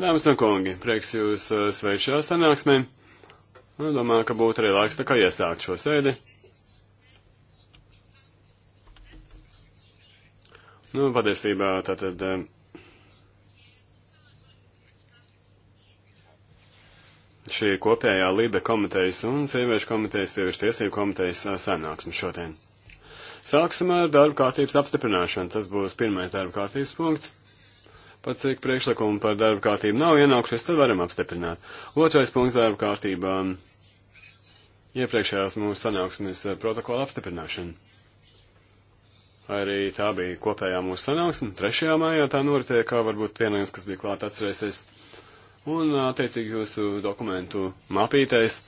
Dāmas un kungi, prieks jūs uh, sveikt šajā sanāksmē. Nu, domāju, ka būtu arī laiks tā kā iesākt šo sēdi. Nu, patiesībā tātad. Uh, šī ir kopējā Lībe komitejas un sieviešu komitejas, sieviešu tiesību komitejas uh, sanāksme šodien. Sāksim ar darba kārtības apstiprināšanu. Tas būs pirmais darba kārtības punkts. Pat cik priekšlikumu par darba kārtību nav ienākušies, tad varam apstiprināt. Otrais punkts darba kārtībā - iepriekšējās mūsu sanāksmes eh, protokola apstiprināšana. Arī tā bija kopējā mūsu sanāksme. Trešajā mājā tā noritēja, kā varbūt vienojums, kas bija klāt atcerēsies. Un, eh, attiecīgi, jūsu dokumentu mapītēs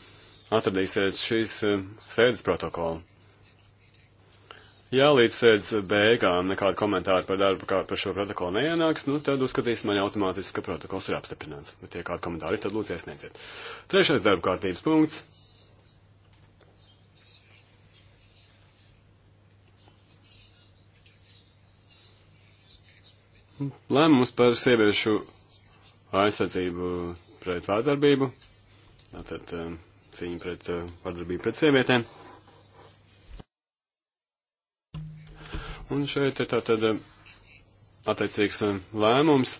atradīsiet šīs eh, sēdes protokolu. Ja līdz sēdz beigām nekāda komentāra par darbu, kā par šo protokolu neienāks, nu, tad uzskatīsim mani automātiski, ka protokols ir apstiprināts. Bet, ja kāda komentāra ir, tad lūdzu iesniedziet. Trešais darba kārtības punkts. Lēmums par sieviešu aizsardzību pret vārdarbību, tātad um, cīņa pret uh, vārdarbību pret sievietēm. Un šeit ir tātad eh, attiecīgs eh, lēmums.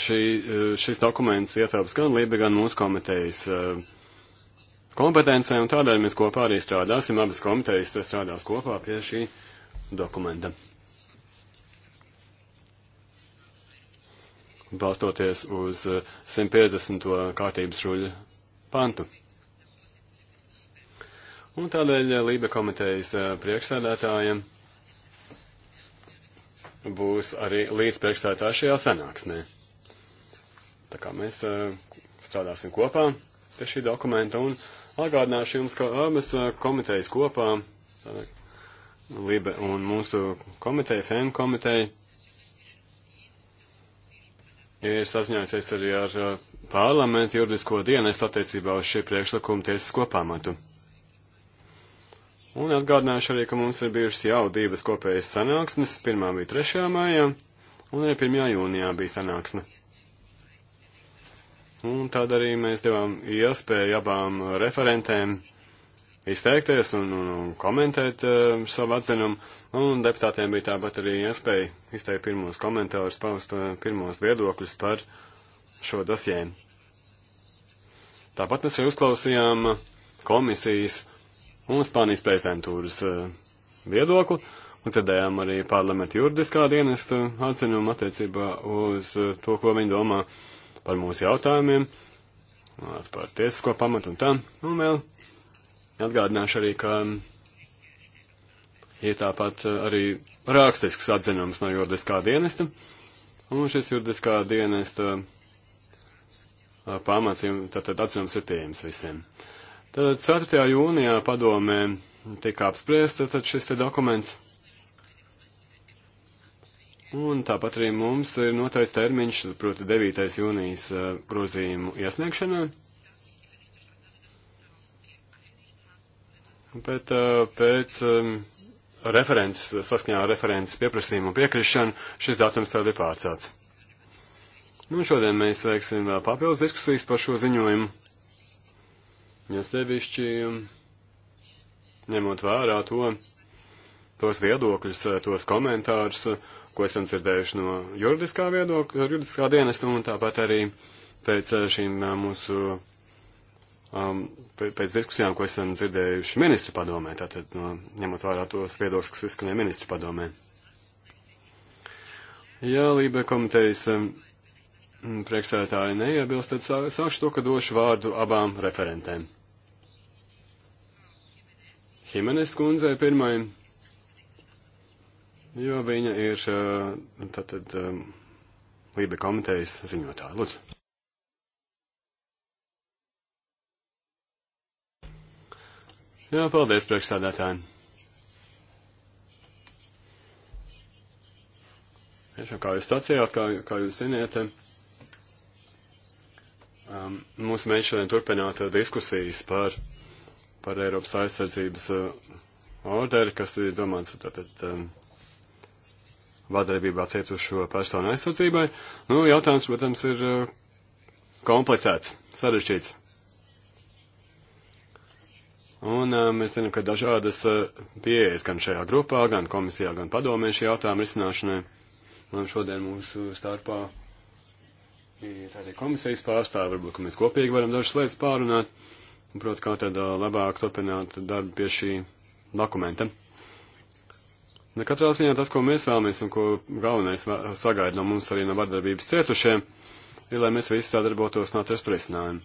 Šī, eh, šis dokuments ietilps gan Lība, gan mūsu komitejas kompetencē, un tādēļ mēs kopā arī strādāsim. Abas komitejas strādās kopā pie šī dokumenta. Balstoties uz 150. kārtības ruļu pantu. Un tādēļ eh, Lība komitejas eh, priekšsēdētājiem būs arī līdzpriekšsēdētāji šajā sanāksmē. Tā kā mēs eh, strādāsim kopā pie šī dokumenta un atgādināšu jums, ka abas komitejas kopā, tāda, Libe un mūsu komiteja, FM komiteja, ir saziņājusies arī ar parlamentu juridisko dienestu attiecībā uz šī priekšlikuma tiesisko pamatu. Un atgādināšu arī, ka mums ir bijušas jau divas kopējas sanāksmes. Pirmā bija 3. maijā, un arī 1. jūnijā bija sanāksme. Un tad arī mēs devām iespēju abām referentēm izteikties un, un, un komentēt uh, savu atzinumu, un deputātiem bija tāpat arī iespēja izteikt pirmos komentārus, paust uh, pirmos viedokļus par šo dosjēmu. Tāpat mēs arī uzklausījām komisijas un Spānijas prezidentūras eh, viedokli. Un dzirdējām arī parlamenta juridiskā dienesta atzinumu attiecībā uz eh, to, ko viņi domā par mūsu jautājumiem, par tiesisko pamatu un tam. Un vēl atgādināšu arī, ka mm, ir tāpat eh, arī rakstisks atzinums no juridiskā dienesta. Un šis juridiskā dienesta pamats, tātad atzinums ir pieejams visiem. Uh, Tad 4. jūnijā padomē tika apspriesta tad šis te dokuments. Un tāpat arī mums ir noteikts termiņš, proti 9. jūnijas eh, grozījumu iesniegšanai. Bet eh, pēc referents, saskaņā ar referents pieprasījumu un piekrišanu, šis datums tad ir pārcēlts. Nu, šodien mēs veiksim eh, papildus diskusijas par šo ziņojumu. Ja sevišķi ņemot vērā to, tos viedokļus, tos komentārus, ko esam dzirdējuši no juridiskā viedokļa, juridiskā dienesta, un tāpat arī pēc šīm mūsu, um, pēc diskusijām, ko esam dzirdējuši ministru padomē, tātad no, ņemot vērā tos viedokļus, kas izskanēja ministru padomē. Jā, Lībe komitejas um, priekšsētāji neiebilst, tad sākšu to, ka došu vārdu abām referentēm. Himenes kundzei pirmajai, jo viņa ir tātad Lība komitejas ziņotāja. Lūdzu. Jā, paldies priekšstādātājiem. Kā jūs sacījāt, kā, kā jūs ziniet, um, mūsu mērķis šodien turpināt diskusijas par par Eiropas aizsardzības eh, orderi, kas ir domāts tātad um, vadarbībā cietušo personu aizsardzībai. Nu, jautājums, protams, ir eh, komplicēts, sarežģīts. Un eh, mēs zinām, ka dažādas pieejas gan šajā grupā, gan komisijā, gan padomē šī jautājuma risināšanai. Un šodien mūsu starpā ir arī komisijas pārstāvi, varbūt, ka mēs kopīgi varam dažas lietas pārunāt. Protams, kā tad labāk turpināt darbu pie šī dokumenta. Ne nu, katrā ziņā tas, ko mēs vēlamies un ko galvenais sagaida no mums arī no vardarbības cietušiem, ir, lai mēs visi sadarbotos no atrastu risinājumu.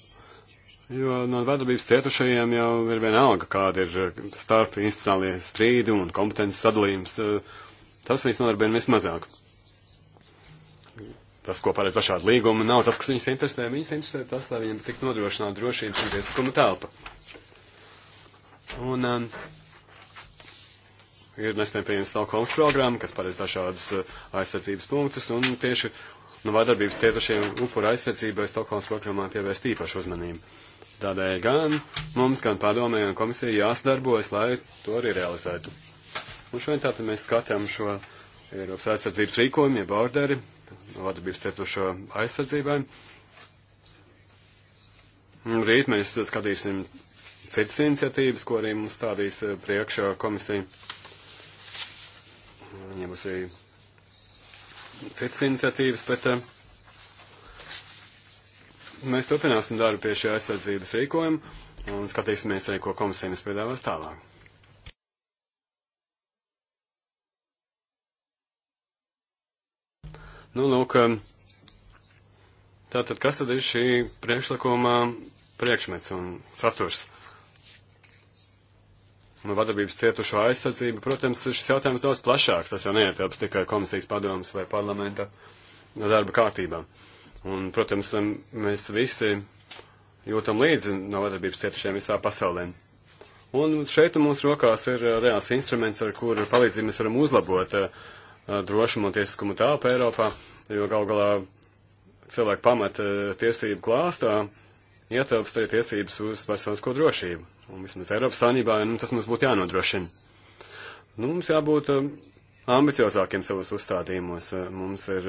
Jo no vardarbības cietušajiem jau ir vienalga, kāda ir starp institucionālie strīdi un kompetences sadalījums. Tas viss nodarbina vismazāk. mazāk tas, ko paredz dažādi līgumi, nav tas, kas viņus interesē. Viņus interesē tas, lai viņiem tiktu nodrošināta drošības un tiesiskuma telpa. Un um, ir nesen pieņemts Stokholmas programma, kas paredz dažādus uh, aizsardzības punktus, un tieši no vārdarbības cietušiem upura aizsardzībai Stokholmas programmā pievērst īpašu uzmanību. Tādēļ gan mums, gan padomē, gan komisija jāsadarbojas, lai to arī realizētu. Un šodien tātad mēs skatām šo Eiropas aizsardzības rīkojumu, jeb orderi, vadības cietušo aizsardzībai. Rīt mēs skatīsim citas iniciatīvas, ko arī mums stādīs eh, priekšā komisija. Viņiem būs arī citas iniciatīvas, bet eh, mēs turpināsim darbu pie šī aizsardzības rīkojuma un skatīsimies arī, ko komisija mums piedāvās tālāk. Nu, lūk, tātad kas tad ir šī priekšlikuma priekšmets un saturs? Nu, vadarbības cietušo aizsardzību, protams, šis jautājums daudz plašāks, tas jau neietilps tikai komisijas padomas vai parlamenta darba kārtībā. Un, protams, mēs visi jūtam līdzi no vadarbības cietušiem visā pasaulē. Un šeit mūsu rokās ir reāls instruments, ar kuru palīdzību mēs varam uzlabot uh, Uh, drošumu un tiesiskumu tāpu Eiropā, jo gal galā cilvēku pamata uh, tiesību klāstā ietilpst arī tiesības uz personisko drošību. Un vismaz Eiropas saimnībā nu, tas mums būtu jānodrošina. Nu, mums jābūt uh, ambiciozākiem savos uzstādījumos. Mums ir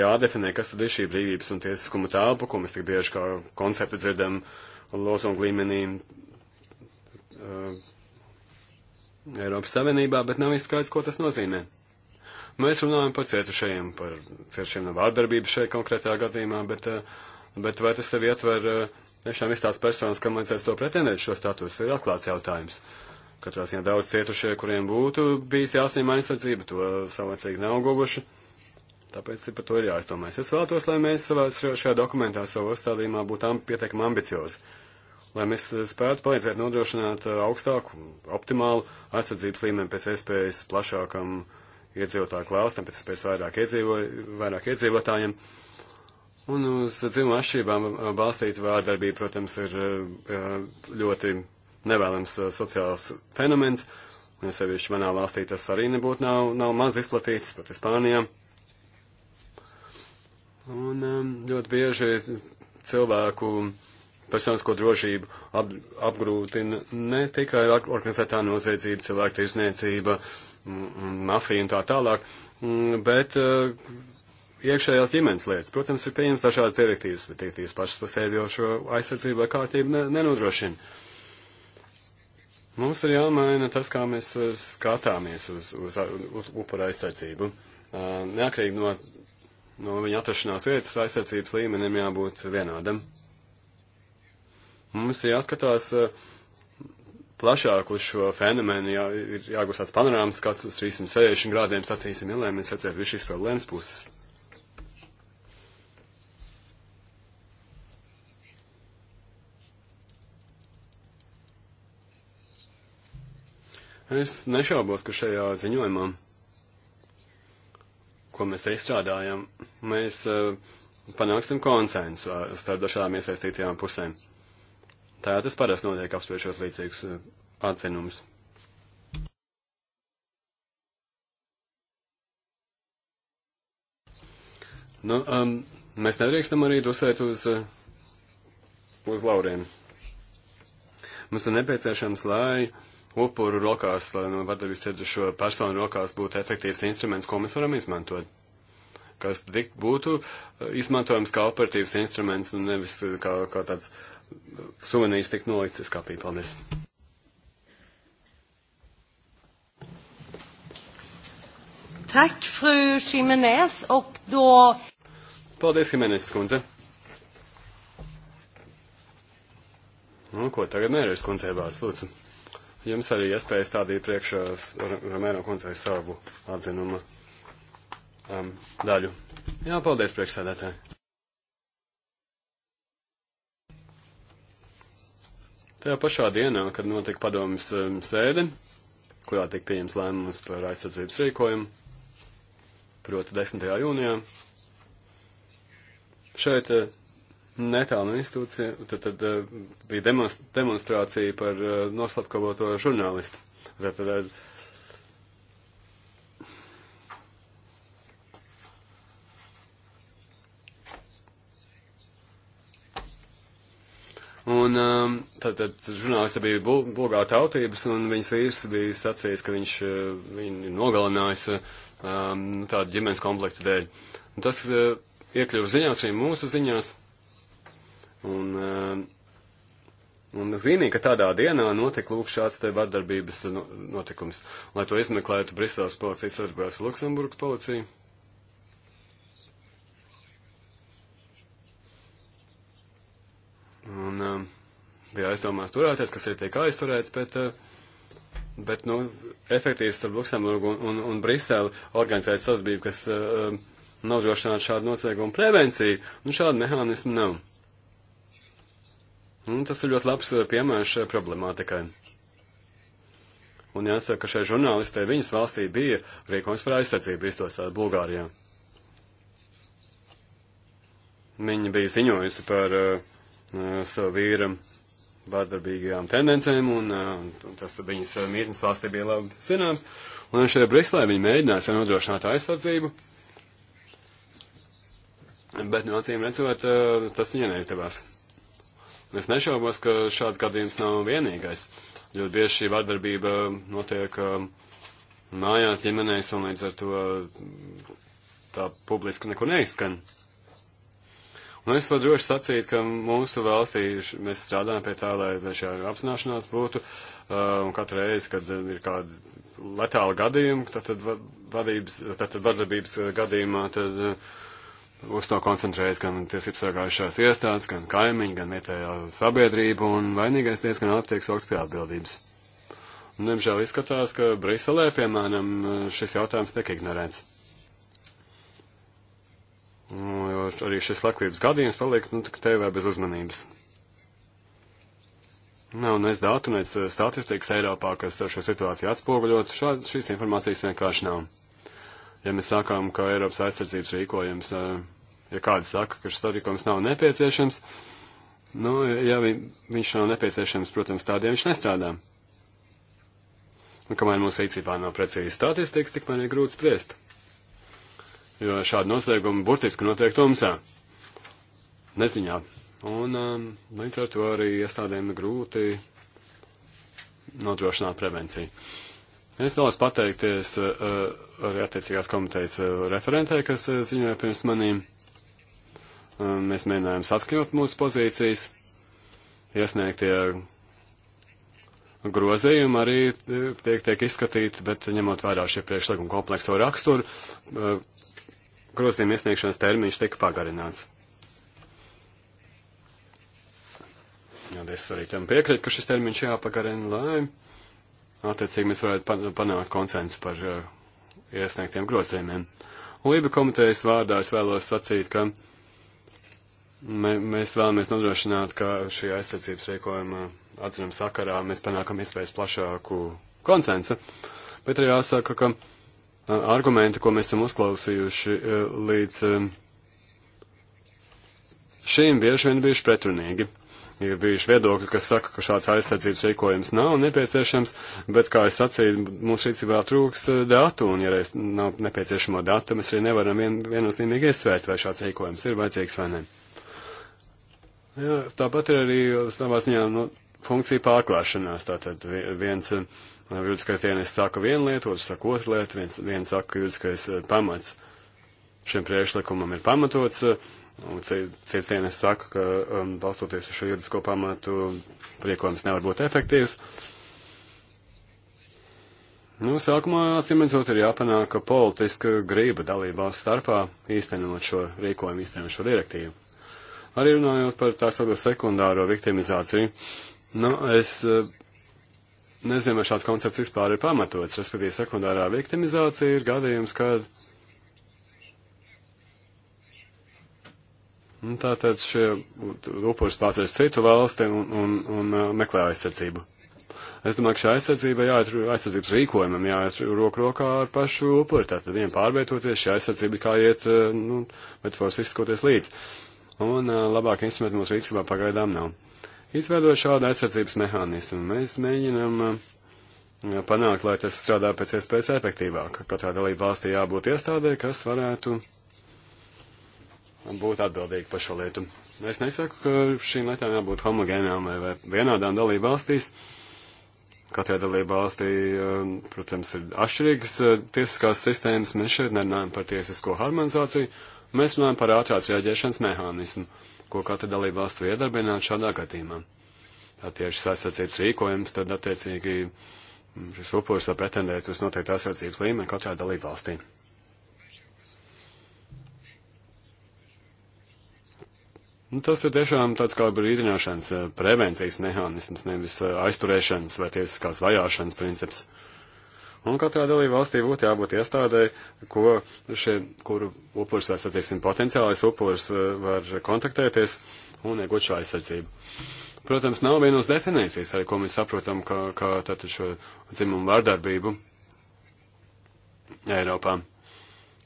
jādefinē, kas tad ir šī brīvības un tiesiskuma telpa, ko mēs tik bieži kā konceptu dzirdam lozungu līmenī uh, Eiropas Savienībā, bet nav izskaidrs, ko tas nozīmē. Mēs runājam par cietušajiem, par cietušajiem no vārdarbības šajā konkrētajā gadījumā, bet, eh, bet vai tas tevi ietver eh, tiešām visās personas, kam vajadzēs to pretendēt šo statusu, ir atklāts jautājums. Katrā ziņā daudz cietušie, kuriem būtu bijis jāsaņem aizsardzība, to savlaicīgi nav guvuši. Tāpēc par to ir jāizdomājas. Es vēlētos, lai mēs savā, šajā dokumentā, savā uzstādījumā būtu pietiekami ambiciozi, lai mēs eh, spētu palīdzēt nodrošināt augstāku, optimālu aizsardzības līmeni pēc iespējas plašākam uh, iedzīvotāju klaustam, pēc iespējas vairāk, iedzīvo, vairāk iedzīvotājiem. Un uz dzimumu atšķībām balstīta vārdarbība, protams, ir ļoti nevēlams uh, sociāls fenomens. Un ja sevišķi manā valstī tas arī nebūtu nav, nav maz izplatīts, pat Spānijā. Un um, ļoti bieži cilvēku personisko drošību ap, apgrūtina ne tikai organizētā noziedzība, cilvēku tirzniecība, uh, mafiju un tā tālāk, mm, bet eh, iekšējās ģimenes lietas. Protams, ir pieņems dažādas direktīvas, bet direktīvas pašas par sevi jau šo aizsardzību vai kārtību nenodrošina. Mums ir jāmaina tas, kā mēs eh, skatāmies uz, uz, uz upura aizsardzību. Eh, neatkarīgi no, no viņa atrašanās vietas, aizsardzības līmenim jābūt vienādam. Mums ir jāskatās, plašāk uz šo fenomenu jā, ir jāgūst tāds panorāmas skats uz 360 grādiem, sacīsim, ja lai mēs sacētu visu šīs problēmas puses. Es nešaubos, ka šajā ziņojumā, ko mēs te izstrādājam, mēs uh, panāksim konsensu eh, starp dažādām iesaistītajām pusēm. Tā tas parasti notiek apspriešot līdzīgus eh, atzinumus. Nu, um, mēs nedrīkstam arī dosēt uz, eh, uz lauriem. Mums ir nepieciešams, lai upuru rokās, lai no vardarbības cietušo personu rokās būtu efektīvs instruments, ko mēs varam izmantot. Kas tik būtu eh, izmantojams kā operatīvs instruments un nevis kā, kā tāds uh, suvenīrs tikt nolicis kapī. Paldies! Tack, fru Jimenez, och då... Paldies, Jimenez, skundze. Nu, ko tagad mērķis kundzei vārds, lūdzu. Jums arī iespēja stādīt priekšā Romēno kundzei savu atzinumu um, daļu. Jā, paldies, priekšsēdētāji. Tajā pašā dienā, kad notika padomjas sēde, kurā tika pieņems lēmums par aizsardzības rīkojumu, proti 10. jūnijā, šeit eh, netālu no institūcija, tad, tad eh, bija demonstrācija par eh, noslapkavoto žurnālistu. Tad, tad, Un um, tad, tad žurnālista bija bulgāra tautības, un viņas vīrs bija sacījis, ka viņš uh, viņu nogalinājis uh, um, nu, tādu ģimenes komplektu dēļ. Un tas uh, iekļuva ziņās, arī mūsu ziņās. Un, uh, un zinīja, ka tādā dienā notika lūk šāds te vardarbības notikums. Lai to izmeklētu, Briseles policija sadarbojās ar Luksemburgas policiju. Un um, bija aizdomās turēties, kas arī tiek aizturēts, bet, uh, bet nu, efektīvs starp Luksemburgu un, un, un Briseli organizēta sadarbība, kas uh, um, nodrošinātu šādu noziegumu prevenciju, un šādu mehānismu nav. Un tas ir ļoti labs uh, piemērs šai uh, problemātikai. Un jāsaka, ka šai žurnālistē viņas valstī bija rīkojums par aizsardzību izstostāta Bulgārijā. Viņa bija ziņojusi par uh, Uh, savu vīru vārdarbīgajām tendencēm, un, uh, un tas viņas uh, mītnes valstī bija labi zināms. Un šeit Brislē viņi mēģināja sev nodrošināt aizsardzību, bet no nu, acīm redzot, tas viņai neizdevās. Un es nešaubos, ka šāds gadījums nav vienīgais. Ļoti bieži šī vardarbība notiek um, mājās, ģimenēs, un līdz ar to tā publiski neko neizskan. Un nu, es varu droši sacīt, ka mūsu valstī mēs strādājam pie tā, lai šī apzināšanās būtu, uh, un katru reizi, kad uh, ir kādi letāli gadījumi, tad, tad, vadības, tad, tad vardarbības gadījumā, tad uh, uz to koncentrējas gan tiesību sargājušās iestādes, gan kaimiņi, gan vietējā sabiedrība, un vainīgais diezgan ātri tiek saukts pie atbildības. Un, diemžēl izskatās, ka Briselē, piemēram, šis jautājums tiek ignorēts. Nu, jo arī šis lakvības gadījums paliek, nu, tā kā TV bez uzmanības. Nav nec datu, nec eh, statistikas Eiropā, kas šo situāciju atspoguļot. Šād, šīs informācijas vienkārši nav. Ja mēs sākām, ka Eiropas aizsardzības rīkojums, eh, ja kāds saka, ka šis rīkojums nav nepieciešams, nu, ja vi, viņš nav nepieciešams, protams, tādiem viņš nestrādā. Un nu, kamēr mūsu rīcībā nav precīzi statistikas, tikmēr ir grūti spriest jo šādi noslēgumi burtiski notiek tumsā, neziņā. Un um, līdz ar to arī iestādēm grūti nodrošināt prevenciju. Es vēlos pateikties uh, arī attiecīgās komitejas uh, referentē, kas uh, ziņoja pirms manīm. Um, uh, mēs mēģinājām saskaņot mūsu pozīcijas, iesniegtie grozījumi arī uh, tiek, tiek izskatīti, bet ņemot vērā šie priekšlikuma komplekso raksturu, uh, grozījuma iesniegšanas termiņš tika pagarināts. Jā, es arī tam piekrītu, ka šis termiņš jāpagarina, lai attiecīgi mēs varētu panākt konsensu par uh, iesniegtiem grozījumiem. Lība komitejas vārdā es vēlos sacīt, ka mē, mēs vēlamies nodrošināt, ka šī aizsardzības rīkojuma atzinuma sakarā mēs panākam iespējas plašāku konsensu, bet arī jāsaka, ka argumenti, ko mēs esam uzklausījuši e, līdz e, šīm bieži vien bijuši pretrunīgi. Ir bijuši viedokļi, kas saka, ka šāds aizsardzības rīkojums nav nepieciešams, bet, kā es sacīju, mums rīcībā trūkst e, datu, un, ja reiz nav nepieciešamo datu, mēs arī nevaram vien, viennozīmīgi iesvērt, vai šāds rīkojums ir vajadzīgs vai nē. Jā, tāpat ir arī savā ziņā no, nu, funkcija pārklāšanās. Tātad viens Juridiskais dienas saka vienu lietu, otrs saka otru lietu, viens, viens saka, ka juridiskais eh, pamats šiem priekšlikumam ir pamatots, eh, un cits dienas saka, ka um, balstoties uz šo juridisko pamatu priekojums nevar būt efektīvs. Nu, sākumā, atsimredzot, ir jāpanāk politiska grība dalībās starpā īstenot šo rīkojumu, īstenot šo direktīvu. Arī runājot par tā saucamo sekundāro viktimizāciju, nu, es eh, nezinu, vai šāds koncepts vispār ir pamatots, respektīvi sekundārā viktimizācija ir gadījums, kad nu, Tātad šie upuri pārceļ uz citu valsti un, un, un uh, meklē aizsardzību. Es domāju, ka šī aizsardzība jāatrod aizsardzības rīkojumam, jāatrod roku rokā ar pašu upuri. Tātad vien pārvietoties, šī aizsardzība kā iet, uh, nu, metafors izskoties līdz. Un uh, labāk instrumenti mūsu rīcībā pagaidām nav izveidot šādu aizsardzības mehānismu. Mēs mēģinam uh, panākt, lai tas strādā pēc iespējas efektīvāk. Katrā dalība valstī jābūt iestādē, kas varētu būt atbildīgi par šo lietu. Es nesaku, ka šīm lietām jābūt homogēnām vai, vai vienādām dalību valstīs. Katrai dalību valstī, eh, protams, ir atšķirīgas eh, tiesiskās sistēmas. Mēs šeit nerunājam par tiesisko harmonizāciju, mēs runājam par ātrās rēģēšanas mehānismu ko katra dalība valsts var iedarbināt šādā gadījumā. Tā tieši aizsardzības rīkojums, tad attiecīgi mm, šis upuris var pretendēt uz noteiktu aizsardzības līmeni katrā dalība valstī. Nu, tas ir tiešām tāds kā brīdināšanas eh, prevencijas mehānisms, nevis eh, aizturēšanas vai tiesiskās vajāšanas princips. Uh, Un katrā dalība valstī būtu jābūt iestādē, ko šie, kuru upurs vai, sacīsim, potenciālais upurs eh, var kontaktēties un iegūt šo aizsardzību. Protams, nav vienos definīcijas, ar ko mēs saprotam, kā, kā tātad šo dzimumu vārdarbību Eiropā.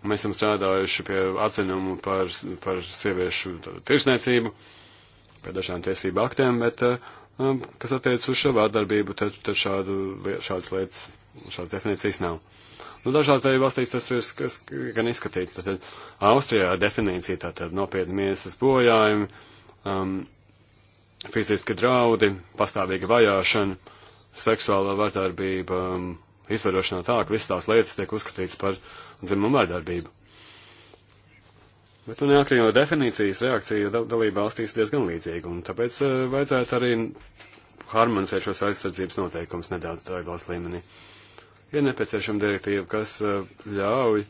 Mēs esam strādājuši pie atzinumu par, par sieviešu tirsniecību, pie dažām tiesību aktiem, bet, eh, kas attiec uz šo vārdarbību, tad, tad šādu, šādas lietas šādas definīcijas nav. Nu, dažās dalībvalstīs tas ir skas, gan izskatīts. Tātad Austrijā definīcija tātad nopietni miesas bojājumi, um, fiziski draudi, pastāvīga vajāšana, seksuāla vardarbība, um, izvarošanā tā, ka visas tās lietas tiek uzskatītas par dzimumu vardarbību. Bet, nu, neatkarīgi no definīcijas, reakcija dalībvalstīs diezgan līdzīga, un tāpēc uh, vajadzētu arī harmonizēt šos aizsardzības noteikumus nedaudz dalībvalsts līmenī. Uh, Ir nepieciešama direktīva, kas eh, ļauj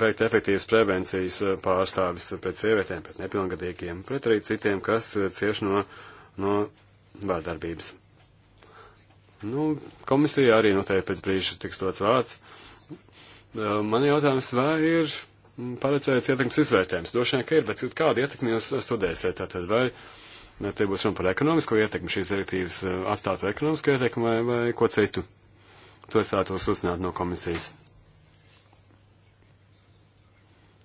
veikt efektīvas prevencijas eh, pārstāvis pret sievietēm, pret nepilngadīgiem, pret arī citiem, kas eh, cieš no, no vārdarbības. Nu, komisija arī noteikti pēc brīža tiks dots vārds. Man jautājums, vai ir mm, paredzēts ietekmes izvērtējums? Droši vien, ka ir, bet kāda ietekme jūs studēsiet? Tātad vai te būs runa par ekonomisko ietekmi šīs direktīvas atstātu ekonomisko ietekmi vai, vai ko citu? To es vēlētos uzzināt no komisijas.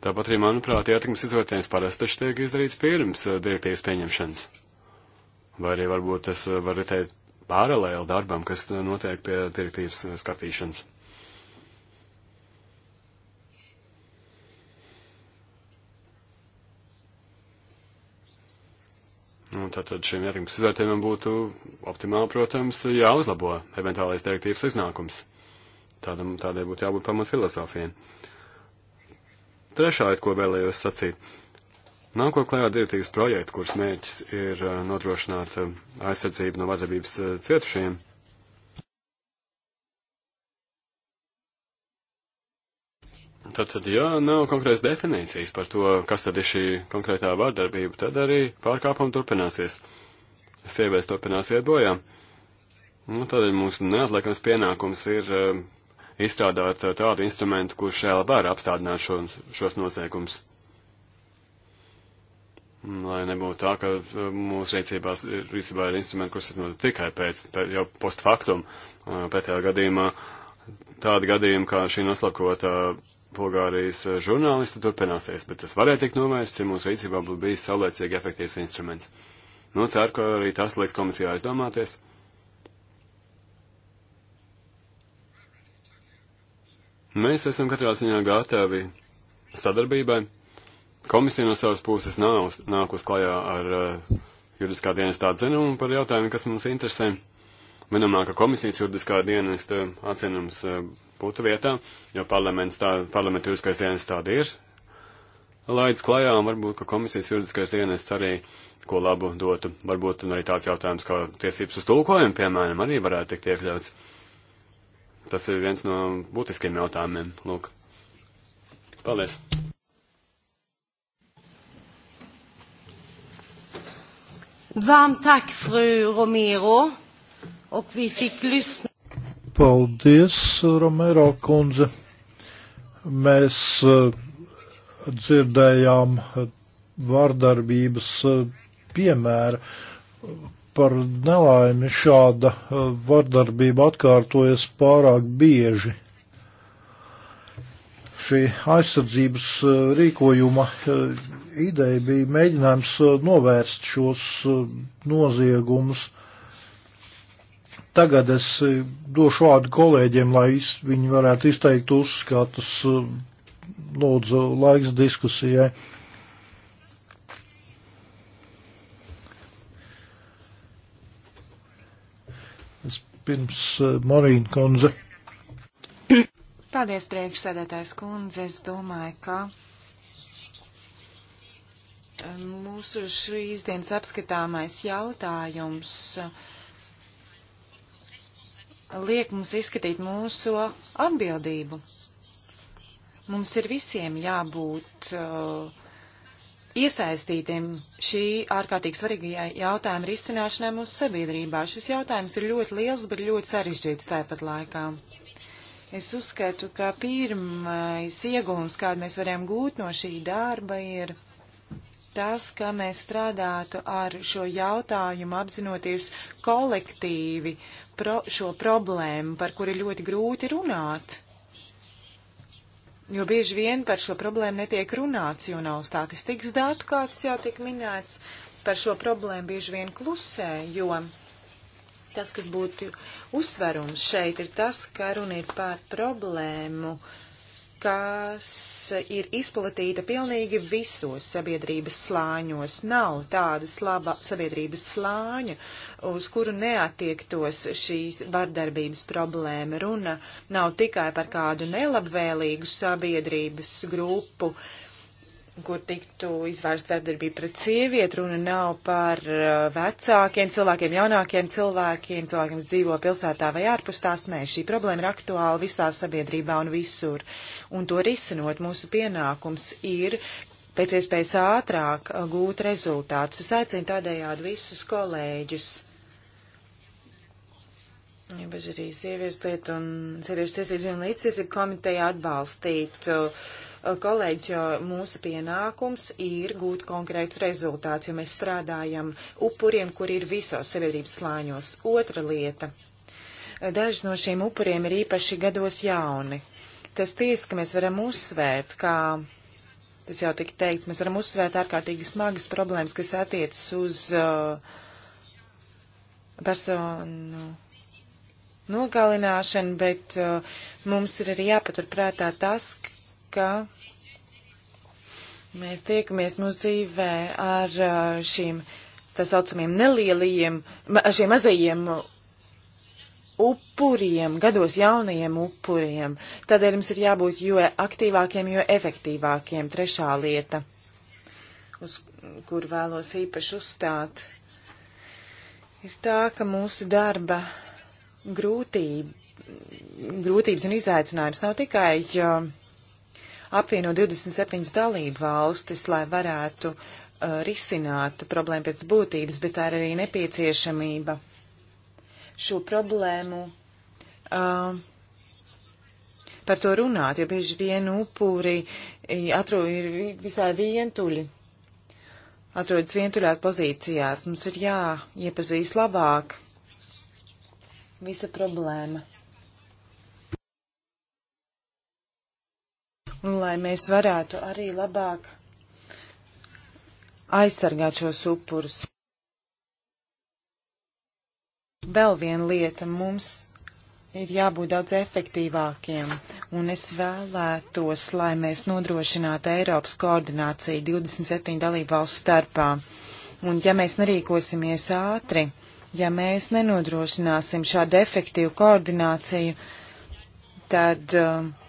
Tāpat arī, manuprāt, ietekmes izvērtējums parasti taču tiek izdarīts pirms eh, direktīvas pieņemšanas. Vai arī varbūt tas eh, var teikt paralēli darbam, kas eh, notiek pie direktīvas skatīšanas. Un tātad šiem ietekmes izvērtējumiem būtu optimāli, protams, jāuzlabo eventuālais direktīvas iznākums. Tādam, tādai būtu jābūt pamat filozofijai. Trešā lieta, ko vēlējos sacīt. Nāko klajā direktīvas projektu, kuras mērķis ir eh, nodrošināt eh, aizsardzību no vardarbības eh, cietušajiem. Uh, Tātad, ja nav konkrētas definīcijas par to, kas tad ir šī konkrētā vārdarbība, tad arī pārkāpumi turpināsies. Sievietes turpinās iet bojā. Nu, tādēļ mūsu neatliekams pienākums ir uh, izstrādāt uh, tādu instrumentu, kurš šajā var apstādināt šo, šos noziegumus. Mm, lai nebūtu tā, ka uh, mūsu rīcībās rīcībā ir instrumenti, kurus izmanto tikai pēc, pēc jau post faktum, pēdējā gadījumā tādi gadījumi, kā šī noslapkota uh, Bulgārijas eh, žurnālisti turpināsies, bet tas varēja tikt novērsts, ja mūsu rīcībā būtu bijis saulēcīgi efektīvs instruments. Nu, ceru, ka arī tas liks komisijā aizdomāties. Mēs esam katrā ziņā gatavi sadarbībai. Komisija no savas puses nav nākus klajā ar uh, juridiskā dienas tādu zinumu par jautājumiem, kas mums interesē. Minumā, ka komisijas juridiskā dienesta atcinums eh, būtu vietā, jo parlaments tā, parlamenta juridiskais dienests tāda ir, laidz klajā, un varbūt, ka komisijas juridiskais dienests arī ko labu dotu. Varbūt arī tāds jautājums, kā tiesības uz tulkojumu, piemēram, arī varētu tikt iekļauts. Tas ir viens no būtiskiem jautājumiem. Lūk. Paldies. Varmt tak, fru Romero ob vi fik lyst. Paldies, Romero kundze. Mēs eh, dzirdējām eh, vārdarbības eh, piemēru. Par nelaimi šāda vardarbība atkārtojas pārāk bieži. Šī aizsardzības rīkojuma ideja bija mēģinājums novērst šos noziegumus Tagad es e, došu vārdu kolēģiem, lai iz, viņi varētu izteikt uzskatus, e, lūdzu, laiks diskusijai. Es pirms e, Marīna kundze. Paldies, priekšsēdētājs kundze. Es domāju, ka mūsu šīs dienas apskatāmais jautājums. Uh, liek mums izskatīt mūsu atbildību. Mums ir visiem jābūt uh, iesaistītiem šī ārkārtīgi svarīgajā jautājuma risināšanai mūsu sabiedrībā. Šis jautājums ir ļoti liels, bet ļoti sarežģīts tāpat laikā. Es uzskatu, ka pirmais iegūms, kādu mēs varam gūt no šī darba, ir tas, ka mēs strādātu ar šo jautājumu apzinoties kolektīvi pro, šo problēmu, par kuru ir ļoti grūti runāt. Jo bieži vien par šo problēmu netiek runāts, jo nav statistikas datu, kāds jau tik minēts, par šo problēmu bieži vien klusē, jo tas, kas būtu uzsverums šeit, ir tas, ka runa ir par problēmu, uh, kas ir izplatīta pilnīgi visos sabiedrības slāņos. Nav tādas laba sabiedrības slāņa, uz kuru neatiektos šīs vardarbības problēma. Runa nav tikai par kādu nelabvēlīgu sabiedrības grupu, uh, kur tiktu izvērsta vardarbība pret sievieti. Runa nav par uh, vecākiem cilvēkiem, jaunākiem cilvēkiem, cilvēkiem, kas dzīvo pilsētā vai ārpus tās. Nē, šī problēma ir aktuāla visā sabiedrībā un visur. Un to risinot, mūsu pienākums ir pēc iespējas ātrāk uh, gūt rezultātus. Es aicinu tādējādi visus kolēģus. Ja, bet arī sieviešu lietu un sieviešu tiesības un līdztiesību komiteja atbalstīt. Uh, kolēģis, jo mūsu pienākums ir gūt konkrētus rezultātus, jo mēs strādājam upuriem, kur ir visos sabiedrības slāņos. Otra lieta. Daži no šiem upuriem ir īpaši gados jauni. Tas tiesa, ka mēs varam uzsvērt, kā tas jau tika teikts, mēs varam uzsvērt ārkārtīgi smagas problēmas, kas attiecas uz uh, personu nogalināšanu, bet uh, mums ir arī jāpaturprātā tas, ka Mēs tiekamies mūsu dzīvē ar uh, šīm tā saucamiem nelielajiem, ar šiem mazajiem upuriem, gados jaunajiem upuriem. Tādēļ mums ir jābūt jo aktīvākiem, jo efektīvākiem. Trešā lieta, uz kur vēlos īpaši uzstāt, ir tā, ka mūsu darba grūtība, grūtības un izaicinājums nav tikai. Uh, apvieno 27 dalību valstis, lai varētu uh, risināt problēmu pēc būtības, bet tā ir arī nepieciešamība šo problēmu uh, par to runāt, jo bieži vien upuri atro, ir visai vientuļi, atrodas vientuļās pozīcijās. Mums ir jāiepazīst labāk visa problēma. un lai mēs varētu arī labāk aizsargāt šos upurus. Vēl viena lieta mums ir jābūt daudz efektīvākiem, un es vēlētos, lai mēs nodrošinātu Eiropas koordināciju 27 dalību valstu starpā. Un ja mēs nerīkosimies ātri, ja mēs nenodrošināsim šādu efektīvu koordināciju, tad uh,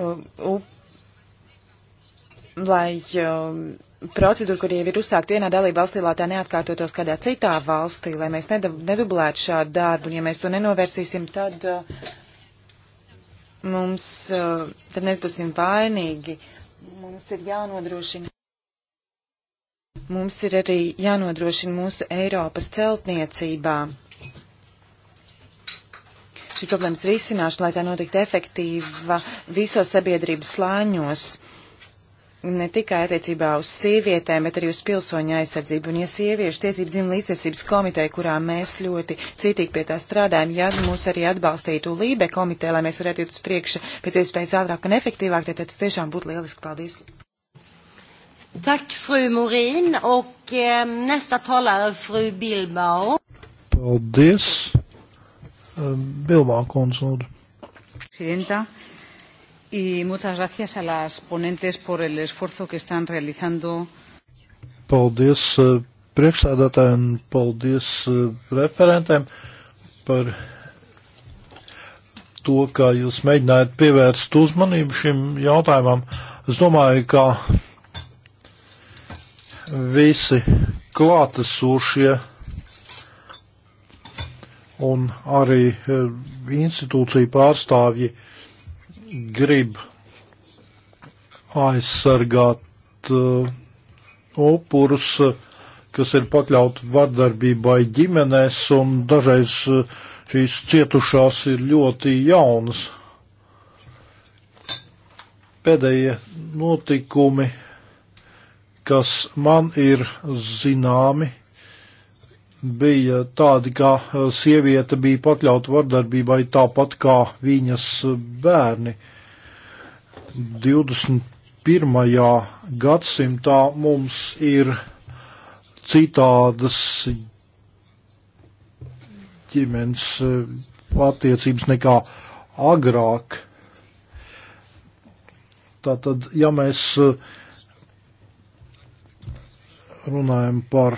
uh, lai uh, procedūra, kur jau ir uzsākta vienā dalība valstī, lai tā neatkārtotos kādā citā valstī, lai mēs nedublētu šādu darbu, un ja mēs to nenovērsīsim, tad uh, mums, uh, tad mēs būsim vainīgi. Mums ir jānodrošina. Mums ir arī jānodrošina mūsu Eiropas celtniecībā šī problēmas risināšana, lai tā notiktu efektīva visos sabiedrības slāņos, ne tikai attiecībā uz sievietēm, bet arī uz pilsoņu aizsardzību. Un, ja sieviešu tiesību dzimuma līdztiesības komiteja, kurā mēs ļoti cītīgi pie tā strādājam, ja mūs arī atbalstītu Lībe komiteja, lai mēs varētu iet uz priekšu pēc iespējas ātrāk un efektīvāk, tad tas tiešām būtu lieliski. Paldies! Tack fru Morin och eh, um, nästa talare fru Bilbao. Paldies. Bilbao kundze, lūdzu. Presidenta, y muchas gracias a las ponentes por el esfuerzo que están realizando. Paldies uh, priekšsēdētājiem un paldies uh, referentēm par to, kā jūs mēģinājāt pievērst uzmanību šim jautājumam. Es domāju, ka visi klātesošie un arī e, institūciju pārstāvji grib aizsargāt uh, upurus, e, kas ir pakļauti vardarbībai ģimenēs, un dažreiz šīs cietušās ir ļoti jaunas. Pēdējie notikumi, kas man ir zināmi, bija tādi, ka eh, sieviete bija pakļauta vardarbībai tāpat kā viņas eh, bērni. 21. gadsimtā mums ir citādas ģimenes eh, attiecības nekā agrāk. Tātad, ja mēs runājam par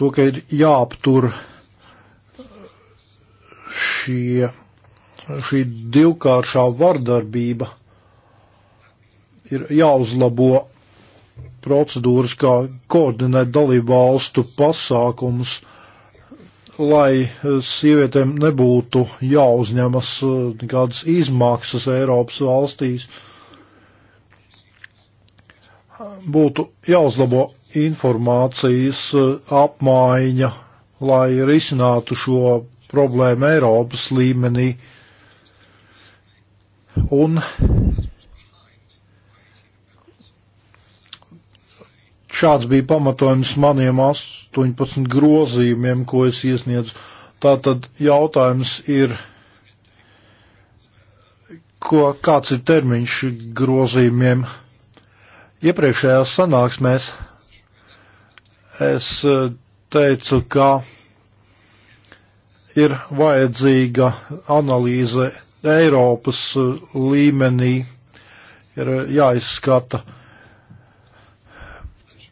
to, ka ir jāaptur šie, šī divkāršā vardarbība, ir jāuzlabo procedūras, kā koordinēt dalību valstu pasākumus, lai sievietēm nebūtu jāuzņemas eh, kādas izmaksas Eiropas valstīs. Būtu jāuzlabo informācijas eh, apmaiņa, lai risinātu šo problēmu Eiropas līmenī. Un šāds bija pamatojums maniem 18 grozījumiem, ko es iesniedzu. Tātad jautājums ir, ko, kāds ir termiņš grozījumiem. Iepriekšējās sanāksmēs es eh, teicu, ka ir vajadzīga analīze Eiropas eh, līmenī, ir eh, jāizskata,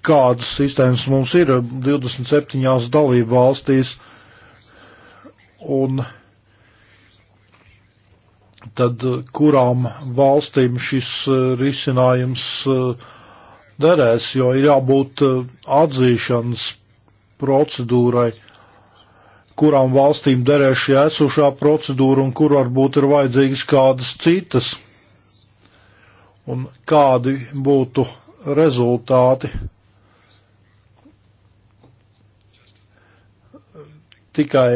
kādas sistēmas mums ir 27 dalību valstīs, un tad kurām valstīm šis risinājums uh, derēs, jo ir jābūt eh, atzīšanas procedūrai, kurām valstīm derē šī esošā procedūra un kur varbūt ir vajadzīgas kādas citas. Un kādi būtu rezultāti? Tikai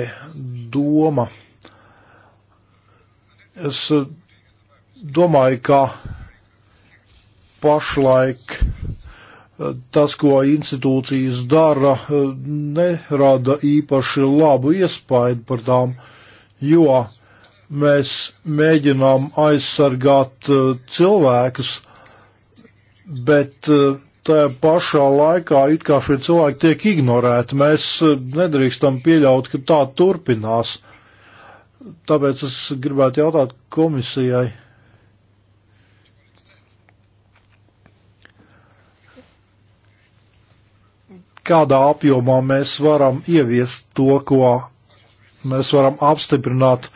doma. Es eh, domāju, ka pašlaik eh, tas, ko institūcijas dara, eh, nerada īpaši labu iespaidu par tām, jo mēs mēģinām aizsargāt eh, cilvēkus, bet tajā pašā laikā it kā šie cilvēki tiek ignorēti. Mēs nedrīkstam pieļaut, ka tā turpinās. Tāpēc es gribētu jautāt komisijai, kādā apjomā mēs varam ieviest to, ko mēs varam apstiprināt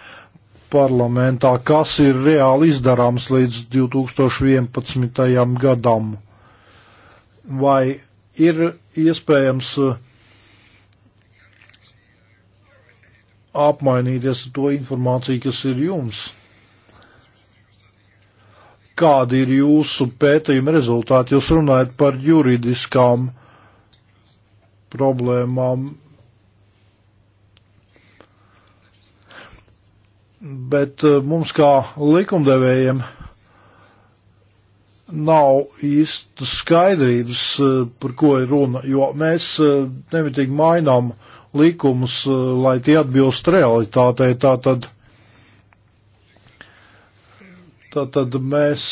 parlamentā, kas ir reāli izdarāms līdz 2011. gadam. Vai ir iespējams uh, apmainīties ar to informāciju, kas ir jums? Kādi ir jūsu pētījuma rezultāti? Jūs runājat par juridiskām problēmām. Bet eh, mums kā likumdevējiem nav īsti skaidrības, eh, par ko ir runa, jo mēs eh, nemitīgi mainām likumus, lai tie atbilst realitātei. Tātad, tātad mēs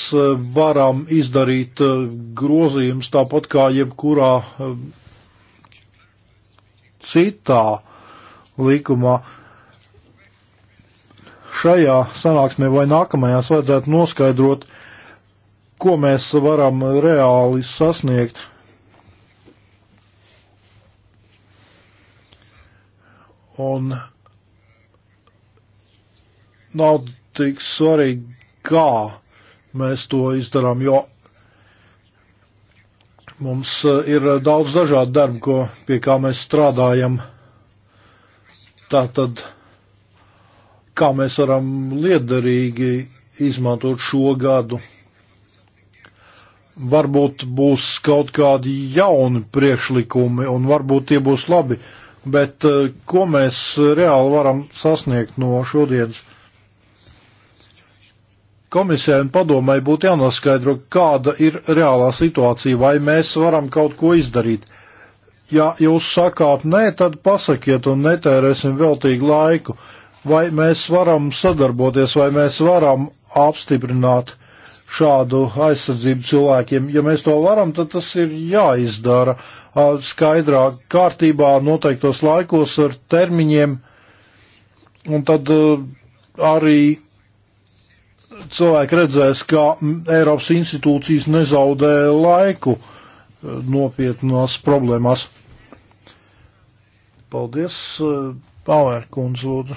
varam izdarīt grozījumus tāpat kā jebkurā citā likumā. Šajā sanāksmē vai nākamajās vajadzētu noskaidrot, ko mēs varam reāli sasniegt. Un nav tik svarīgi, kā mēs to izdarām, jo Mums eh, ir eh, daudz dažādu darbu, ko, pie kā mēs strādājam. Tā tad, kā mēs varam liederīgi izmantot šo gadu. Varbūt būs kaut kādi jauni priekšlikumi, un varbūt tie būs labi, bet eh, ko mēs reāli varam sasniegt no šodienas? Komisijai un padomai būtu jānoskaidro, kāda ir reālā situācija, vai mēs varam kaut ko izdarīt. Ja jūs sakāt nē, tad pasakiet un netērēsim veltīgu laiku, vai mēs varam sadarboties, vai mēs varam apstiprināt šādu aizsardzību cilvēkiem. Ja mēs to varam, tad tas ir jāizdara skaidrā kārtībā, noteiktos laikos ar termiņiem, un tad arī cilvēki redzēs, ka Eiropas institūcijas nezaudē laiku eh, nopietnās problēmās. Paldies, Pāvēr eh, kundze, lūdzu.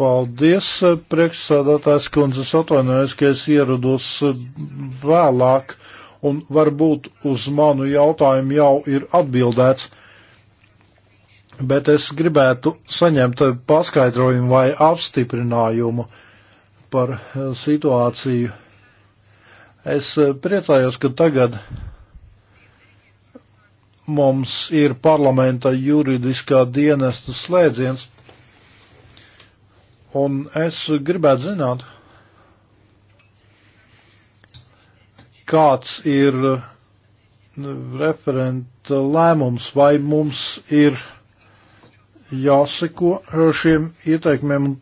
Paldies, eh, priekšsādātājs kundze, es atvainojos, ka es ierados vēlāk, un varbūt uz manu jautājumu jau ir atbildēts bet es gribētu saņemt paskaidrojumu vai apstiprinājumu par eh, situāciju. Es eh, priecājos, ka tagad mums ir parlamenta juridiskā dienesta slēdziens, un es gribētu zināt, kāds ir referenta lēmums, vai mums ir jāseko šiem ieteikumiem.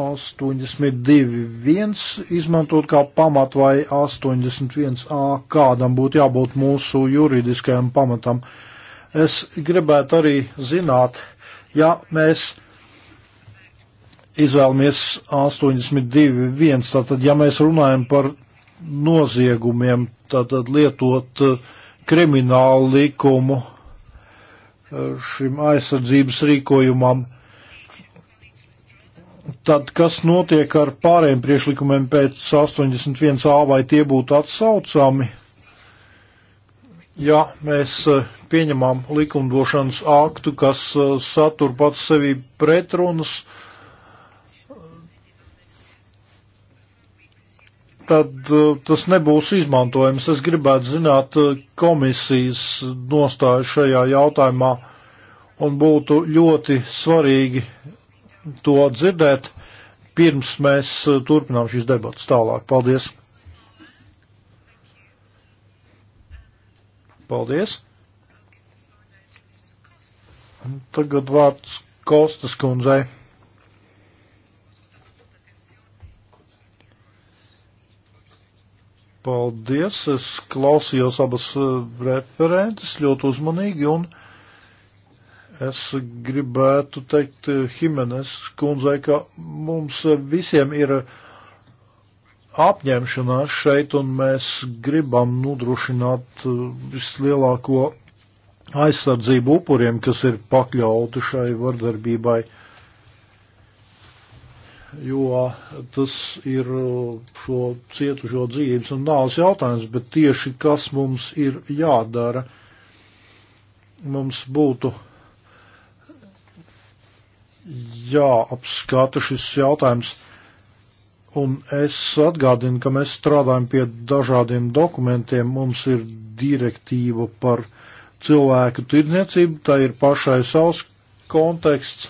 82.1 izmantot kā pamat vai 81a, kādam būtu jābūt mūsu juridiskajam pamatam. Es gribētu arī zināt, ja mēs izvēlamies 82.1, tātad ja mēs runājam par noziegumiem, tātad lietot eh, kriminālu likumu šim aizsardzības rīkojumam. Tad, kas notiek ar pārējiem priešlikumiem pēc 81a, vai tie būtu atsaucami? Ja mēs eh, pieņemam likumdošanas aktu, kas eh, satur pats sevi pretrunas, uh, tad uh, tas nebūs izmantojams. Es gribētu zināt uh, komisijas nostāju šajā jautājumā un būtu ļoti svarīgi to dzirdēt, pirms mēs uh, turpinām šīs debatas tālāk. Paldies! Paldies! Tagad vārds Kostas kundzei. Paldies! Es klausījos abas eh, referentes ļoti uzmanīgi un es gribētu teikt Himenes eh, kundzei, ka mums visiem ir apņemšanās šeit un mēs gribam nodrošināt eh, vislielāko aizsardzību upuriem, kas ir pakļauti šai vardarbībai. Uh, jo tas ir šo cietušo dzīves un nāves jautājums, bet tieši kas mums ir jādara, mums būtu jāapskata šis jautājums. Un es atgādinu, ka mēs strādājam pie dažādiem dokumentiem. Mums ir direktīva par cilvēku tirdzniecību, tā ir pašai savs konteksts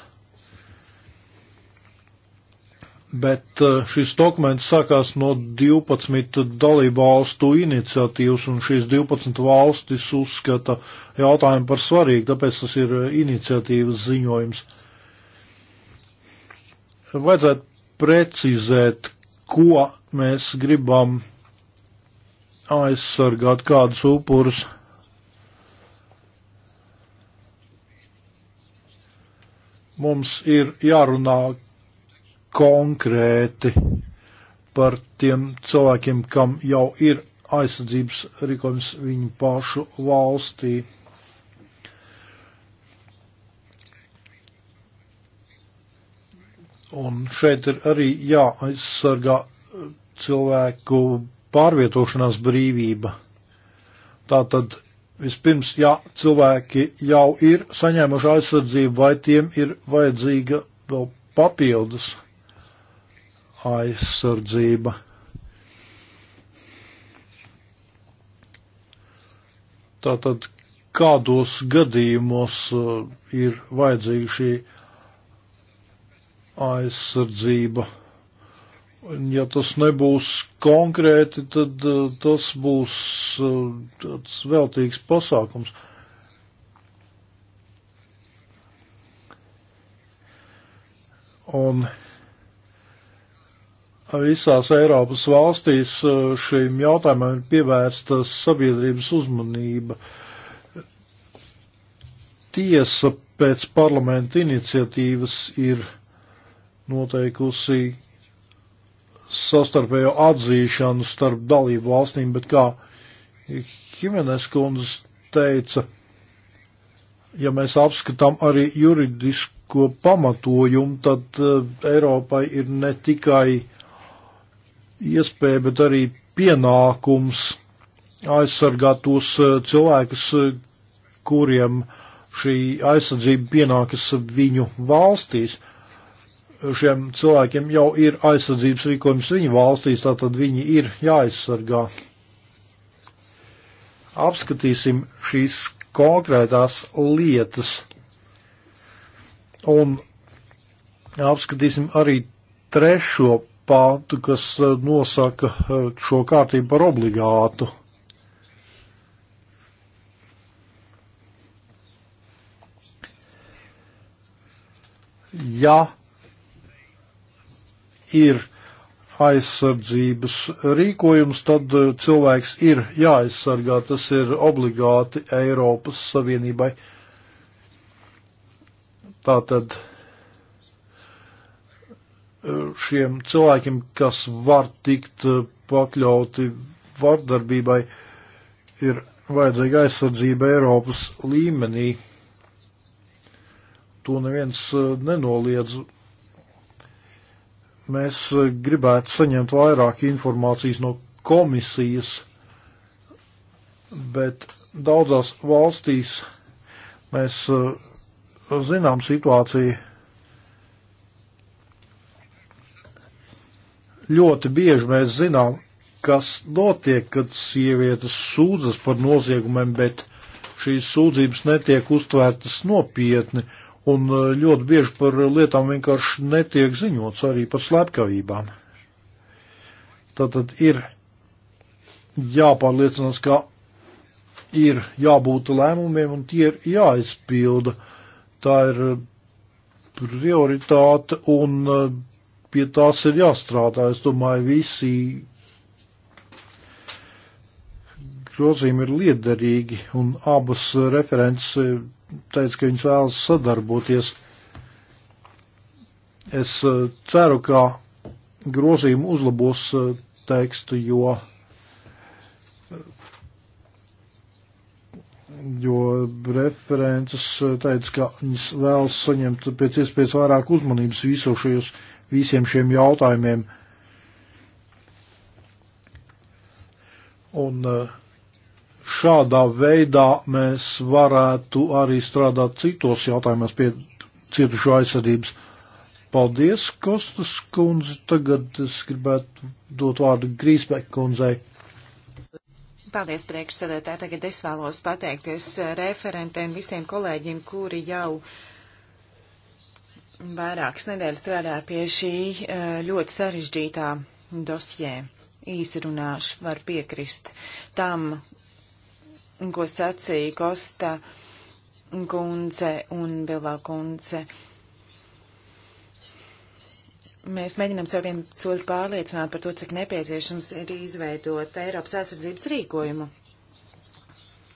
bet eh, šis dokuments sākās no 12 dalību valstu iniciatīvas, un šīs 12 valstis uzskata jautājumu par svarīgu, tāpēc tas ir eh, iniciatīvas ziņojums. Vajadzētu precizēt, ko mēs gribam aizsargāt, kādus upurus. Mums ir jārunā, konkrēti par tiem cilvēkiem, kam jau ir aizsardzības rīkojums viņu pašu valstī. Un šeit ir arī jāaizsargā cilvēku pārvietošanās brīvība. Tātad vispirms, ja cilvēki jau ir saņēmuši aizsardzību, vai tiem ir vajadzīga vēl papildus aizsardzība aizsardzība. Tātad, kādos gadījumos uh, ir vajadzīga šī aizsardzība? Ja tas nebūs konkrēti, tad uh, tas būs uh, tāds veltīgs pasākums. Un visās Eiropas valstīs eh, šīm jautājumam ir pievērsta sabiedrības uzmanība. Tiesa pēc parlamenta iniciatīvas ir noteikusi sastarpējo atzīšanu starp dalību valstīm, bet kā Himenes kundze teica, ja mēs apskatām arī juridisko pamatojumu, tad eh, Eiropai ir ne tikai iespēja, bet arī pienākums aizsargāt tos eh, cilvēkus, eh, kuriem šī aizsardzība pienākas viņu valstīs. Šiem cilvēkiem jau ir aizsardzības rīkojums viņu valstīs, tātad viņi ir jāaizsargā. Apskatīsim šīs konkrētās lietas un apskatīsim arī trešo pāntu, kas e, nosaka e, šo kārtību par obligātu. Ja ir aizsardzības rīkojums, tad e, cilvēks ir jāaizsargā. Tas ir obligāti Eiropas Savienībai. Tātad Eh, šiem cilvēkiem, kas var tikt eh, pakļauti vardarbībai, ir vajadzīga aizsardzība Eiropas līmenī. To neviens eh, nenoliedz. Mēs gribētu saņemt vairāk informācijas no komisijas, bet daudzās valstīs mēs zinām situāciju Ļoti bieži mēs zinām, kas notiek, kad sievietes sūdzas par noziegumiem, bet šīs sūdzības netiek uztvērtas nopietni, un eh, ļoti bieži par lietām vienkārši netiek ziņots arī par slepkavībām. Tātad ir jāpārliecinās, ka ir jābūt lēmumiem un tie ir jāizpilda. Tā ir prioritāte un eh, pie tās ir jāstrādā. Es domāju, visi grozījumi ir liederīgi, un abas referents teica, ka viņas vēlas sadarboties. Es eh, ceru, ka grozījumi uzlabos eh, tekstu, jo, jo referents eh, teica, ka viņas vēlas saņemt pēc iespējas vairāk uzmanības visos šajos. Šajos visiem šiem jautājumiem. Un eh, šādā veidā mēs varētu arī strādāt citos jautājumos pie cietušo aizsardzības. Paldies, Kostas kundze. Tagad es gribētu dot vārdu Grīsbek kundzei. Paldies, priekšsēdētāji. Tagad es vēlos pateikties eh, referentiem, visiem kolēģiem, kuri jau uh, vairākas nedēļas strādāju pie šī eh, ļoti sarežģītā dosjē. Īsi runāšu, var piekrist tam, ko sacīja Kosta kundze un Bilvā kundze. Mēs mēģinām sev vien soli pārliecināt par to, cik nepieciešams ir izveidot Eiropas aizsardzības rīkojumu.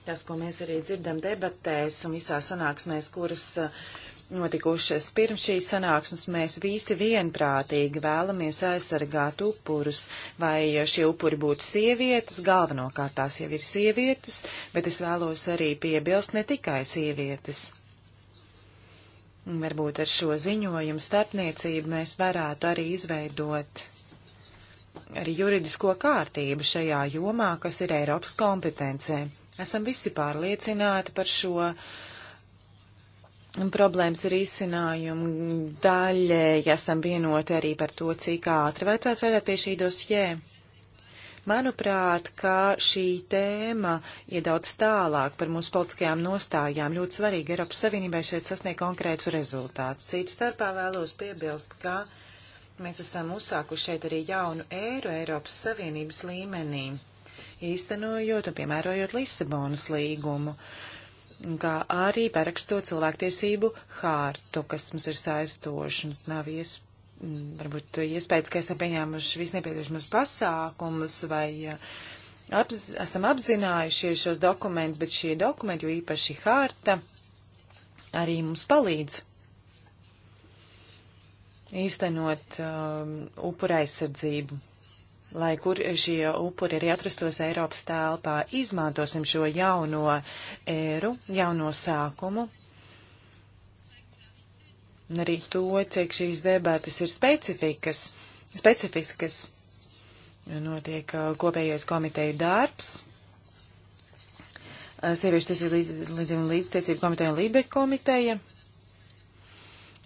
Tas, ko mēs arī dzirdam debatēs un visā sanāksmēs, kuras uh, notikušas pirms šīs sanāksmes, mēs visi vienprātīgi vēlamies aizsargāt upurus, vai šie upuri būtu sievietes, galvenokārt tās jau ir sievietes, bet es vēlos arī piebilst ne tikai sievietes. Varbūt ar šo ziņojumu starpniecību mēs varētu arī izveidot arī juridisko kārtību šajā jomā, kas ir Eiropas kompetencē. Esam visi pārliecināti par šo uh, problēmas risinājumu daļēji esam vienoti arī par to, cik ātri vajadzētu strādāt pie šī dosjē. Manuprāt, ka šī tēma ir daudz tālāk par mūsu politiskajām nostājām. Ļoti svarīgi Eiropas Savienībai šeit sasniegt konkrētus rezultātus. Cits starpā vēlos piebilst, ka mēs esam uzsākuši šeit arī jaunu ēru Eiropas Savienības līmenī, īstenojot un piemērojot Lisabonas līgumu. Uh, kā arī parakstot cilvēktiesību hārtu, kas mums ir saistoši. Mums nav ies, mm, varbūt iespējas, ka esam pieņēmuši visnepieciešamos pasākumus vai eh, apz, esam apzinājušies šos dokumentus, bet šie dokumenti, jo īpaši hārta, arī mums palīdz īstenot um, eh, upura aizsardzību lai kur šie upuri arī atrastos Eiropas telpā. Izmantosim šo jauno ēru, jauno sākumu. Un arī to, cik šīs debatas ir specifikas, specifiskas. Notiek uh, kopējais komiteju darbs uh, sieviešu tiesību līdz, līdz, līdztiesību komiteja un Lībe komiteja.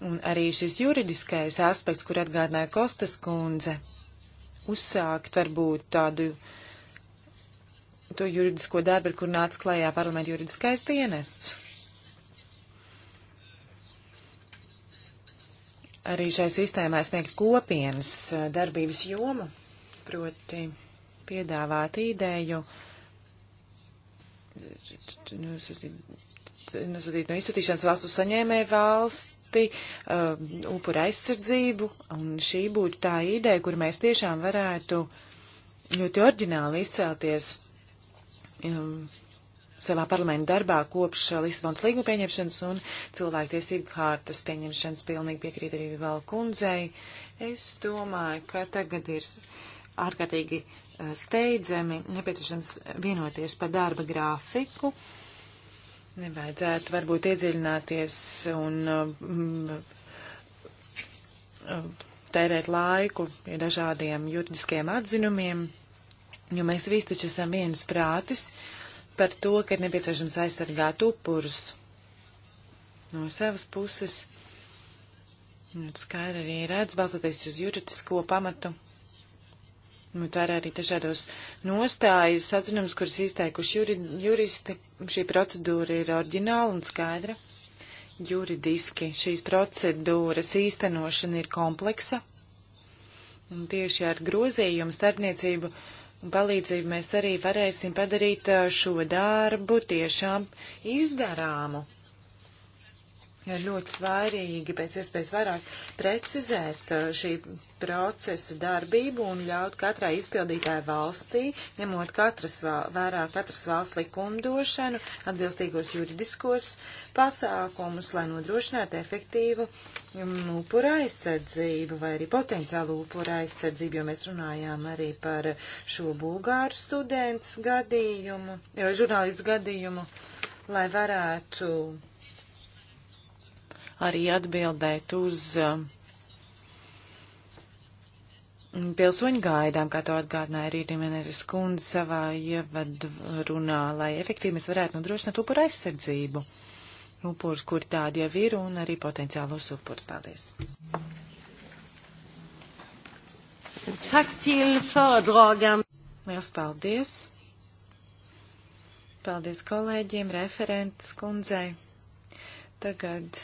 Un arī šis juridiskais aspekts, kur atgādināja Kostas kundze, uzsākt varbūt tādu to juridisko darbu, ar kur nāca klajā parlamenta juridiskais dienests. Arī šai sistēmai sniegt kopienas eh, darbības jomu, proti piedāvāt ideju, eh, nosūtīt nu, nu, no izsūtīšanas valstu saņēmēju valsts proti uh, upura aizsardzību, un šī būtu tā ideja, kur mēs tiešām varētu ļoti orģināli izcelties um, savā parlamenta darbā kopš Lisabonas līguma pieņemšanas un cilvēktiesību hārtas pieņemšanas. Pilnīgi piekrīt arī Valkundzei. Es domāju, ka tagad ir ārkārtīgi uh, steidzami nepieciešams vienoties par darba grāfiku. Uh, Nevajadzētu varbūt iedziļināties un um, tērēt laiku pie dažādiem juridiskiem atzinumiem, jo mēs visi taču esam vienas prātis par to, ka ir nepieciešams aizsargāt upurus. No savas puses, skaidri arī redz, balstoties uz juridisko pamatu, Nu, tā ir arī dažādos nostājas atzinums, kuras izteikuši juri, juristi. Šī procedūra ir orģināla un skaidra. Juridiski šīs procedūras īstenošana ir kompleksa. Un tieši ar grozījumu starpniecību un palīdzību mēs arī varēsim padarīt šo darbu tiešām izdarāmu. Ir ļoti svarīgi pēc iespējas vairāk precizēt šī procesa darbību un ļaut katrai izpildītāju valstī, ņemot katras val, vērā katras valsts likumdošanu, atbilstīgos juridiskos pasākumus, lai nodrošinātu efektīvu um, upura aizsardzību vai arī potenciālu upura aizsardzību, jo mēs runājām arī par šo bulgāru students gadījumu, žurnālistu gadījumu, lai varētu arī atbildēt uz uh, Pilsoņu gaidām, kā to atgādināja arī Dimeneris kundze savā ievadrunā, lai efektīvi mēs varētu nodrošināt upura aizsardzību. Upurs, kur tādi jau ir, un arī potenciālos upurs. Paldies! Tak til föredragan. Liels paldies! Paldies kolēģiem, referents kundzei. Tagad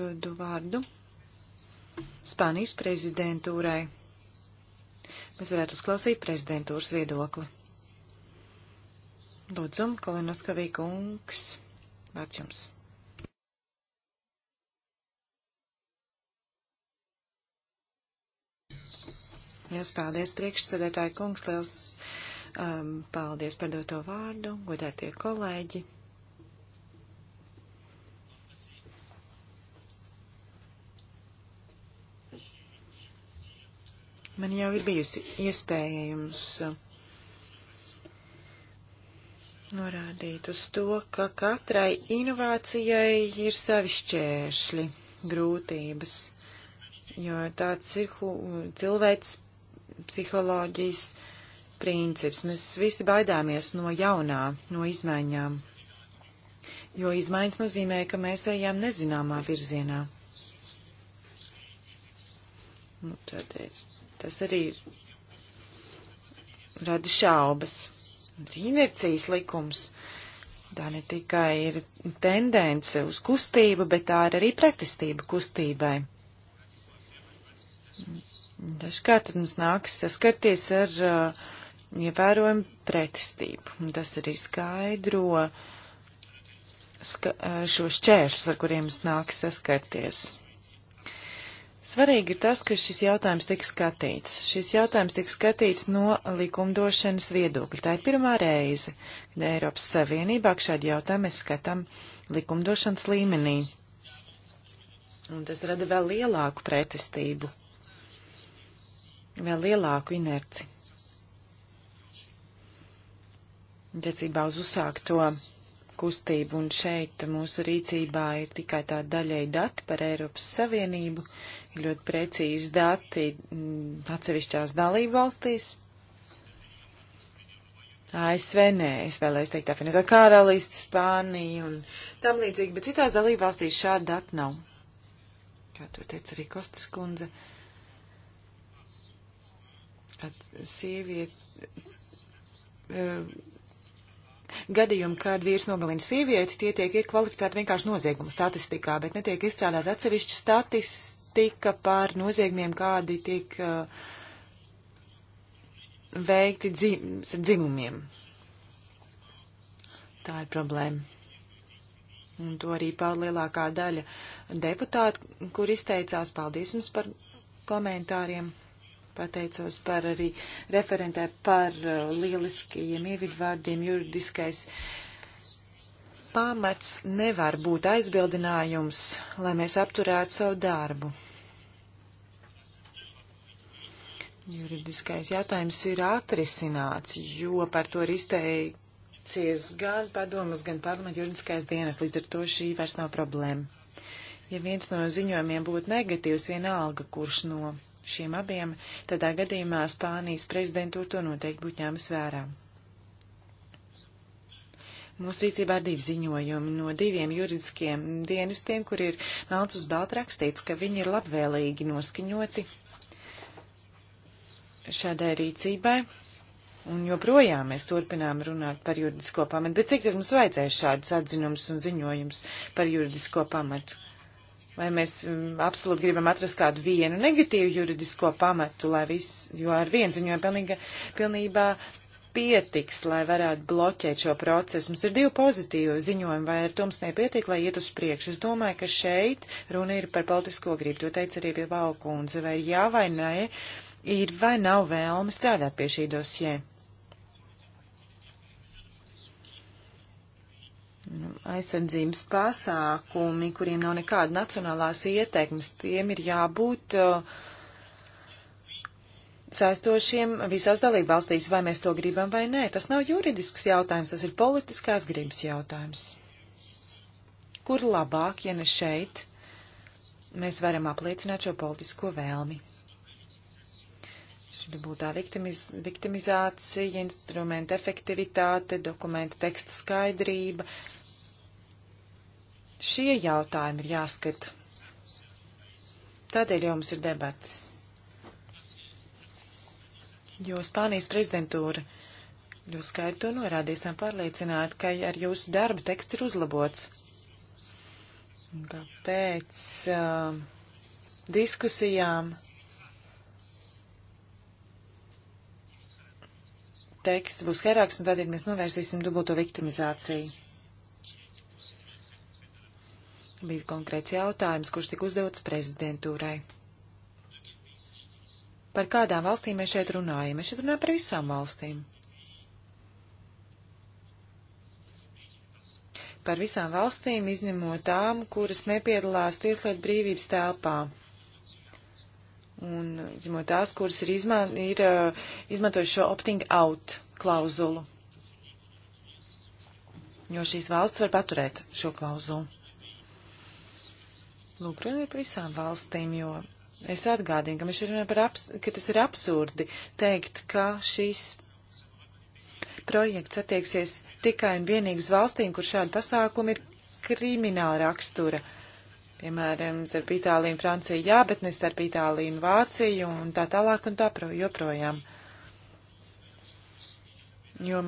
dodu vārdu Spānijas prezidentūrai. Mēs varētu uzklausīt prezidentūras viedokli. Lūdzu, Kolinoskavī kungs, vārds jums. Liels paldies, priekšsēdētāji kungs, liels um, paldies par doto vārdu, godētie kolēģi. Man jau ir bijusi iespēja jums uh, norādīt uz to, ka katrai inovācijai ir savi šķēršļi, grūtības, jo tāds ir cilvēks psiholoģijas princips. Mēs visi baidāmies no jaunā, no izmaiņām, jo izmaiņas nozīmē, ka mēs ejam nezināmā virzienā. Nu, tad ir Tas arī rada šaubas. Arī inercijas likums. Tā ne tikai ir tendence uz kustību, bet tā ir arī pretestība kustībai. Dažkārt mums nāks saskarties ar uh, ievērojumu pretestību. Tas arī skaidro ska uh, šo šķēršus, ar kuriem mums nāks saskarties. Svarīgi ir tas, ka šis jautājums tiks skatīts. Šis jautājums tiks skatīts no likumdošanas viedokļa. Tā ir pirmā reize, kad Eiropas Savienībā šādi jautājumi mēs skatām likumdošanas līmenī. Un tas rada vēl lielāku pretestību, vēl lielāku inerci. Redzībā uz uzsākto kustību, un šeit mūsu rīcībā ir tikai tā daļai dati par Eiropas Savienību, ir ļoti precīzi dati mm, atsevišķās dalību valstīs. ASV nē, es vēlēju teikt apvienotā karalists, Spānija un tam līdzīgi, bet citās dalību valstīs šādi dati nav. Kā to teica arī Kostas kundze. At, sieviet, uh, gadījumi, kad vīrs nogalina sievieti, tie tiek kvalificēti vienkārši nozieguma statistikā, bet netiek izstrādāta atsevišķa statistika par noziegumiem, kādi tiek uh, veikti dzim, ar dzimumiem. Tā ir problēma. Un to arī pauda lielākā daļa deputātu, kur izteicās paldies jums par komentāriem pateicos par arī referentē par uh, lieliskajiem ievidvārdiem juridiskais. Pamats nevar būt aizbildinājums, lai mēs apturētu savu darbu. Juridiskais jautājums ir atrisināts, jo par to ir izteicies gan padomas, gan parlamenta juridiskais dienas, līdz ar to šī vairs nav problēma. Ja viens no ziņojumiem būtu negatīvs, vienalga, kurš no šiem abiem, tādā gadījumā Spānijas prezidentūra to noteikti būtu ņēmas vērā. Mūsu rīcībā ir divi ziņojumi no diviem juridiskiem dienestiem, kur ir melns uz balta rakstīts, ka viņi ir labvēlīgi noskaņoti šādai rīcībai. Un joprojām mēs turpinām runāt par juridisko pamatu, bet cik tad mums vajadzēs šādus atzinumus un ziņojumus par juridisko pamatu? vai mēs mm, absolūti gribam atrast kādu vienu negatīvu juridisko pamatu, lai viss, jo ar vienu ziņojumu pilnīga, pilnībā pietiks, lai varētu bloķēt šo procesu. Mums ir divi pozitīvi ziņojumi, vai ar to mums nepietiek, lai iet uz priekšu. Es domāju, ka šeit runa ir par politisko gribu, to teica arī pie Valkundze, vai jā vai nē, ir vai nav vēlme strādāt pie šī dosie. aizsardzības pasākumi, kuriem nav nekāda nacionālās ieteikmes, tiem ir jābūt uh, saistošiem visās dalībvalstīs, vai mēs to gribam vai nē. Tas nav juridisks jautājums, tas ir politiskās gribas jautājums. Kur labāk, ja ne šeit, mēs varam apliecināt šo politisko vēlmi? Šī būtu tā viktimiz, viktimizācija, instrumenta efektivitāte, dokumenta teksta skaidrība, Šie jautājumi ir jāskat. Tādēļ jau mums ir debatas. Jo Spānijas prezidentūra ļoti skaidri to norādīja, esam pārliecināti, ka ar jūsu darbu teksts ir uzlabots. Pēc uh, um, diskusijām teksts būs herāks, un tādēļ mēs novērsīsim dubulto viktimizāciju. Bija konkrēts jautājums, kurš tika uzdots prezidentūrai. Par kādām valstīm mēs šeit runājam? Mēs šeit runājam par visām valstīm. Par visām valstīm, izņemot tām, kuras nepiedalās tieslietu brīvības telpā. Un, izņemot tās, kuras ir, izma ir uh, izmantojuši šo opting out klauzulu. Jo šīs valsts var paturēt šo klauzulu. Lūk, runa ir par visām valstīm, jo es atgādinu, ka, ir par abs ka tas ir absurdi teikt, ka šīs projekts attieksies tikai un vienīgi uz valstīm, kur šādi pasākumi ir krimināla rakstura. Piemēram, starp Itāliju un Franciju jā, bet ne starp Itāliju un Vāciju un tā tālāk un tā pro, joprojām. Jo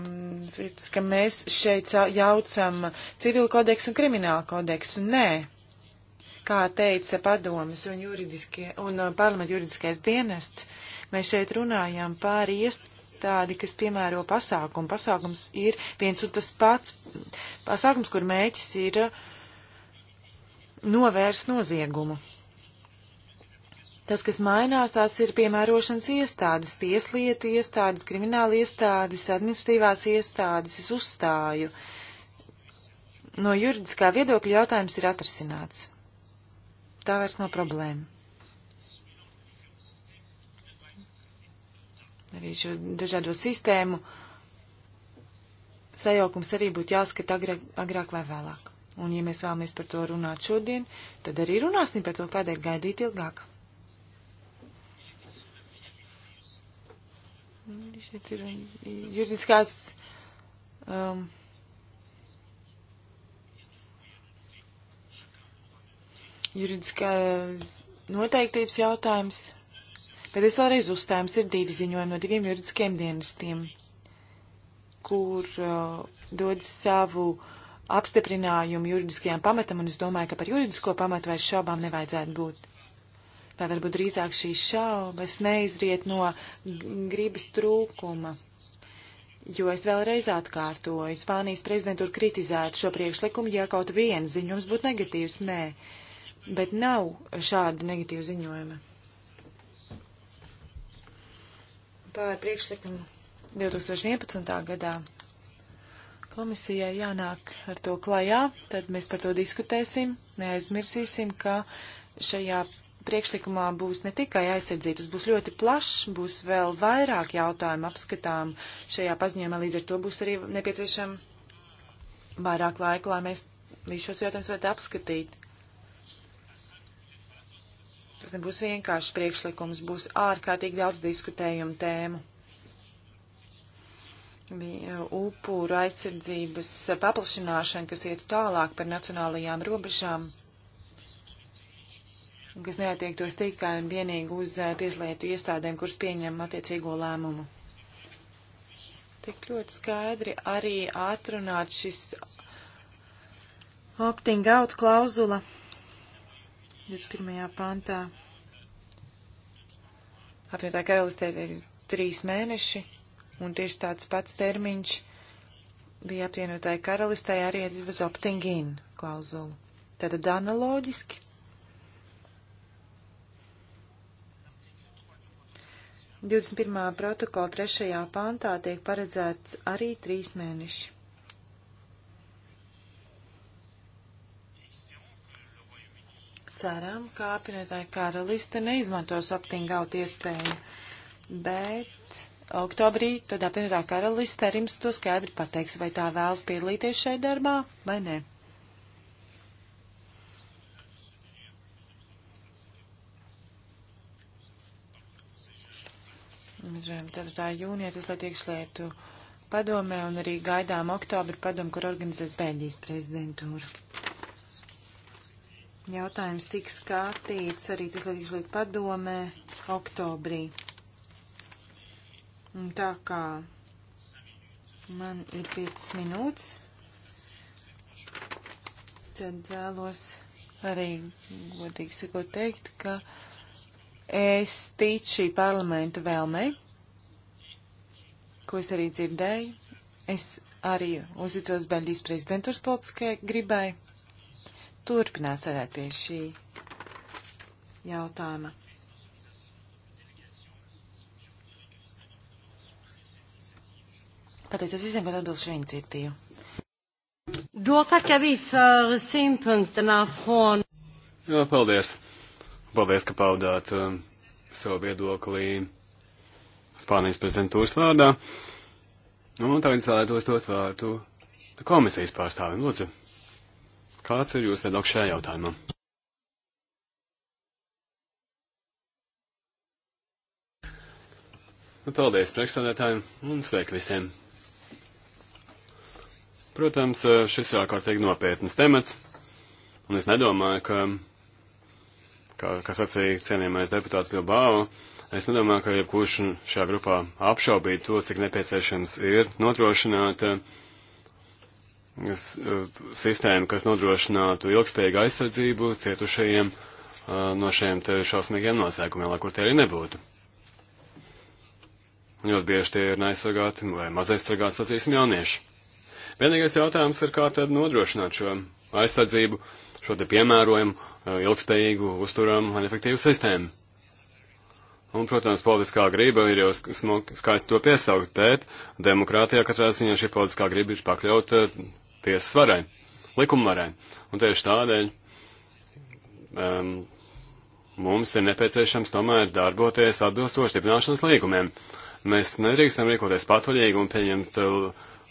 zits, ka mēs šeit jaucam civilu kodeksu un kriminālu kodeksu. Nē, kā teica padomas un, un uh, parlamenta juridiskais dienests, mēs šeit runājam par iestādi, kas piemēro pasākumu. Pasākums ir viens un tas pats pasākums, kur mēķis ir uh, novērst noziegumu. Tas, kas mainās, tās ir piemērošanas iestādes, tieslietu iestādes, krimināla iestādes, administratīvās iestādes. Es uzstāju. No juridiskā viedokļa jautājums ir atrasināts tā vairs nav problēma. Arī šo dažādo sistēmu sajaukums arī būtu jāskata agrāk, agrāk vai vēlāk. Un, ja mēs vēlamies par to runāt šodien, tad arī runāsim par to, kādēļ gaidīt ilgāk. Šeit ir juridiskās. Um, juridiskā noteiktības jautājums, bet es vēlreiz uzstājums ir divi ziņojumi no diviem juridiskiem dienestiem, kur uh, dod savu apstiprinājumu juridiskajām pamatam, un es domāju, ka par juridisko pamatu vairs šaubām nevajadzētu būt. Vai varbūt drīzāk šīs šaubas neizriet no gribas trūkuma. Jo es vēlreiz atkārtoju, Spānijas prezidentūra kritizētu šo priekšlikumu, ja kaut viens ziņums būtu negatīvs. Nē, bet nav šādu negatīvu ziņojumu. Pār priekšlikumu 2011. gadā komisijai jānāk ar to klajā, tad mēs par to diskutēsim, neaizmirsīsim, ka šajā priekšlikumā būs ne tikai aizsardzības, būs ļoti plašs, būs vēl vairāk jautājumu apskatām šajā paziņojumā, līdz ar to būs arī nepieciešama vairāk laika, lai mēs visus šos jautājumus varētu apskatīt tas nebūs vienkāršs priekšlikums, būs ārkārtīgi daudz diskutējumu tēmu. Bija upuru aizsardzības paplašināšana, kas iet tālāk par nacionālajām robežām, kas neatiektos tikai un vienīgi uz eh, tieslietu iestādēm, kuras pieņem attiecīgo lēmumu. Tik ļoti skaidri arī atrunāt šis opting out klauzula. 21. pantā apvienotā karalistē ir trīs mēneši, un tieši tāds pats termiņš bija apvienotāja karalistē arī uz opting in klauzulu. Tātad analoģiski. Divdesmit pirmā protokola trešajā pantā tiek paredzēts arī trīs mēneši. ceram, ka apvienotāja karaliste neizmantos optingaut iespēju, bet oktobrī tad apvienotā karaliste ar jums to skaidri pateiks, vai tā vēlas piedalīties šai darbā vai nē. Mēs redzam, 4. jūnijā tas liek iekšlietu padomē un arī gaidām oktobra padomu, kur organizēs Bēļģijas prezidentūru. Jautājums tiks skatīts arī tas līdzlīgi padomē oktobrī. Un tā kā man ir 5 minūtes, tad vēlos arī godīgi sakot teikt, ka es ticu šī parlamenta vēlmei, ko es arī dzirdēju. Es arī uzticos Beļģijas prezidentūras politiskajai gribai turpinās strādāt pie šī jautājuma. Pateicos visiem, kad atbilst šo iniciatīvu. Då tackar vi för synpunkterna från... Jā, paldies. Paldies, ka paudāt um, savu viedoklī Spānijas prezidentūras vārdā. Nu, un tagad vēlētos dot vārdu komisijas pārstāvim. Lūdzu kāds ir jūsu viedoklis šajā jautājumā? Nu, paldies priekšstādētājiem un sveiki visiem. Protams, šis ir ārkārtīgi nopietnas temats, un es nedomāju, ka, kā, kā sacīja cienījamais deputāts Bilbao, es nedomāju, ka jebkurš šajā grupā apšaubītu to, cik nepieciešams ir notrošināt uh, Eh, sistēmu, kas nodrošinātu ilgspējīgu aizsardzību cietušajiem eh, no šiem te šausmīgiem nosēkumiem, lai kur tie arī nebūtu. Ļoti bieži tie ir neaizsargāti vai mazaizsargāti, sacīsim, jaunieši. Vienīgais jautājums ir, kā tad nodrošināt šo aizsardzību, šo te piemērojumu, eh, ilgspējīgu, uzturamu un efektīvu sistēmu. Un, protams, politiskā grība ir jau skaisti to piesaukt, bet demokrātijā katrā ziņā šī politiskā grība ir pakļauta tiesas varai, likumvarai. Un tieši tādēļ um, mums ir nepieciešams tomēr darboties atbilstoši stiprināšanas līgumiem. Mēs nedrīkstam rīkoties patvaļīgi un pieņemt uh,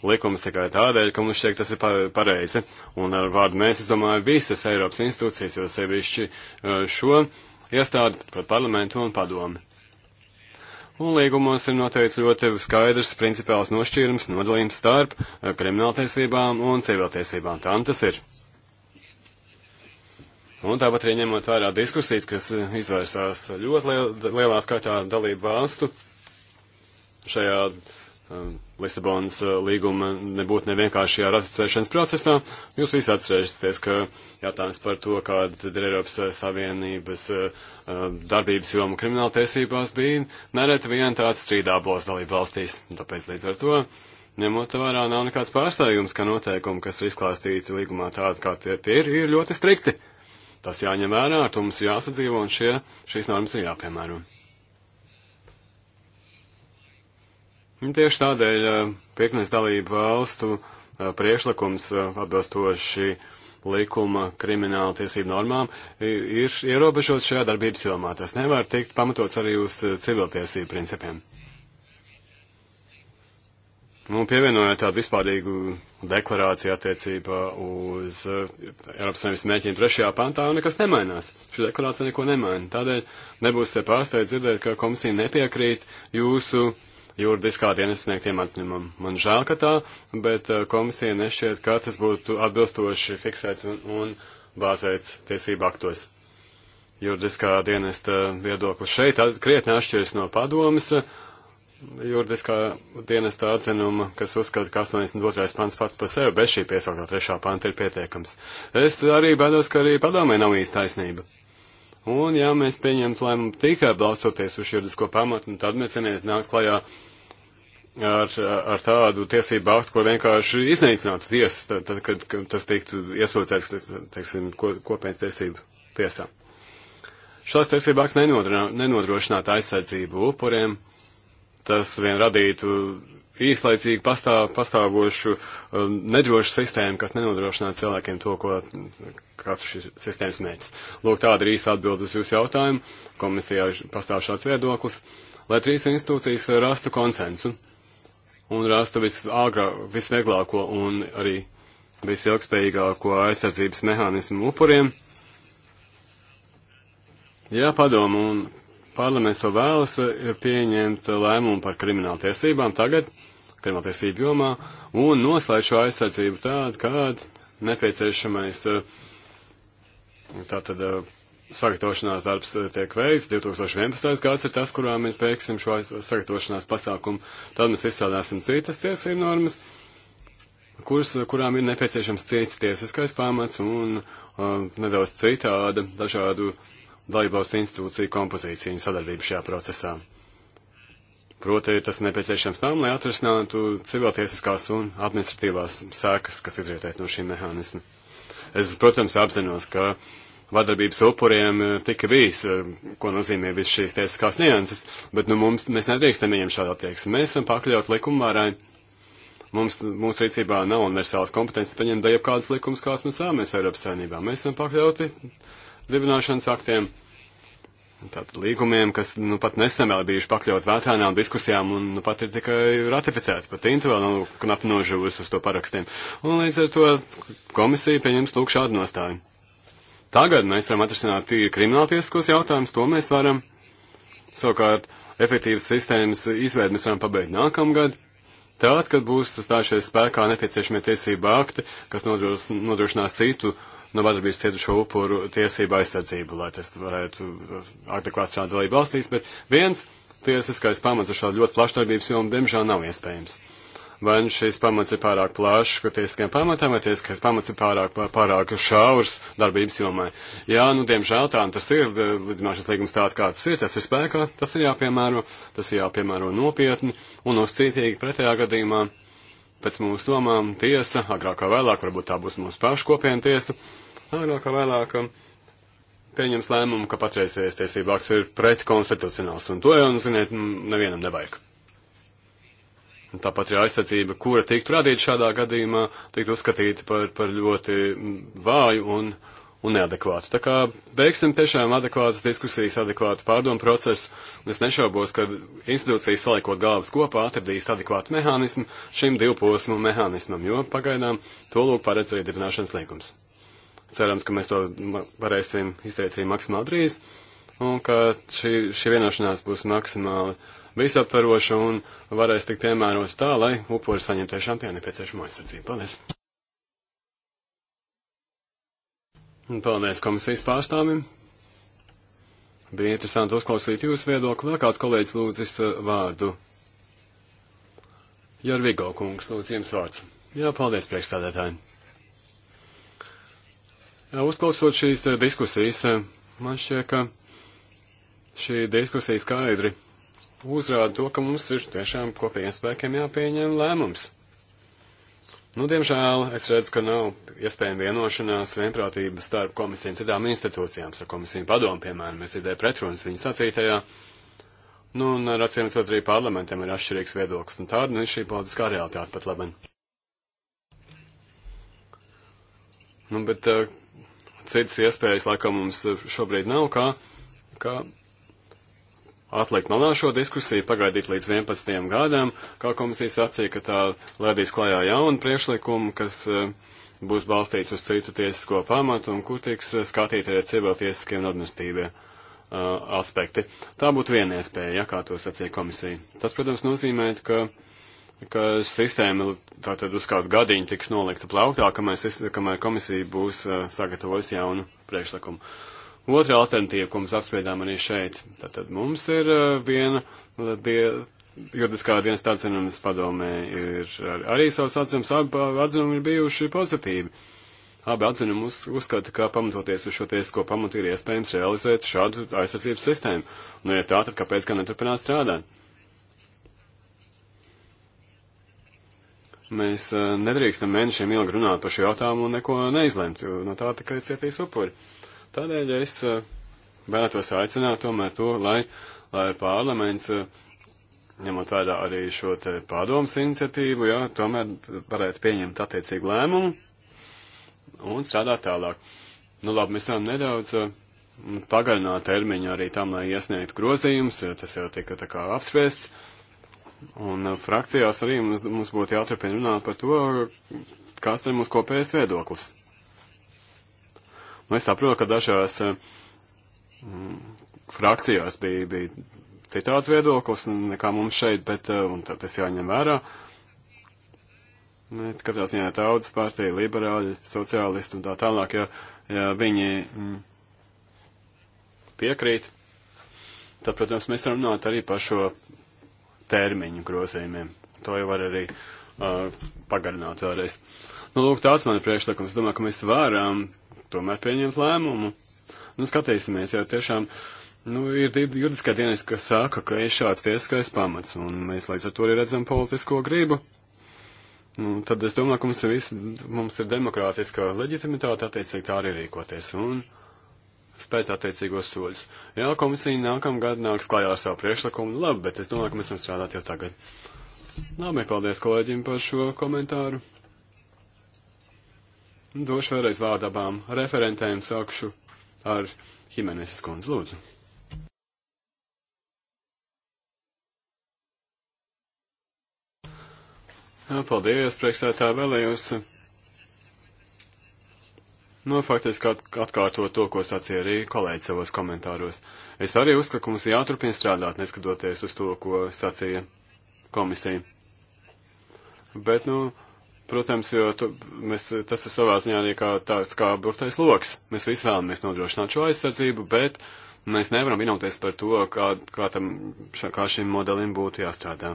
likumus tikai tādēļ, ka mums šķiet tas ir pareizi. Un ar vārdu mēs, es domāju, visas Eiropas institūcijas, jo sevišķi uh, šo iestādi, par parlamentu un padomi un līgumos ir noteikts ļoti skaidrs principāls nošķīrums nodalījums starp eh, krimināltiesībām un civiltiesībām. Tam nu tas ir. Un tāpat arī ņemot vērā diskusijas, kas eh, izvērsās ļoti liel, lielā skaitā dalību valstu šajā um, Lisabonas uh, līguma nebūtu nevienkāršajā ratificēšanas procesā. Jūs visi atcerēsieties, ka jautājums par to, kāda tad ir Eiropas uh, Savienības uh, darbības joma krimināltiesībās bija nereti vien tāds strīdābos dalību valstīs. Tāpēc līdz ar to, ņemot vērā, nav nekāds pārstājums, ka noteikumi, kas ir izklāstīti līgumā tādi, kā tie, tie ir, ir ļoti strikti. Tas jāņem vērā, ar to mums jāsadzīvo un šie, šīs normas ir jāpiemēro. Un tieši tādēļ eh, pieknes dalību valstu eh, priešlikums eh, atbilstoši likuma krimināla tiesību normām ir ierobežots šajā darbības jomā. Tas nevar tikt pamatots arī uz civiltiesību principiem. Nu, pievienojot tādu vispārīgu deklarāciju attiecībā uz uh, Eiropas Savienības mēķiem trešajā pantā, nekas nemainās. Šī deklarācija neko nemaina. Tādēļ nebūs te pārsteigts dzirdēt, ka komisija nepiekrīt jūsu uh, juridiskā dienesnieka iemācījumam. Man žēl, ka tā, bet eh, komisija nešķiet, ka tas būtu atbilstoši fiksēts un, un bāzēts tiesību aktos. Juridiskā dienesta viedoklis šeit krietni atšķiras no padomas eh, juridiskā dienesta atzinuma, kas uzskata, ka 82. pants pats par sevi bez šī piesauktā 3. panta ir pietiekams. Es arī baidos, ka arī padomē nav īsta taisnība. Un, ja mēs pieņemtu lēmumu tikai balstoties uz juridisko pamatu, nu, tad mēs vienīgi nāk klajā ar, ar tādu tiesību aktu, ko vienkārši iznīcinātu tiesas, tad, tad, kad, kad tas tiktu iesūcēts, teiksim, kopienas tiesību tiesā. Šāds tiesību akts nenodrošinātu aizsardzību upuriem, tas vien radītu īslaicīgi pastāv, pastāvošu um, nedrošu sistēmu, kas nenodrošinātu cilvēkiem to, ko, kāds ir šis sistēmas mērķis. Lūk, tāda ir īsta atbild uz jūsu jautājumu. Komisijā pastāv šāds viedoklis, lai trīs institūcijas rastu konsensu un rastu visāgrāk, visvieglāko un arī visilgspējīgāko aizsardzības mehānismu upuriem. Jā, padomu un parlaments to vēlas, ir e, pieņemt lēmumu par kriminālu tiesībām tagad, kriminālu tiesību jomā, un noslēgt šo aizsardzību tādu, kāda nepieciešamais e, tātad e, sagatavošanās darbs tiek veikts. 2011. gads ir tas, kurā mēs beigsim šo sagatavošanās pasākumu. Tad mēs izstrādāsim citas tiesību normas, kuras, kurām ir nepieciešams cits tiesiskais pamats un uh, nedaudz citāda dažādu uh, dalībvalstu institūciju kompozīciju un sadarbību šajā procesā. Proti, tas nepieciešams tam, lai atrisinātu civiltiesiskās un administratīvās sēkas, kas izrietēt no šī mehānisma. Es, protams, apzinos, ka vardarbības upuriem eh, tika bijis, eh, ko nozīmē viss šīs tiesiskās nianses, bet nu, mums, mēs nedrīkstam viņiem šādu attieksmi. Mēs esam pakļaut likumvārai. Mums, mūsu rīcībā nav universālas kompetences paņemt dajab kādus likumus, kāds mums vēlamies Eiropas saimnībā. Mēs esam pakļauti dibināšanas aktiem, tātad līgumiem, kas nu pat nesen vēl bijuši pakļaut vētrānām diskusijām un nu pat ir tikai ratificēti, pat Intu vēl nav nu, knap nožuvusi uz to parakstiem. Un līdz ar to komisija pieņems lūk šādu nostāju. Tagad mēs varam atrisināt tīri krimināltieskos jautājumus, to mēs varam. Savukārt, efektīvas sistēmas izveidi mēs varam pabeigt nākamgad. Tātad, kad būs stājušies spēkā nepieciešamie tiesība akti, kas nodrošinās citu no nu, vardarbības cietušo upuru tiesību aizsardzību, lai tas varētu uh, adekvāti strādāt dalību valstīs, bet viens tiesiskais pamats ar šādu ļoti plašu darbības jomu, diemžēl, nav iespējams. Vai nu šis pamats ir pārāk plašs, ka tiesiskajam pamatam, vai tiesiskais pamats ir pārāk, pārāk šaurs darbības jomai? Jā, nu, diemžēl tā tas ir, eh, lidināšanas līgums tāds, kā tas ir, tas ir spēkā, tas ir jāpiemēro, tas ir jāpiemēro nopietni un uzcītīgi pretējā gadījumā pēc mūsu domām tiesa, agrāk vai vēlāk, varbūt tā būs mūsu pašu kopiena tiesa, agrāk vai vēlāk um, pieņems lēmumu, ka patreizējais tiesība akts ir pretkonstitucionāls, un to jau, nu, ziniet, nevienam nevajag. Un tāpat arī aizsardzība, kura tiktu radīta šādā gadījumā, tiktu uzskatīta par, par ļoti vāju un, un neadekvātu. Tā kā veiksim tiešām adekvātas diskusijas, adekvātu pārdomu procesu, un es nešaubos, ka institūcijas salikot galvas kopā atradīs adekvātu mehānismu šim divposmu mehānismam, jo pagaidām to lūk paredz arī dibināšanas līgums. Cerams, ka mēs to varēsim izteikt arī maksimāli drīz, un ka šī, šī vienošanās būs maksimāli visaptveroša un varēs tikt piemērota tā, lai upuri saņem tiešām tie nepieciešamo aizsardzību. Paldies! Un paldies komisijas pārstāvim! Bija interesanti uzklausīt jūsu viedokli. Vēl kāds kolēģis lūdzis vārdu. Jorvigo kungs, lūdzu, jums vārds. Jā, paldies, priekšstādētāji. Uzklausot šīs eh, diskusijas, eh, man šķiet, ka šī diskusija skaidri uzrāda to, ka mums ir tiešām kopējiem spēkiem jāpieņem lēmums. Nu, diemžēl es redzu, ka nav iespējama vienošanās vienprātība starp komisiju un citām institūcijām, ar komisiju padomu, piemēram, es dzirdēju pretrunas viņas sacītajā. Nu, un ar acīm redzot, arī parlamentam ir atšķirīgs viedoklis, un tāda nu, ir šī politiskā realitāte pat labi. Nu, bet eh, citas iespējas laikam mums šobrīd nav, kā, kā atlikt malā šo diskusiju, pagaidīt līdz 11. gadam, kā komisija sacīja, ka tā ledīs klajā jaunu priekšlikumu, kas eh, būs balstīts uz citu tiesisko pamatu un kur tiks eh, skatīti arī civiltiesiskie un administīvie uh, eh, aspekti. Tā būtu viena iespēja, ja kā to sacīja komisija. Tas, protams, nozīmē, ka. Uh, ka sistēma tātad uz kādu gadiņu tiks nolikta plauktā, kamēr, kamēr komisija būs uh, sagatavojusi jaunu priekšlikumu. Otra alternatīva, ko mēs apspriedām arī šeit, tātad mums ir uh, viena die, juridiskā dienas atzinums padomē, ir ar, arī savs atzinums, abi atzinumi ir bijuši pozitīvi. Abi atzinumi uz, uzskata, ka pamatoties uz šo tiesisko pamatu ir iespējams realizēt šādu aizsardzības sistēmu. Nu, ja tā, tad kāpēc gan neturpināt strādāt? Mēs eh, nedrīkstam mēnešiem ilgi runāt par šo jautājumu un neko neizlemt, jo no tā tikai cietīs upuri. Tādēļ es eh, vēlētos aicināt tomēr to, lai, lai parlaments, eh, ņemot vērā arī šo te pārdomas iniciatīvu, jā, tomēr varētu pieņemt attiecīgu lēmumu un strādāt tālāk. Nu labi, mēs varam nedaudz pagarināt termiņu arī tam, lai iesniegtu grozījumus, tas jau tika tā kā apspriests. Un uh, frakcijās arī mums, mums būtu jāturpina runāt par to, kāds ir mūsu kopējais viedoklis. Un es saprotu, ka dažās uh, mm, frakcijās bija, bija citāds viedoklis nekā mums šeit, bet uh, tas jāņem vērā. Bet katrā ziņā tautas partija, liberāļi, sociālisti un tā tālāk, ja, ja viņi mm, piekrīt, tad, protams, mēs varam runāt arī par šo termiņu grozījumiem. To jau var arī uh, pagarināt vēlreiz. Nu, lūk, tāds man ir priekšlikums. Es domāju, ka mēs varam tomēr pieņemt lēmumu. Nu, skatīsimies, jo tiešām, nu, ir juridiskā dienas, kas saka, ka ir šāds tiesiskais pamats, un mēs līdz ar to arī redzam politisko gribu. Nu, tad es domāju, ka mums ir, viss, mums ir demokrātiska leģitimitāte attiecīgi tā arī rīkoties. Un, uh, spēt attiecīgos soļus. Jā, komisija nākamgad nāks klājā ar savu priekšlikumu, labi, bet es domāju, ka mēs varam strādāt jau tagad. Labi, paldies kolēģim par šo komentāru. Došu vēlreiz vārdu abām referentēm, sākšu ar Himeneses kundzi, lūdzu. Paldies, priekšsētā vēlējos Nu, faktiski atkārto to, ko sacīja arī kolēģi savos komentāros. Es arī uzskatu, ka mums jāturpina strādāt, neskatoties uz to, ko sacīja komisija. Bet, nu, protams, jo tu, mēs, tas ir savā ziņā arī kā tāds kā burtais loks. Mēs visi vēlamies nodrošināt šo aizsardzību, bet mēs nevaram vienoties par to, kā, kā, tam, ša, kā šim modelim būtu jāstrādā.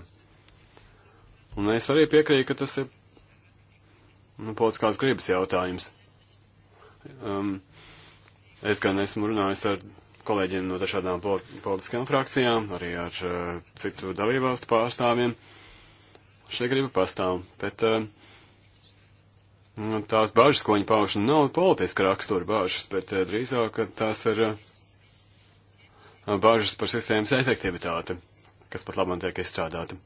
Un es arī piekrītu, ka tas ir nu, politiskās gribas jautājums. Um, es gan esmu runājis ar kolēģiem no dažādām politiskām frakcijām, arī ar uh, citu dalībvalstu pārstāvjiem. Šie griba pastāv, bet uh, tās bažas, ko viņi pauž, nav politiska rakstura bažas, bet uh, drīzāk tās ir uh, bažas par sistēmas efektivitāti, kas pat labam tiek izstrādāta.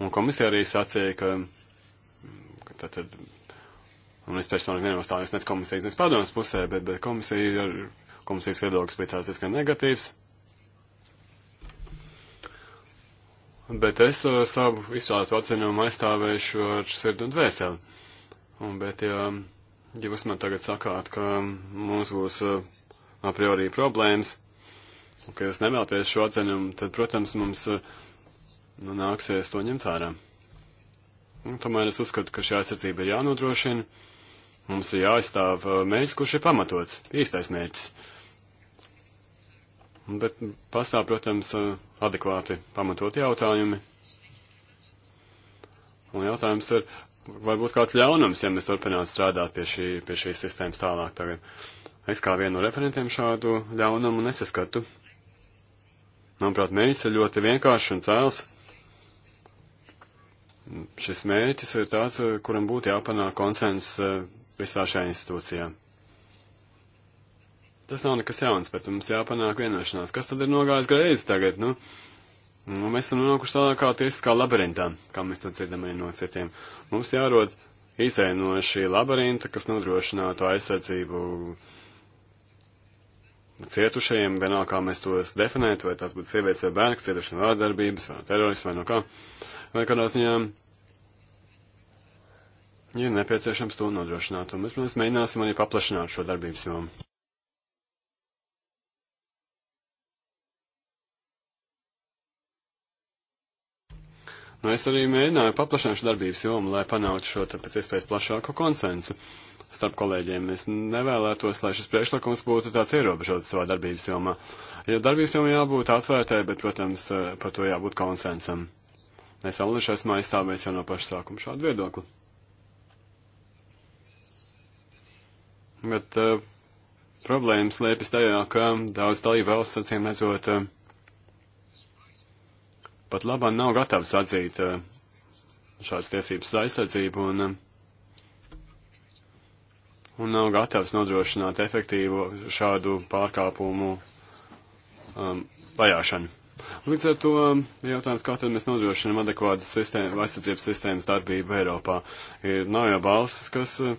Un komisija arī sacīja, ka, ka tad, tad Un es personīgi nenostāju nec komisijas, nec padomas pusē, bet, bet komisija ir, komisijas viedoklis bija tāds diezgan negatīvs. Bet es uh, savu izsvētu atzinumu aizstāvēšu ar sirdi un dvēseli. Un, bet, ja, ja jūs man tagad sakāt, ka mums būs uh, a priori problēmas, un ka jūs nevēlaties šo atzinumu, tad, protams, mums uh, nu, nāksies to ņemt vērā. Un, tomēr es uzskatu, ka šī aizsardzība ir jānodrošina Mums ir jāizstāv mērķis, kurš ir pamatots, īstais mērķis. Bet pastāv, protams, adekvāti pamatot jautājumi. Un jautājums ir, vai būtu kāds ļaunums, ja mēs turpinātu strādāt pie, šī, pie šīs sistēmas tālāk tagad. Es kā vienu no referentiem šādu ļaunumu nesaskatu. Manuprāt, mērķis ir ļoti vienkāršs un cēls. Šis mērķis ir tāds, kuram būtu jāpanāk konsens visā šajā institūcijā. Tas nav nekas jauns, bet mums jāpanāk vienošanās. Kas tad ir nogājis greizi tagad, nu? Nu, mēs esam nonākuši tādā kā tiesiskā labirintā, kā mēs to dzirdam no citiem. Mums jārod izēja no šī labirinta, kas nodrošinātu aizsardzību cietušajiem, vienalga, kā mēs tos definētu, vai tas būtu sievietes vai bērns, cietuši no vārdarbības, vai terorismu, vai no kā. Vai kādā ziņā ir nepieciešams to nodrošināt, un mēs, protams, mēģināsim arī paplašināt šo darbības jomu. Nu, es arī mēģināju paplašināt šo darbības jomu, lai panāktu šo pēc iespējas plašāku konsensu starp kolēģiem. Es nevēlētos, lai šis priekšlikums būtu tāds ierobežots savā darbības jomā. Ja darbības jomā jābūt atvērtai, bet, protams, par to jābūt konsensam. Es Allišais mājā stāvēs jau no paša sākuma šādu viedokli. bet uh, eh, problēmas liepjas tajā, ka daudz dalību valsts, acīm redzot, uh, pat labā nav gatavs atzīt uh, šādas tiesības aizsardzību un, un nav gatavs nodrošināt efektīvu šādu pārkāpumu um, vajāšanu. Līdz ar to jautājums, kā tad mēs nodrošinām adekvātas sistēma, aizsardzības sistēmas darbību Eiropā. Ir, nav jau balsis, kas eh,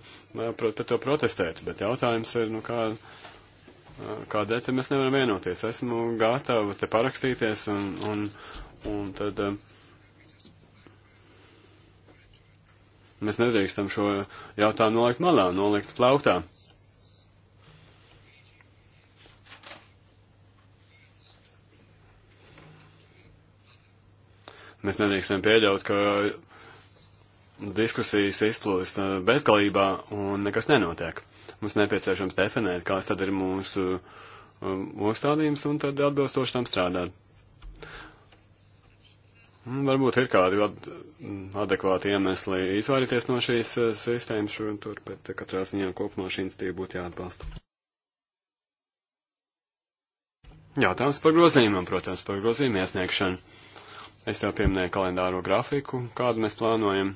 pret to protestētu, bet jautājums ir, nu kā, eh, kādēļ te mēs nevaram vienoties. Esmu gatava te parakstīties un, un, un tad. Eh, mēs nedrīkstam šo jautājumu nolikt malā, nolikt plauktā. Mēs nedrīkstam pieļaut, ka diskusijas izplūst uh, bezgalībā un nekas nenotiek. Mums nepieciešams definēt, kāds tad ir mūsu um, uzstādījums un tad atbilstoši tam strādāt. Varbūt ir kādi adekvāti iemesli izvairīties no šīs uh, sistēmas šur un tur, bet uh, katrā ziņā kopumā šī institīva būtu jāatbalsta. Jautājums par grozījumiem, protams, par grozījumu iesniegšanu. Es jau pieminēju kalendāro grafiku, kādu mēs plānojam.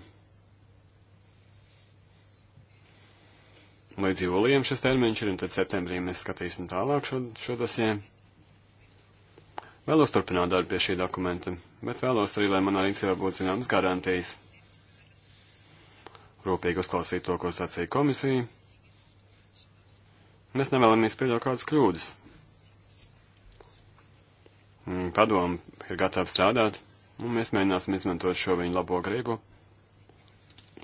Līdz jūlijam šis termiņš ir, un tad septembrī mēs skatīsim tālāk šo, šo dosie. Vēlos turpināt darbu pie šī dokumenta, bet vēlos arī, lai manā rīcībā būtu zināmas garantijas. Rūpīgi uzklausīt to, ko sacīja komisija. Mēs nevēlamies pieļaut kādas kļūdas. Mm, Padomu ir gatava strādāt, Un mēs mēģināsim izmantot šo viņu labo gribu,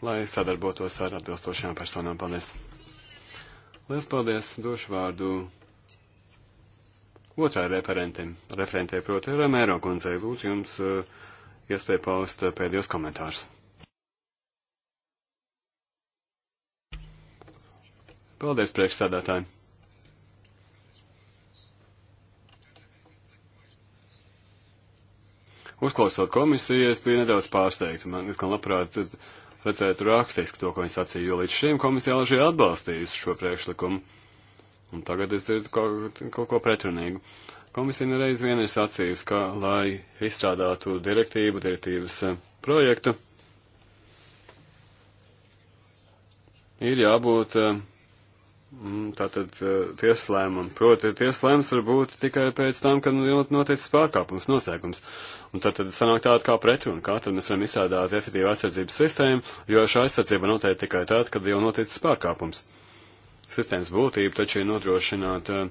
lai sadarbotos ar atbilstošajām personām. Paldies! Lielas paldies! Došu vārdu otrā referentim. Referentē proti Romēro kundzei. Lūdzu jums eh, iespēju paust eh, pēdējos komentārus. Paldies, priekšsādātāji! uzklausot komisiju, es biju nedaudz pārsteigts. Man diezgan labprāt redzētu rakstiski to, ko viņi sacīja, jo līdz šim komisija alži atbalstījusi šo priekšlikumu. Un tagad es dzirdu kaut, kaut ko pretrunīgu. Komisija nereiz vien ir sacījusi, ka, lai izstrādātu direktīvu, direktīvas eh, projektu, ir jābūt uh, Mm, tātad eh, tieslēmumi. Proti, tieslēmums var būt tikai pēc tam, kad nu, noticis pārkāpums, noslēgums. Un tad, tad sanāk tāda kā pretruna, kā tad mēs varam izstrādāt efektīvu aizsardzības sistēmu, jo šī aizsardzība notiek tikai tad, kad jau noticis pārkāpums. Sistēmas būtība taču ir nodrošināt eh,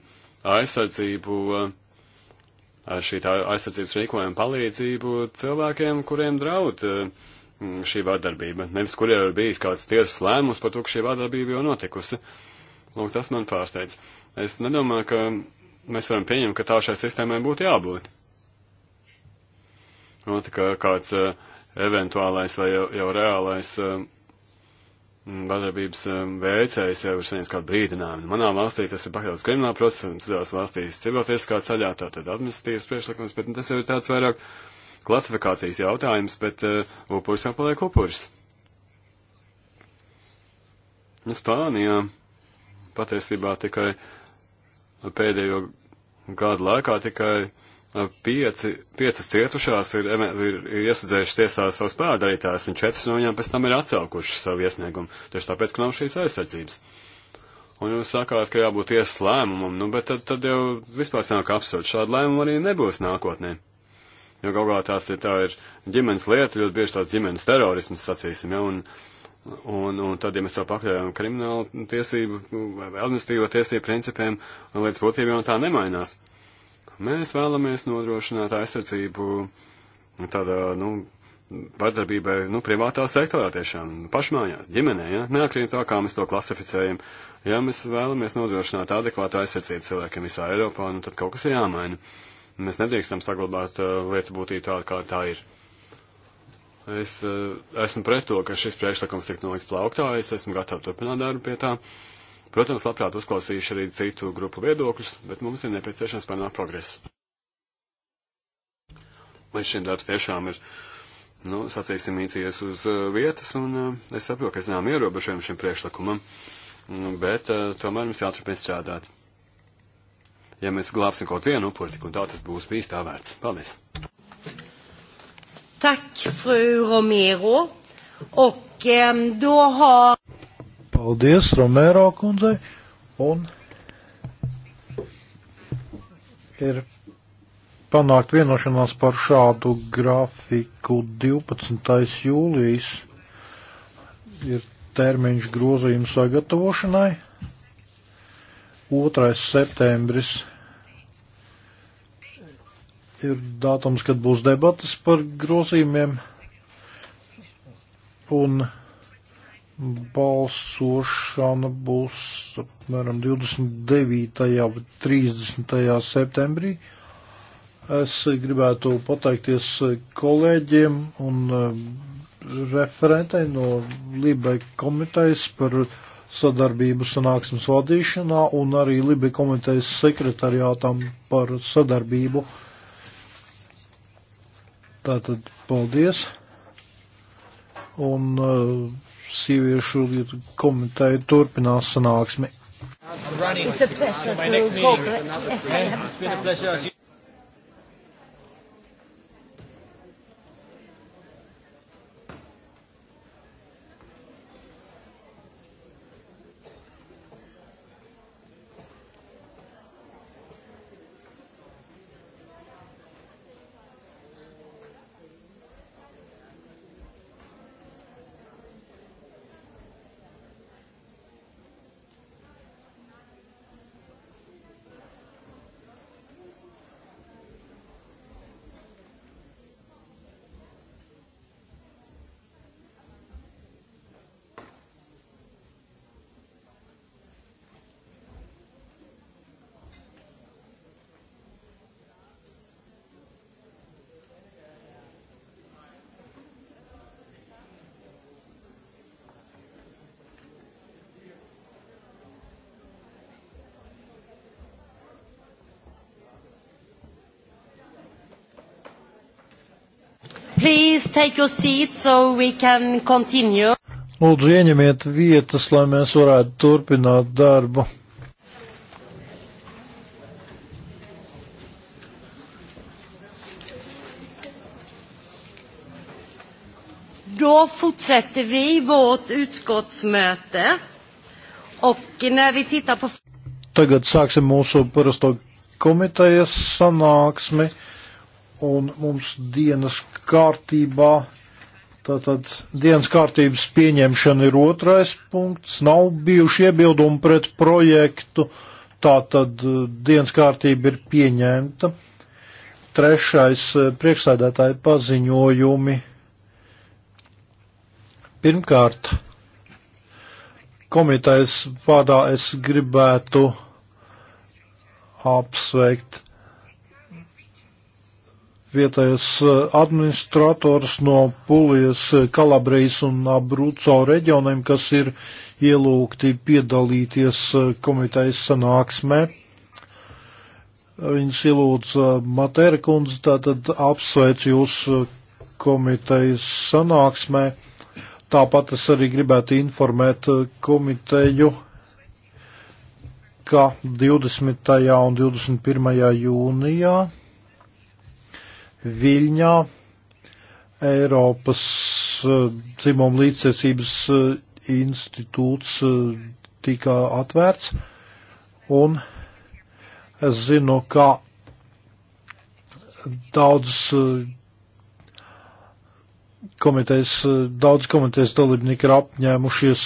aizsardzību, eh, šī tā aizsardzības rīkojuma palīdzību cilvēkiem, kuriem draud šī vārdarbība. Nevis, kur jau ir bijis kāds tiesas lēmums par to, ka šī vārdarbība jau notikusi. Uh, Lūk, tas man pārsteidz. Es nedomāju, ka mēs varam pieņemt, ka tā šai sistēmai būtu jābūt. Un, ka kāds uh, eventuālais vai jau, jau reālais uh, vardarbības um, veicējs jau ir saņēmis kādu brīdinājumu. Manā valstī tas ir pakļauts krimināla procesam, citās valstīs civiltiesiskā ceļā, tātad administratīvas priekšlikums, bet nu, tas ir tāds vairāk klasifikācijas jautājums, bet uh, upuris jau paliek upuris. Nu, Spānijā. Ja patiesībā tikai pēdējo gadu laikā tikai pieci, piecas cietušās ir, ir, ir iesūdzējušas tiesā savus pārdarītājus, un četras no viņām pēc tam ir atcelkušas savu iesniegumu, tieši tāpēc, ka nav šīs aizsardzības. Un jūs sakāt, ka jābūt tiesas lēmumam, nu, bet tad, tad jau vispār sanāk absurds. Šāda lēmuma arī nebūs nākotnē. Jo galvā tās ir, tā ir ģimenes lieta, ļoti bieži tās ģimenes terorismas, sacīsim, ja, un, Un, un tad, ja mēs to pakļaujam kriminālu tiesību vai administratīvo tiesību principiem, līdz būtībā tā nemainās. Mēs vēlamies nodrošināt aizsardzību tādā, nu, vardarbībai, nu, privātā sektorā tiešām, pašmājās, ģimenē, ja, neatkarīgi no tā, kā mēs to klasificējam. Ja mēs vēlamies nodrošināt adekvātu aizsardzību cilvēkiem visā Eiropā, nu, tad kaut kas ir jāmaina. Mēs nedrīkstam saglabāt uh, lietu būtību tādu, kā tā ir. Es eh, esmu pret to, ka šis priekšlikums tiek nolikts plauktā, es esmu gatavs turpināt darbu pie tā. Protams, labprāt uzklausījuši arī citu grupu viedokļus, bet mums ir nepieciešams panākt progresu. Līdz šim darbs tiešām ir, nu, sacīsim, mīcījies uz eh, vietas, un eh, es saprotu, ka zinām ierobežojumu šim priekšlikumam, nu, bet tomēr mums jāturpina strādāt. Ja mēs glābsim kaut vienu upuri, tik un tā tas būs bijis tā vērts. Paldies! Tack fru Romero. Och eh, då har... Paldies Romero kundzei. Un ir panākt vienošanās par šādu grafiku 12. jūlijas ir termiņš grozījuma sagatavošanai. 2. septembris ir datums, kad būs debatas par grozījumiem un balsošana būs apmēram 29. vai 30. septembrī. Es gribētu pateikties kolēģiem un eh, referentei no Libe komitejas par sadarbību sanāksmes vadīšanā un arī Libe komitejas sekretariātam par sadarbību. Tātad paldies. Un uh, sieviešu komiteja turpinās sanāksmi. It's a pleasure to go. Yes, it's been a pleasure. Please take your seat so we can continue. Lūdzu, ieņemiet vietas, lai mēs varētu turpināt darbu. Då fortsätter vi vårt utskottsmöte. Och när vi tittar på... Tagad sāksim mūsu parasto komitejas sanāksmi. Uh, un mums dienas kārtībā, tātad dienas kārtības pieņemšana ir otrais punkts, nav bijuši iebildumi pret projektu, tātad eh, dienas kārtība ir pieņemta. Trešais eh, priekšsēdētāja paziņojumi. Pirmkārt, komitejas vārdā es gribētu apsveikt vietējais eh, administrators no Polijas, eh, Kalabrijas un Abrūco reģioniem, kas ir ielūgti piedalīties eh, komitejas sanāksmē. Viņas ielūdza Matēra kundze, tātad apsveic jūs komitejas sanāksmē. Tāpat es arī gribētu informēt komiteju, ka 20. un 21. jūnijā Viļņā Eiropas eh, dzimuma līdzsvarības eh, institūts eh, tika atvērts, un es zinu, ka daudzas komitejas, daudz komitejas dalībnieki ir apņēmušies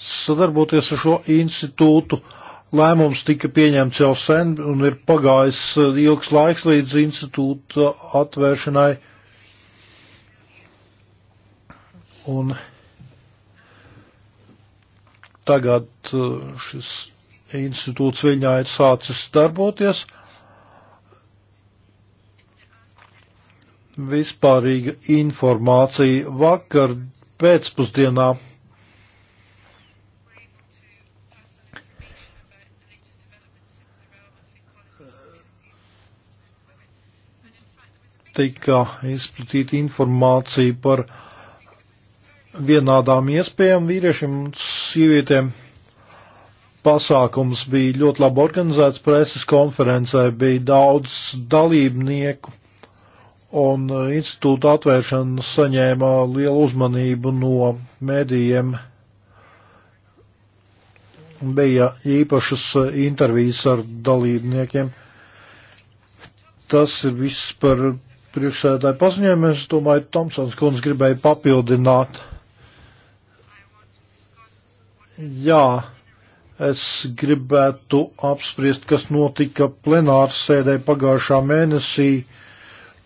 sadarboties ar šo institūtu, uh, lēmums tika pieņemts jau sen un ir pagājis eh, ilgs laiks līdz institūta atvēršanai. Un tagad eh, šis institūts viņā ir sācis darboties. Vispārīga informācija vakar pēcpusdienā tika izplatīta informācija par vienādām iespējām vīriešiem un sievietēm. Pasākums bija ļoti labi organizēts, preses konferencē bija daudz dalībnieku, un institūta atvēršana saņēma lielu uzmanību no medijiem. Bija īpašas intervijas ar dalībniekiem. Tas ir viss par priekšsēdētāji paziņojumi. Es domāju, Tomsons kundze gribēja papildināt. Jā, es gribētu apspriest, kas notika plenārs sēdē pagājušā mēnesī,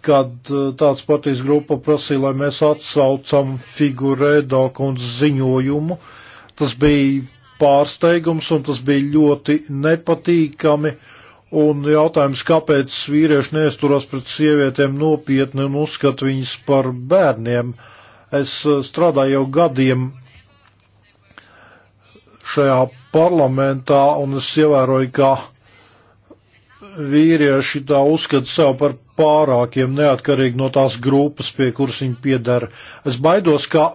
kad e, tāds partijas grupa prasīja, lai mēs atsaucam figurēdā kundzes ziņojumu. Tas bija pārsteigums un tas bija ļoti nepatīkami. Uh, Un jautājums, kāpēc vīrieši neizturās pret sievietēm nopietni un uzskata viņas par bērniem? Es eh, strādāju jau gadiem šajā parlamentā, un es ievēroju, ka vīrieši tā uzskata sev par pārākiem, neatkarīgi no tās grupas, pie kuras viņi piedara. Es baidos, ka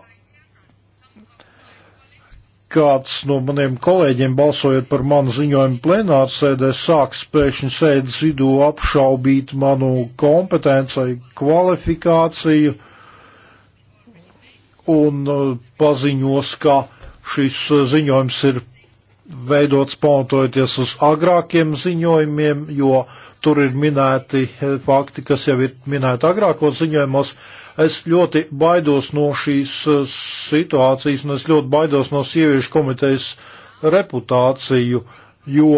kāds no maniem kolēģiem, balsojot par manu ziņojumu plenārsēdē, sāks pēkšņi sēdes vidū apšaubīt manu kompetenci vai kvalifikāciju un uh, paziņos, ka šis uh, ziņojums ir veidots pamatojoties uz agrākiem ziņojumiem, jo tur ir minēti uh, fakti, kas jau ir minēti agrākos ziņojumos, Es ļoti baidos no šīs eh, situācijas, un es ļoti baidos no sieviešu komitejas reputāciju, jo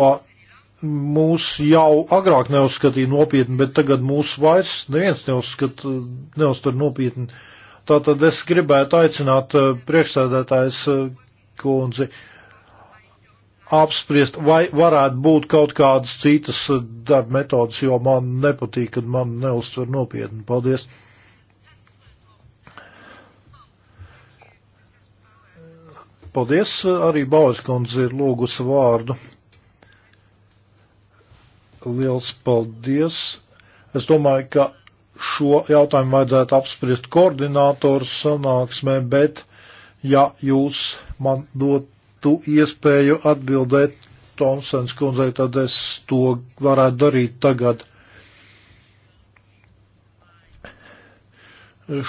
mūs jau agrāk neuzskatīja nopietni, bet tagad mūs vairs neviens neuzskata, neuzskata nopietni. Tātad es gribētu aicināt eh, priekšsēdētājs eh, kundzi apspriest, vai varētu būt kaut kādas citas darba metodas, jo man nepatīk, kad man neuztver nopietni. Paldies! Paldies, arī Bauskundze ir lūgusi vārdu. Liels paldies. Es domāju, ka šo jautājumu vajadzētu apspriest koordinātoru sanāksmē, bet ja jūs man dotu iespēju atbildēt Tomsens kundzei, tad es to varētu darīt tagad.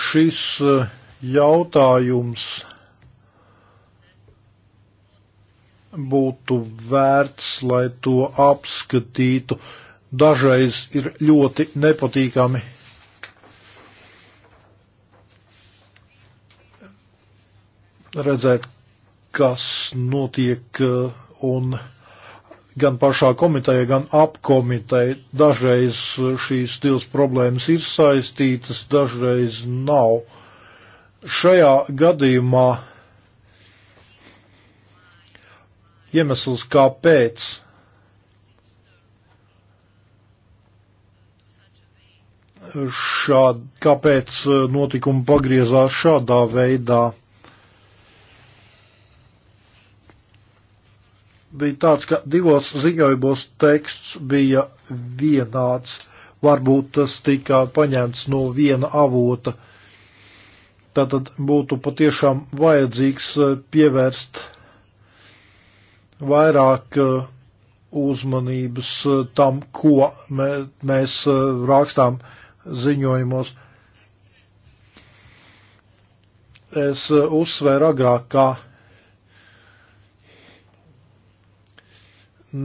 Šis eh, jautājums būtu vērts, lai to apskatītu. Dažreiz ir ļoti nepatīkami. Redzēt, kas notiek uh, un gan pašā komiteja, gan apkomiteja. Dažreiz šīs divas problēmas ir saistītas, dažreiz nav. Šajā gadījumā iemesls, kāpēc. Šād, kāpēc e, notikumi pagriezās šādā veidā? Bija tāds, ka divos ziņojumos teksts bija vienāds. Varbūt tas tika paņemts no viena avota. Tātad būtu patiešām vajadzīgs e, pievērst vairāk eh, uzmanības eh, tam, ko mēs eh, rakstām ziņojumos. Es uzsvēru agrāk, ka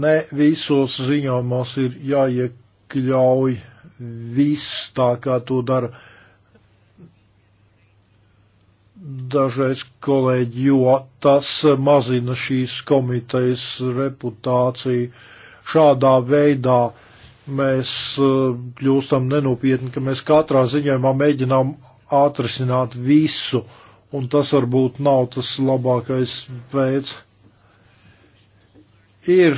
ne visos ziņojumos ir jāiekļauj viss tā, kā to dara dažreiz kolēģi, jo tas mazina šīs komitejas reputāciju. Šādā veidā mēs eh, kļūstam nenopietni, ka mēs katrā ziņojumā mēģinām atrisināt visu, un tas varbūt nav tas labākais veids. Ir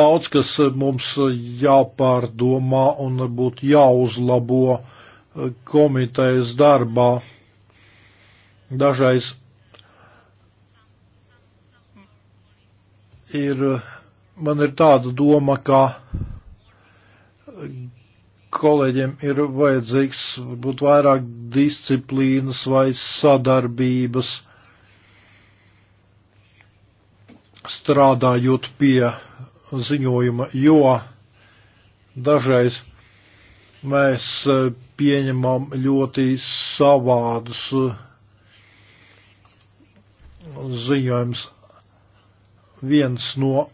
daudz, kas mums jāpārdomā un varbūt jāuzlabo eh, komitejas darbā. Dažreiz ir, man ir tāda doma, ka kolēģiem ir vajadzīgs būt vairāk disciplīnas vai sadarbības strādājot pie ziņojuma, jo dažreiz mēs pieņemam ļoti savādus uh, ziņojums viens no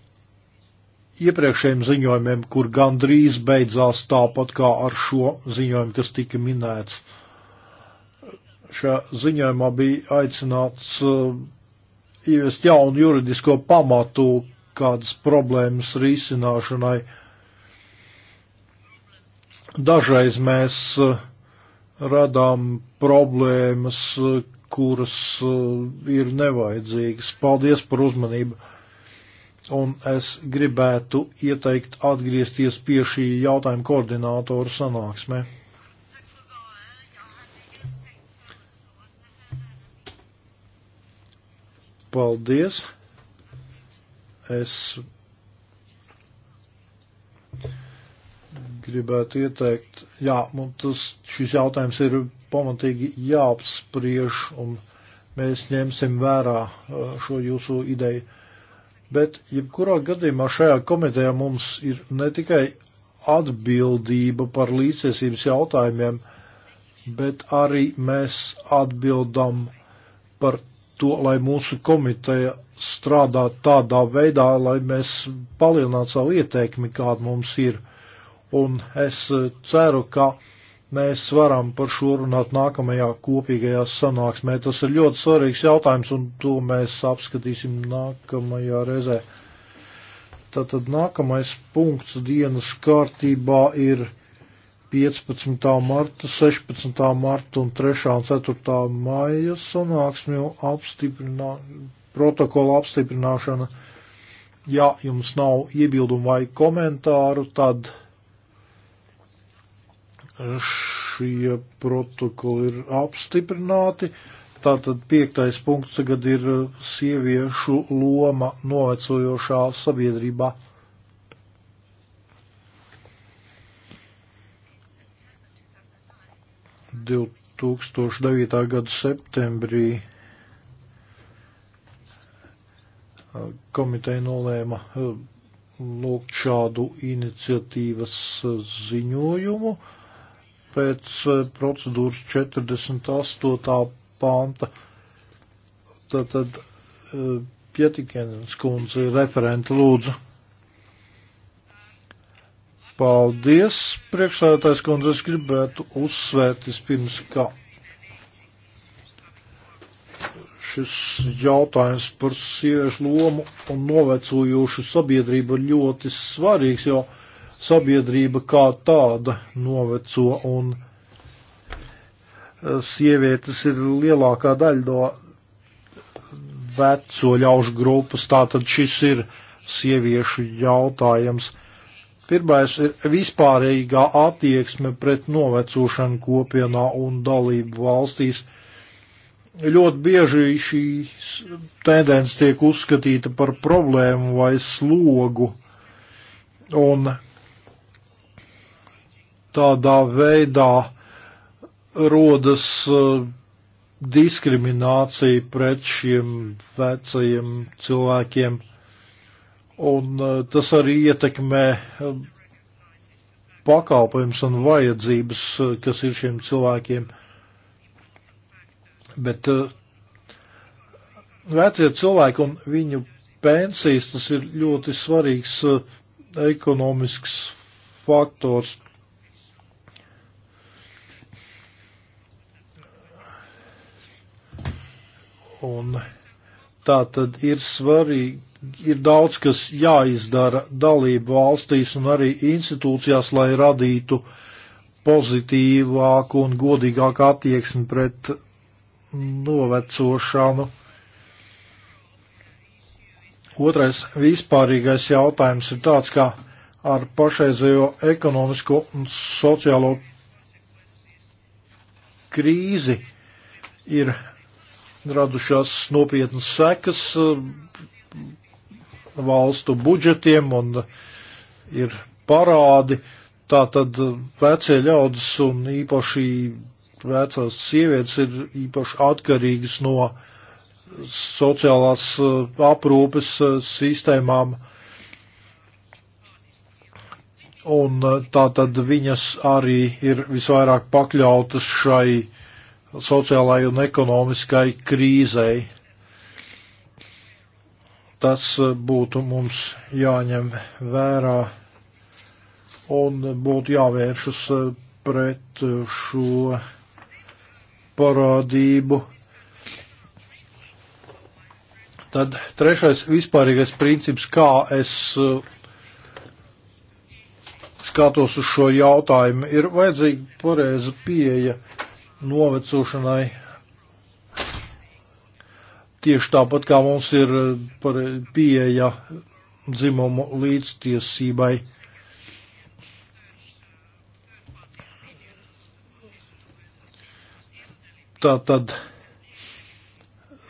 iepriekšējiem ziņojumiem, kur gandrīz beidzās tāpat kā ar šo ziņojumu, kas tika minēts. Šajā ziņojumā bija aicināts uh, ieviest jaunu juridisko pamatu kādas problēmas risināšanai. Dažreiz mēs uh, radām problēmas, uh, kuras uh, ir nevajadzīgas. Paldies par uzmanību! Un es gribētu ieteikt atgriezties pie šī jautājuma koordinātoru sanāksmē. Paldies! Es gribētu ieteikt, jā, mums tas, šis jautājums ir pamatīgi jāapspriež, un mēs ņemsim vērā uh, šo jūsu ideju. Bet, jebkurā gadījumā šajā komitejā mums ir ne tikai atbildība par līdzsiesības jautājumiem, bet arī mēs atbildam par to, lai mūsu komiteja strādā tādā veidā, lai mēs palielinātu savu ieteikmi, kāda mums ir. Un es uh, ceru, ka mēs varam par šo runāt nākamajā kopīgajā sanāksmē. Tas ir ļoti svarīgs jautājums, un to mēs apskatīsim nākamajā reizē. Tātad nākamais punkts dienas kārtībā ir 15. marta, 16. marta un 3. un 4. maija sanāksmju apstiprinā, protokola apstiprināšana. Ja jums nav iebildumu vai komentāru, tad šie protokoli ir apstiprināti. Tātad piektais punkts tagad ir uh, sieviešu loma novecojošā sabiedrībā. Div 2009. gada septembrī uh, komiteja nolēma uh, lūgt šādu iniciatīvas ziņojumu. Uh, pēc eh, procedūras 48. panta. Tātad eh, Pietikienes kundze referenta lūdzu. Paldies, priekšsēdētājs kundze, es gribētu uzsvērt vispirms, ka šis jautājums par sieviešu lomu un novecojošu sabiedrību ir ļoti svarīgs, jo sabiedrība kā tāda noveco un eh, sievietes ir lielākā daļa no veco ļaužu grupas, tātad šis ir sieviešu jautājums. Pirmais ir vispārējā attieksme pret novecošanu kopienā un dalību valstīs. Ļoti bieži šī tendence tiek uzskatīta par problēmu vai slogu, un tādā veidā rodas eh, diskriminācija pret šiem vecajiem cilvēkiem, un eh, tas arī ietekmē eh, pakalpojums un vajadzības, kas ir šiem cilvēkiem. Bet vecie cilvēki un viņu pensijas, tas ir ļoti svarīgs ekonomisks faktors. Un tā tad ir svarīgi, ir daudz, kas jāizdara dalību valstīs un arī institūcijās, lai radītu pozitīvāku un godīgāku attieksmi pret novecošanu. Otrais vispārīgais jautājums ir tāds, kā ar pašreizējo ekonomisko un sociālo krīzi ir radušās nopietnas sekas eh, valstu budžetiem un ir parādi. Tātad eh, vecie ļaudis un īpaši vecās sievietes ir īpaši atkarīgas no sociālās eh, aprūpes sistēmām. Un tātad viņas arī ir visvairāk pakļautas šai sociālai un ekonomiskai krīzei. Tas eh, būtu mums jāņem vērā un būtu jāvēršas eh, pret šo parādību. Tad trešais vispārīgais princips, kā es eh, skatos uz šo jautājumu, ir vajadzīga pareiza pieeja novecošanai. Tieši tāpat kā mums ir eh, pieeja dzimumu līdztiesībai. Tātad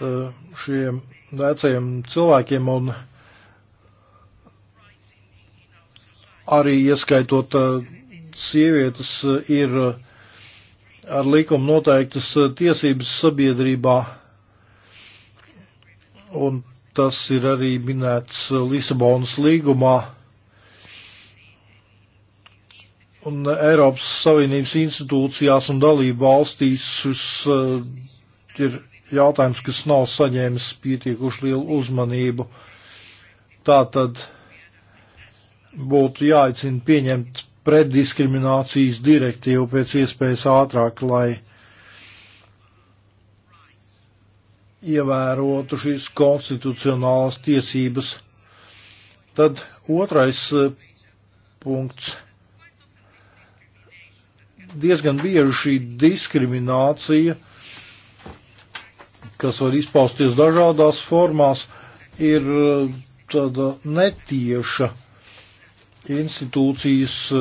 eh, šiem vecajiem cilvēkiem un arī ieskaitot eh, sievietes ir uh, ar likumu noteiktas eh, tiesības sabiedrībā, un tas ir arī minēts eh, Lisabonas līgumā. Un eh, Eiropas Savienības institūcijās un dalību valstīs šis uh, ir jautājums, kas nav saņēmis pietiekuši lielu uzmanību. Tā tad būtu jāicina pieņemt preddiskriminācijas direktīvu pēc iespējas ātrāk, lai ievērotu šīs konstitucionālas tiesības. Tad otrais eh, punkts. Diezgan bieži šī diskriminācija, kas var izpausties dažādās formās, ir eh, tāda netieša institūcijas e,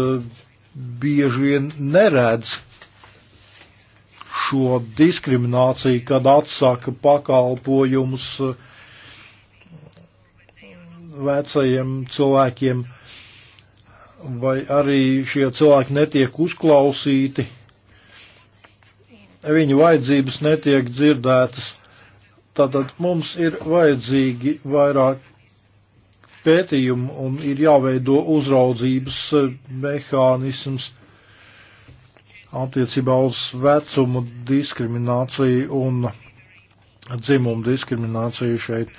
bieži vien neredz šo diskrimināciju, kad atsaka pakalpojumus e, vecajiem cilvēkiem, vai arī šie cilvēki netiek uzklausīti, viņu vajadzības netiek dzirdētas. Tātad mums ir vajadzīgi vairāk pētījumu un ir jāveido uzraudzības e, mehānisms attiecībā uz vecumu diskrimināciju un dzimumu diskrimināciju šeit.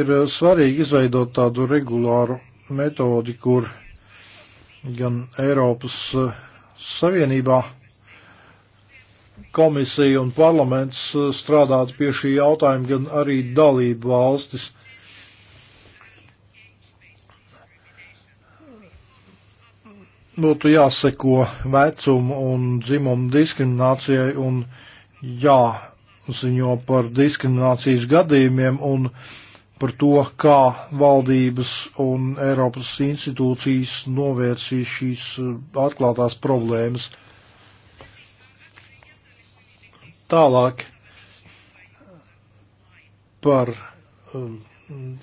Ir e, svarīgi izveidot tādu regulāru metodi, kur gan Eiropas e, Savienībā komisija un parlaments strādātu pie šī jautājuma, gan arī dalību valstis būtu jāseko vecumu un dzimumu diskriminācijai un jāziņo par diskriminācijas gadījumiem un par to, kā valdības un Eiropas institūcijas novērsīs šīs eh, atklātās problēmas. Tālāk par eh,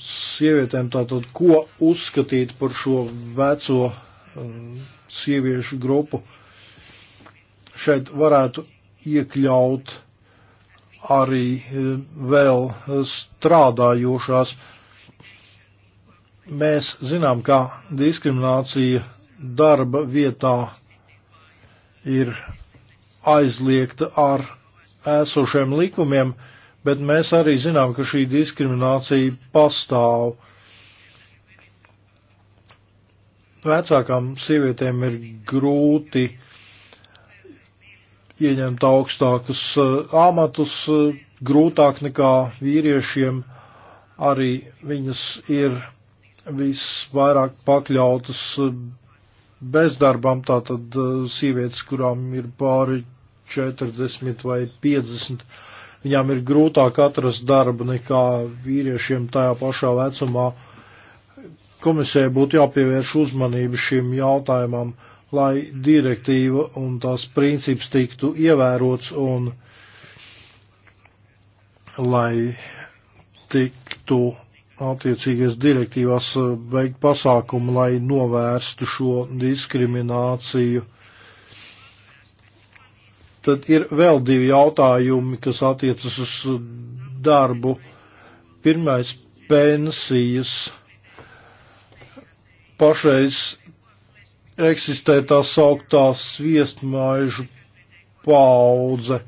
sievietēm, tātad ko uzskatīt par šo veco Um, sieviešu grupu. Šeit varētu iekļaut arī eh, vēl strādājošās. Mēs zinām, ka diskriminācija darba vietā ir aizliegta ar esošiem likumiem, bet mēs arī zinām, ka šī diskriminācija pastāv vecākām sievietēm ir grūti ieņemt augstākus eh, amatus, eh, grūtāk nekā vīriešiem. Arī viņas ir visvairāk pakļautas eh, bezdarbam, tātad sievietes, kurām ir pāri 40 vai 50, viņām ir grūtāk atrast darbu nekā vīriešiem tajā pašā vecumā. Uh, Komisijai būtu jāpievērš uzmanība šim jautājumam, lai direktīva un tās princips tiktu ievērots un lai tiktu attiecīgās direktīvās veikt pasākumu, lai novērstu šo diskrimināciju. Tad ir vēl divi jautājumi, kas attiecas uz darbu. Pirmais - pensijas pašreiz eksistē tā sauktā sviestmaižu paudze.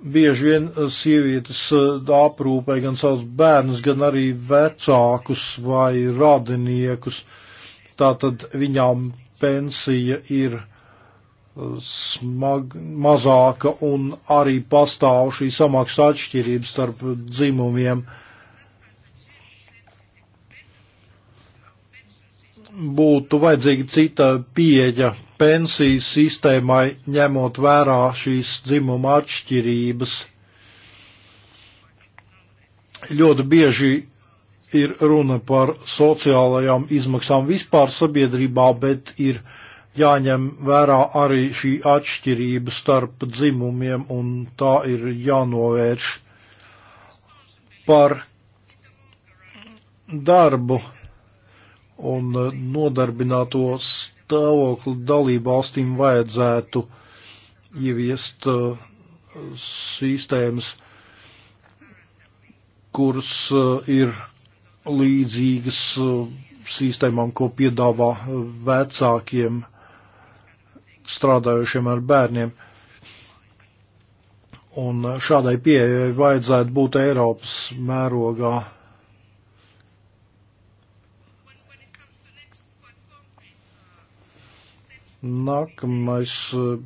Bieži vien eh, sievietes eh, aprūpē gan savus bērnus, gan arī vecākus vai radiniekus. Tātad viņām pensija ir eh, smag, mazāka un arī pastāv šī samaksa atšķirības starp dzimumiem. Uh, būtu vajadzīga cita pieeja pensiju sistēmai, ņemot vērā šīs dzimuma atšķirības. Ļoti bieži ir runa par sociālajām izmaksām vispār sabiedrībā, bet ir jāņem vērā arī šī atšķirība starp dzimumiem, un tā ir jānovērš par darbu un uh, nodarbināto stāvokli dalību valstīm vajadzētu ieviest uh, sistēmas, kuras uh, ir līdzīgas sistēmām, ko piedāvā vecākiem strādājušiem ar bērniem. Un šādai pieejai vajadzētu būt Eiropas mērogā. Nākamais eh,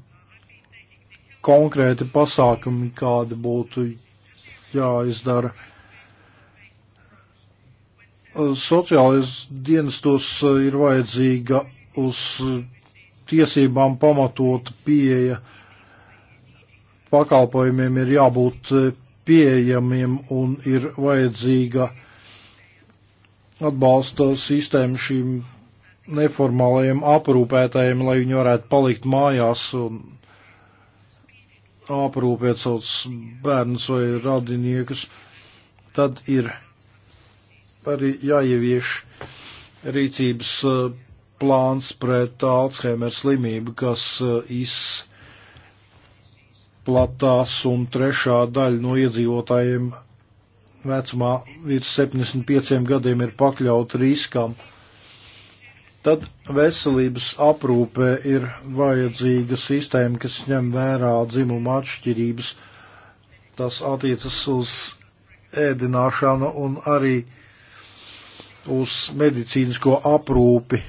konkrēti pasākumi, kādi būtu jāizdara. Sociālais dienestos eh, ir vajadzīga uz eh, tiesībām pamatot pieeja. Pakalpojumiem ir jābūt pieejamiem un ir vajadzīga atbalsta sistēma šīm neformālajiem aprūpētājiem, lai viņi varētu palikt mājās un aprūpēt savus bērnus vai radiniekus, tad ir arī jāievieš rīcības eh, plāns pret Alzheimer slimību, kas eh, izplatās un trešā daļa no iedzīvotājiem vecumā virs 75 gadiem ir pakļauta riskam. Tad veselības aprūpē ir vajadzīga sistēma, kas ņem vērā dzimuma atšķirības. Tas attiecas uz ēdināšanu un arī uz medicīnisko aprūpi.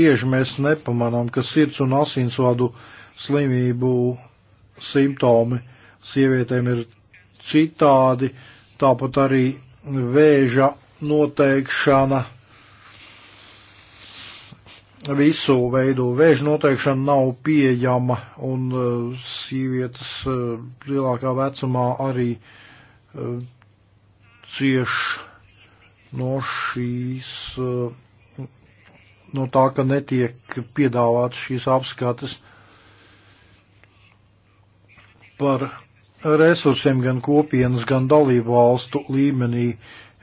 Bieži mēs nepamanām, ka sirds un asinsvadu slimību simptomi sievietēm ir citādi, tāpat arī vēža noteikšana visu veidu vēža noteikšana nav pieejama, un uh, sievietes uh, lielākā vecumā arī uh, cieš no šīs, no tā, ka netiek piedāvāts šīs apskates par resursiem gan kopienas, gan dalību valstu līmenī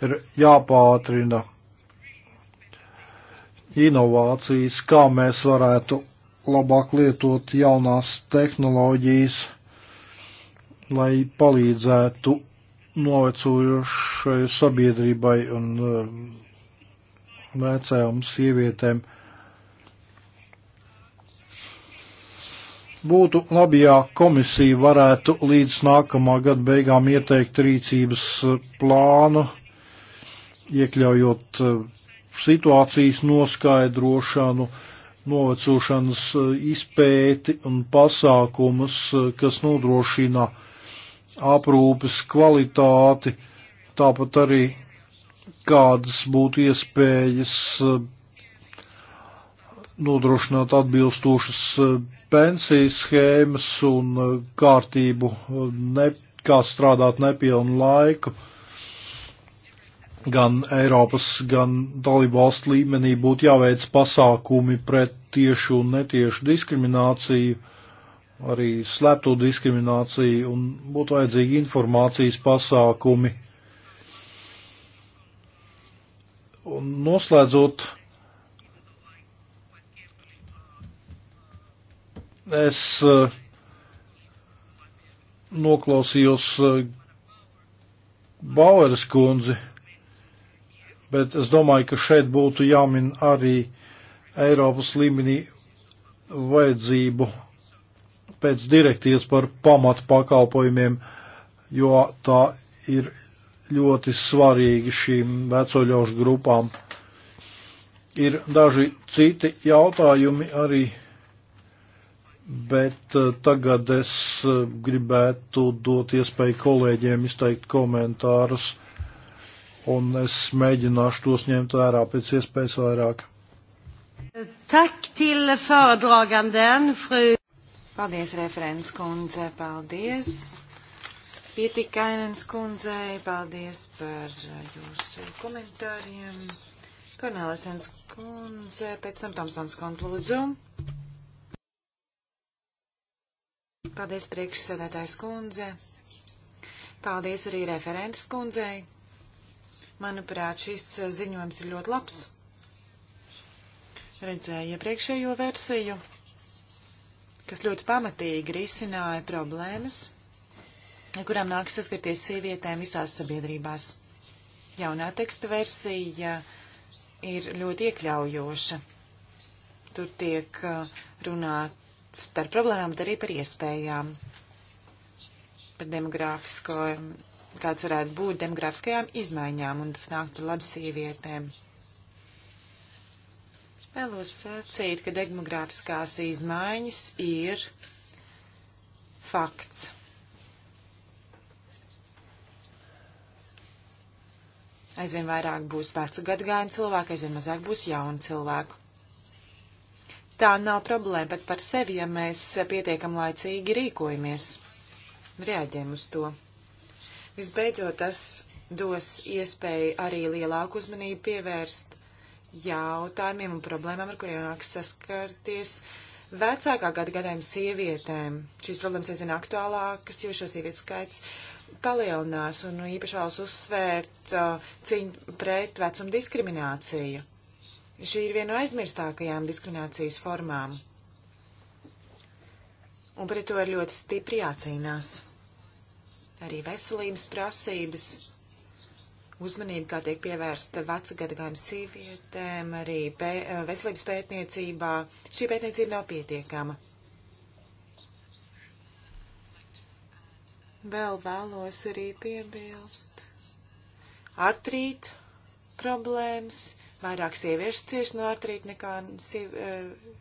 ir jāpātrina inovācijas, kā mēs varētu labāk lietot jaunās tehnoloģijas, lai palīdzētu novecojušai sabiedrībai un um, vecajām sievietēm. Būtu labi, ja komisija varētu līdz nākamā gada beigām ieteikt rīcības uh, plānu, iekļaujot uh, situācijas noskaidrošanu, novecošanas e, izpēti un pasākumus, e, kas nodrošina aprūpes kvalitāti, tāpat arī kādas būtu iespējas e, nodrošināt atbilstošas pensijas schēmas un kārtību, ne, kā strādāt nepilnu laiku gan Eiropas, gan dalību valstu līmenī būtu jāveic pasākumi pret tiešu un netiešu diskrimināciju, arī slēpto diskrimināciju, un būtu vajadzīgi informācijas pasākumi. Un noslēdzot, es eh, noklausījos eh, Baueras kundzi bet es domāju, ka šeit būtu jāmin arī Eiropas līmenī vajadzību pēc direktīvas par pamatu pakalpojumiem, jo tā ir ļoti svarīga šīm vecoļošu grupām. Ir daži citi jautājumi arī, bet eh, tagad es eh, gribētu dot iespēju kolēģiem izteikt komentārus un es mēģināšu tos ņemt vērā pēc iespējas vairāk. Tak til föredraganden, fru. Paldies, referents kundze, paldies. Pietikainens kundzei, paldies par jūsu komentāriem. Kornelisens kundze, pēc tam Tomsons kundze, lūdzu. Paldies, priekšsēdētājs kundze. Paldies arī referents kundzei. Manuprāt, šis eh, ziņojums ir ļoti labs. Redzēju iepriekšējo versiju, kas ļoti pamatīgi risināja problēmas, kurām nāk saskarties sievietēm visās sabiedrībās. Jaunā teksta versija ir ļoti iekļaujoša. Tur tiek eh, runāts par problēmām, bet arī par iespējām, par demogrāfisko kāds varētu būt demografiskajām izmaiņām, un tas nāktu labi sievietēm. Vēlos sacīt, ka demografiskās izmaiņas ir fakts. Aizvien vairāk būs vecu gadagājumu cilvēku, aizvien mazāk būs jaunu cilvēku. Tā nav problēma pat par sevi, ja mēs pietiekam laicīgi rīkojamies, reaģējam uz to. Visbeidzot, tas dos iespēju arī lielāku uzmanību pievērst jautājumiem un problēmām, ar kuriem nāks saskarties vecākā gada gadējuma sievietēm. Šīs problēmas aizvien aktuālākas, jo šo sievietu skaits palielinās un nu, īpaši vēlas uzsvērt uh, cīņu pret vecumu diskrimināciju. Šī ir viena no aizmirstākajām diskriminācijas formām. Un pret to ir ļoti stipri jācīnās arī veselības prasības, uzmanība, kā tiek pievērsta vecgadagājuma sievietēm, arī pē, eh, veselības pētniecībā. Šī pētniecība nav pietiekama. Vēl vēlos arī piebilst. Artrīt problēmas. Vairāk sieviešu cieši no artrīt nekā siev, eh,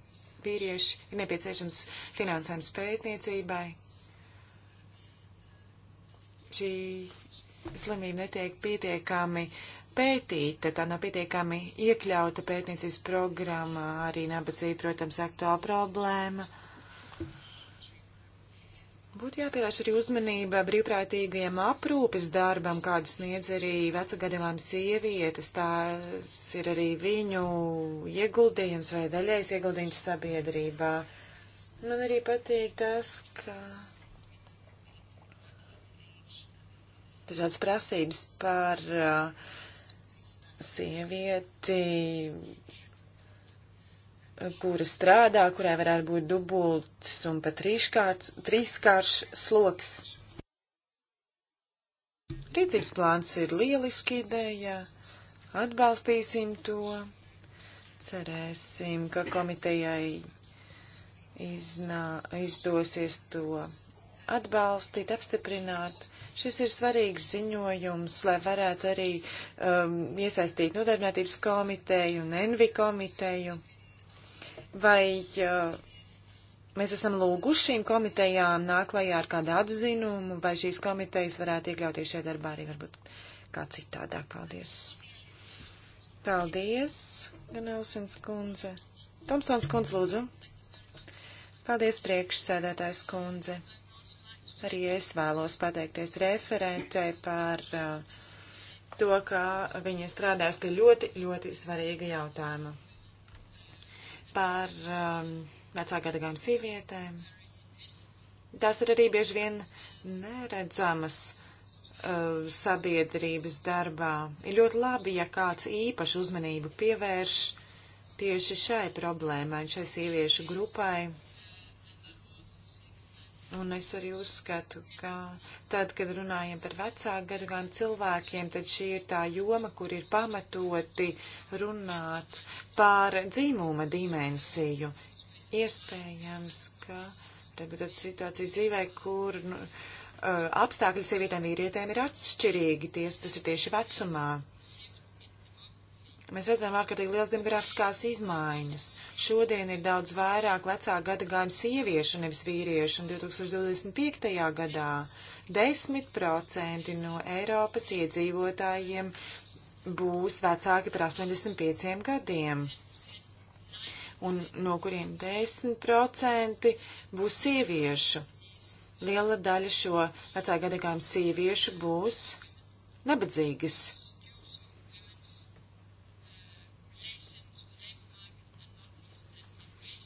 vīrieši. Ir nepieciešams finansējums pētniecībai, šī slimība netiek pietiekami pētīta, tā nav pietiekami iekļauta pētniecības programmā, arī nabadzība, protams, aktuāla problēma. Būtu jāpievērš arī uzmanība brīvprātīgajiem aprūpes darbam, kādu sniedz arī vecagadījumām sievietes. Tās ir arī viņu ieguldījums vai daļais ieguldījums sabiedrībā. Man arī patīk tas, ka dažādas prasības par uh, sievieti, kura strādā, kurai varētu būt dubults un pat trīskārš sloks. Rīcības plāns ir lieliski ideja, atbalstīsim to, cerēsim, ka komitejai iznā, izdosies to atbalstīt, apstiprināt Šis ir svarīgs ziņojums, lai varētu arī um, iesaistīt nodarbinātības komiteju un envi komiteju. Vai uh, mēs esam lūguši šīm komitejām nāklajā ar kādu atzinumu, vai šīs komitejas varētu iekļauties šajā darbā arī varbūt kā citādāk? Paldies! Paldies, Ganelsens kundze! Tomsons kundze, lūdzu! Paldies, priekšsēdētājs kundze! Arī es vēlos pateikties referentei par uh, to, ka viņa strādājas pie ļoti, ļoti svarīga jautājuma par um, vecākādagām sievietēm. Tās ir arī bieži vien neredzamas uh, sabiedrības darbā. Ir ļoti labi, ja kāds īpašu uzmanību pievērš tieši šai problēmai, šai sieviešu grupai. Un es arī uzskatu, ka tad, kad runājam par vecāku gadagājumu cilvēkiem, tad šī ir tā joma, kur ir pamatoti runāt par dzīvuma dimensiju. Iespējams, ka tagad ir situācija dzīvē, kur nu, apstākļi sievietēm vīrietēm ir atšķirīgi, ties, tas ir tieši vecumā. Mēs redzam ārkārtīgi liels demografiskās izmaiņas. Šodien ir daudz vairāk vecā gada gājuma sieviešu, nevis vīriešu, un 2025. gadā 10% no Eiropas iedzīvotājiem būs vecāki par 85 gadiem un no kuriem 10% būs sieviešu. Liela daļa šo vecā gadagājumu sieviešu būs nabadzīgas.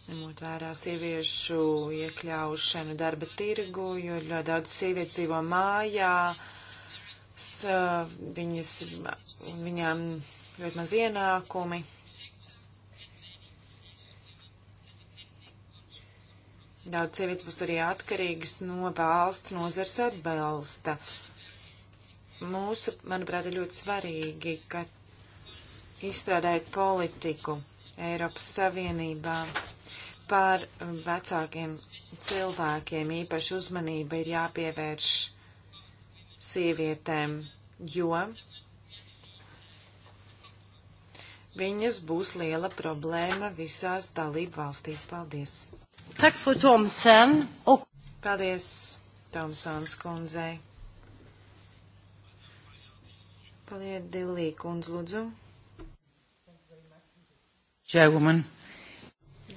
ņemot vērā sieviešu iekļaušanu darba tirgu, jo ļoti daudz sievietes dzīvo mājā, eh, viņas, viņām ļoti maz ienākumi. Daudz sievietes būs arī atkarīgas no valsts nozars atbalsta. Mūsu, manuprāt, ir ļoti svarīgi, ka izstrādājot politiku Eiropas Savienībā par vecākiem cilvēkiem īpaši uzmanība ir jāpievērš sievietēm, jo viņas būs liela problēma visās dalību valstīs. Paldies! Tak, fru Tomsen! Oh. Paldies, Tomsons kundzei! Paldies, Dilī kundz, lūdzu! Chairwoman.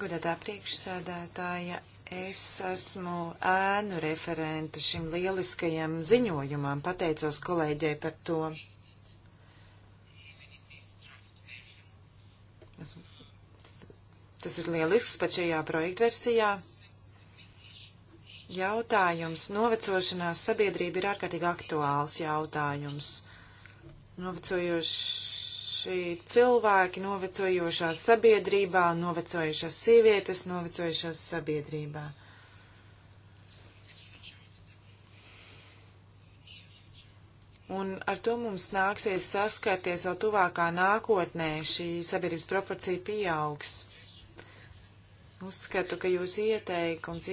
Godātā priekšsēdētāja, es esmu ēnu referente šim lieliskajam ziņojumam. Pateicos kolēģei par to. Tas ir lielisks pat šajā projektversijā. Jautājums novecošanās sabiedrība ir ārkārtīgi aktuāls jautājums. Novecojošs Vienkārši cilvēki novecojošā sabiedrībā, novecojušās sievietes novecojušās sabiedrībā. Un ar to mums nāksies saskarties vēl tuvākā nākotnē. Šī sabiedrības proporcija pieaugs. Uzskatu, ka jūsu ieteikums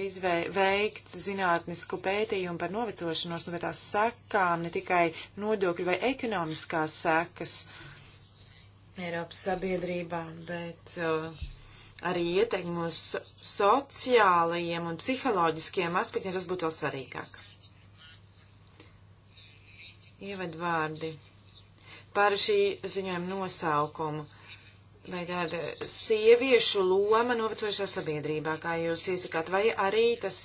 veikt zinātnisku pētījumu par novecošanos, nu, tās sekām, ne tikai nodokļu vai ekonomiskās sekas. Uh, Eiropas sabiedrībā, bet uh, arī ieteikumu uz sociālajiem un psiholoģiskiem aspektiem, tas būtu vēl svarīgāk. Ievadvārdi par šī ziņojuma nosaukumu. Vai tā ir sieviešu loma novecojušā sabiedrībā, kā jūs iesakāt, vai arī tas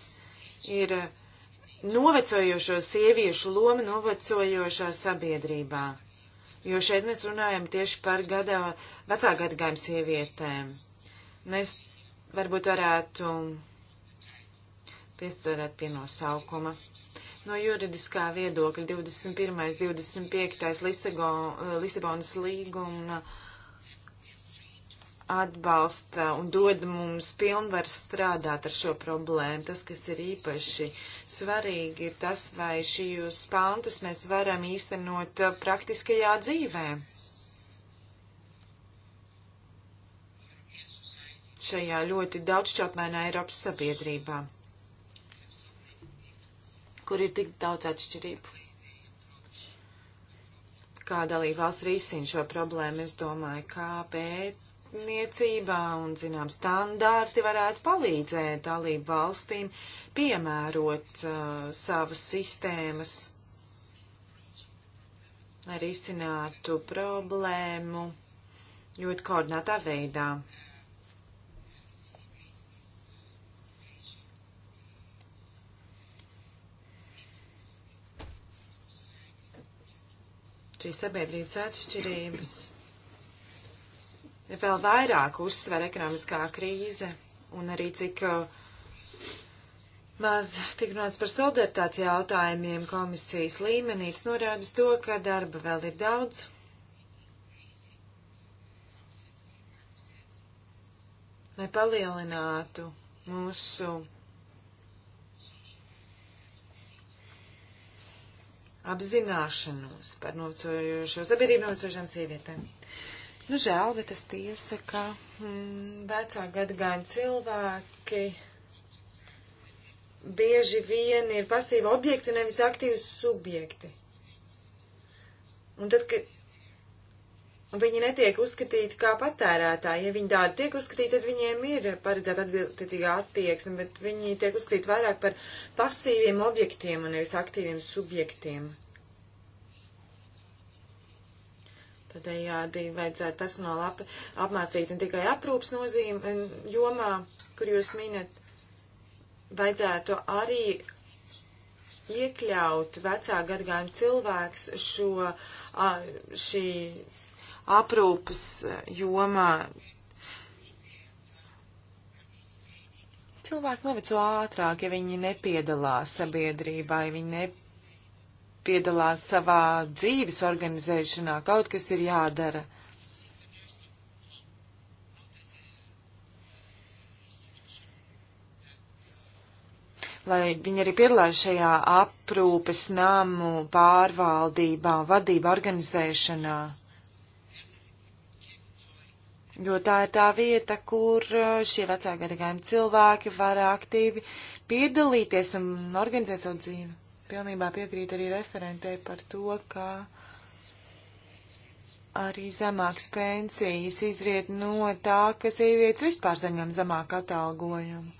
ir novecojošo sieviešu loma novecojošā sabiedrībā? jo šeit mēs runājam tieši par gadā, vecā gadagājuma sievietēm. Mēs varbūt varētu piestrādāt pie nosaukuma. No juridiskā viedokļa 21. 25. Lisago, Lisabonas līguma. Uh, atbalsta un dod mums pilnvaru strādāt ar šo problēmu. Tas, kas ir īpaši svarīgi, ir tas, vai šīs pāntus mēs varam īstenot uh, praktiskajā dzīvē. Šajā ļoti daudzšķautnēnā Eiropas sabiedrībā, kur ir tik daudz atšķirību. Kā dalībvalsts risina šo problēmu, es domāju, kāpēc pētniecībā un, zinām, standārti varētu palīdzēt dalību valstīm piemērot uh, savas sistēmas, lai risinātu problēmu ļoti koordinātā veidā. šīs sabiedrības atšķirības vēl vairāk uzsver ekonomiskā krīze un arī cik uh, maz tik runāts par solidaritātes jautājumiem komisijas līmenī. Tas norāda to, ka darba vēl ir daudz. Lai palielinātu mūsu apzināšanos par nocojošo sabiedrību nocojošām sievietēm. Nu, žēl, bet es tiesa, ka mm, vecā gadagājuma cilvēki bieži vien ir pasīvi objekti, nevis aktīvi subjekti. Un tad, kad viņi netiek uzskatīti kā patērētāji, ja viņi tādi tiek uzskatīti, tad viņiem ir paredzēta attiecīgā attieksme, bet viņi tiek uzskatīti vairāk par pasīviem objektiem un nevis aktīviem subjektiem. Tādējādi vajadzētu personāla ap, apmācīt ne tikai aprūpas nozīme jomā, kur jūs minat, vajadzētu arī iekļaut vecāku gadgājumu cilvēks šo, a, šī aprūpas jomā. Cilvēki noveco ātrāk, ja viņi nepiedalās sabiedrībā, ja viņi nepiedalās piedalās savā dzīves organizēšanā, kaut kas ir jādara. Lai viņi arī piedalās šajā aprūpes namu pārvaldībā, vadība organizēšanā. Jo tā ir tā vieta, kur uh, šie vecāki gadagājumi cilvēki var aktīvi piedalīties un organizēt savu dzīvi pilnībā piekrītu arī referentē par to, ka arī zemāks pensijas izriet no tā, ka sievietes vispār saņem zemāku atalgojumu.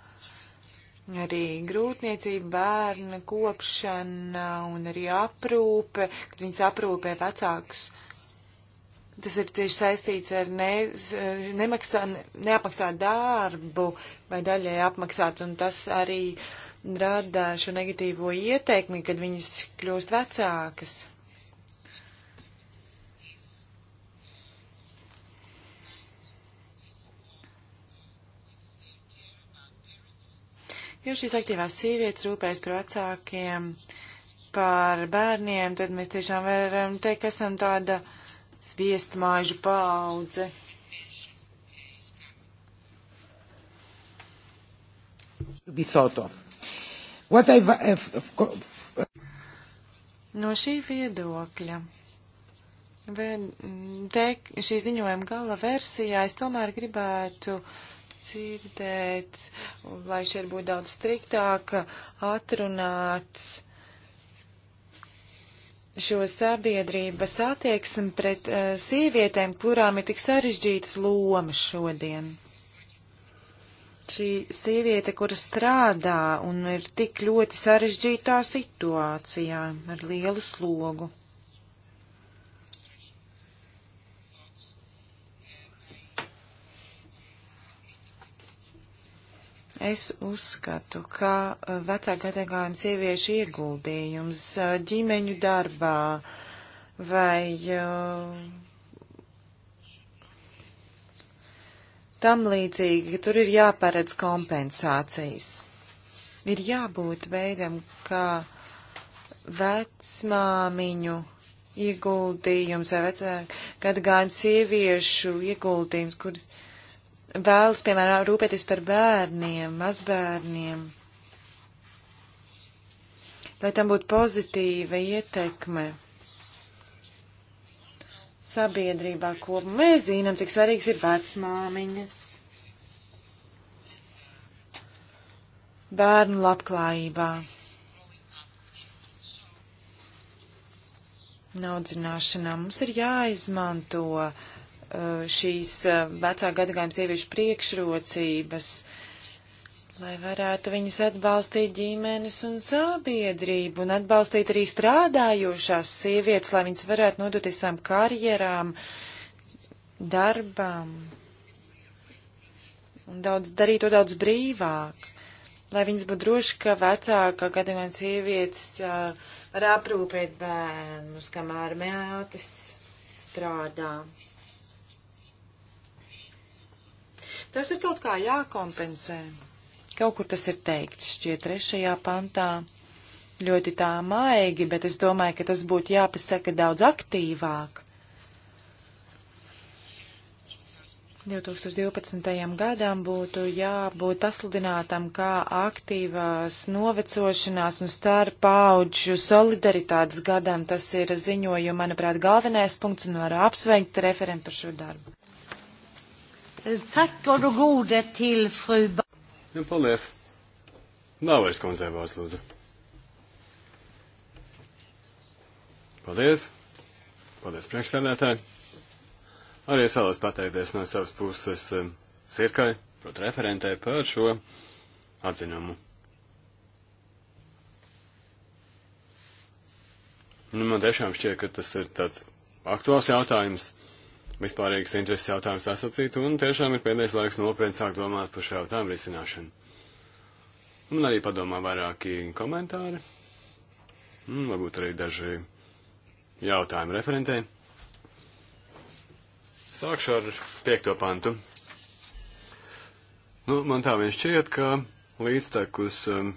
Arī grūtniecība, bērna kopšana un arī aprūpe, kad viņas aprūpē vecākus. Tas ir tieši saistīts ar ne, nemaksā, neapmaksātu darbu vai daļai apmaksāt, un tas arī uh, rada šo negatīvo ieteikmi, kad viņas kļūst vecākas. Jo šīs aktīvās sievietes rūpējas par vecākiem, par bērniem, tad mēs tiešām varam teikt, ka esam tāda sviestmāžu paudze. Be thought of. What I've, I've, I've... No šī viedokļa. Te, šī ziņojuma gala versijā es tomēr gribētu dzirdēt, lai šeit būtu daudz striktāk atrunāts šo sabiedrības attieksmi pret uh, sievietēm, kurām ir tik sarežģītas lomas šodien šī sieviete, kura strādā un ir tik ļoti sarežģītā situācijā ar lielu slogu. Es uzskatu, ka uh, vecāka gadagājuma sieviešu ieguldījums uh, ģimeņu darbā vai uh, tam līdzīgi, ka tur ir jāparedz kompensācijas. Ir jābūt veidam, kā vecmāmiņu ieguldījums vai vecāku gadagājumu sieviešu ieguldījums, kuras vēlas, piemēram, rūpēties par bērniem, mazbērniem, lai tam būtu pozitīva ietekme sabiedrībā kopumā. Mēs zinām, cik svarīgs ir vecmāmiņas. Bērnu labklājībā. Naudzināšanā mums ir jāizmanto uh, šīs uh, vecā gadagājuma sieviešu priekšrocības. Uh, lai varētu viņas atbalstīt ģimenes un sabiedrību un atbalstīt arī strādājošās sievietes, lai viņas varētu nodoties savām karjerām, darbām un daudz, darīt to daudz brīvāk, lai viņas būtu droši, ka vecāka gadījumā sievietes uh, var aprūpēt bērnus, kamēr mētis strādā. Tas ir kaut kā jākompensē. Kaut kur tas ir teikts, šķiet, trešajā pantā. Ļoti tā maigi, bet es domāju, ka tas būtu jāpasaka daudz aktīvāk. 2012. gadam būtu jābūt pasludinātam kā aktīvās novecošanās un starp paudžu solidaritātes gadam. Tas ir ziņojuma, manuprāt, galvenais punkts un varu apsveikt referentu par šo darbu. Tack och då gode till fru Jā, nu, ja, paldies. Nav vairs kundzei vārds, lūdzu. Paldies. Paldies priekšsēdētāji. Arī es vēlos pateikties no savas puses cirkai, um, prot referentē par šo atzinumu. Nu, man tiešām šķiet, ka tas ir tāds aktuāls jautājums vispārīgas intereses jautājums sasacīt, un tiešām ir pēdējais laiks nopietni sākt domāt par šo jautājumu risināšanu. Un arī padomā vairāki komentāri, un varbūt arī daži jautājumi referentē. Sākšu ar piekto pantu. Nu, man tā viņš šķiet, ka līdztekus um,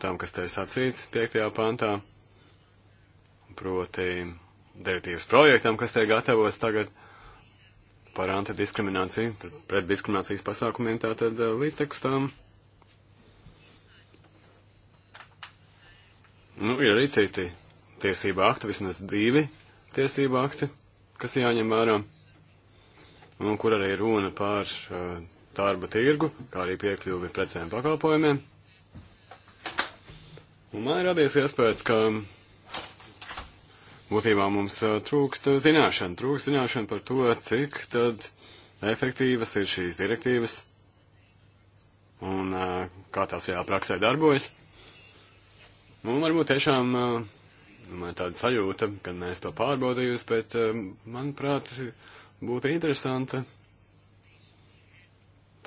tam, kas te ir sacīts piektajā pantā, proti direktīvas projektam, kas tiek gatavots tagad, par antidiskrimināciju, par pretdiskriminācijas pasākumiem, tātad eh, līdztekus tam. Nu, ir arī citi tiesība akti, vismaz divi tiesība akti, kas jāņem vērā, un kur arī runa par uh, darba tirgu, kā arī piekļuvi precēm pakalpojumiem. Un man ir radies iespējas, ka būtībā mums eh, trūkst zināšana, trūkst zināšana par to, cik tad efektīvas ir šīs direktīvas un eh, kā tās jāpraksē darbojas. Nu, un varbūt tiešām eh, man tāda sajūta, kad mēs to pārbaudījus, bet manuprāt, būtu interesanti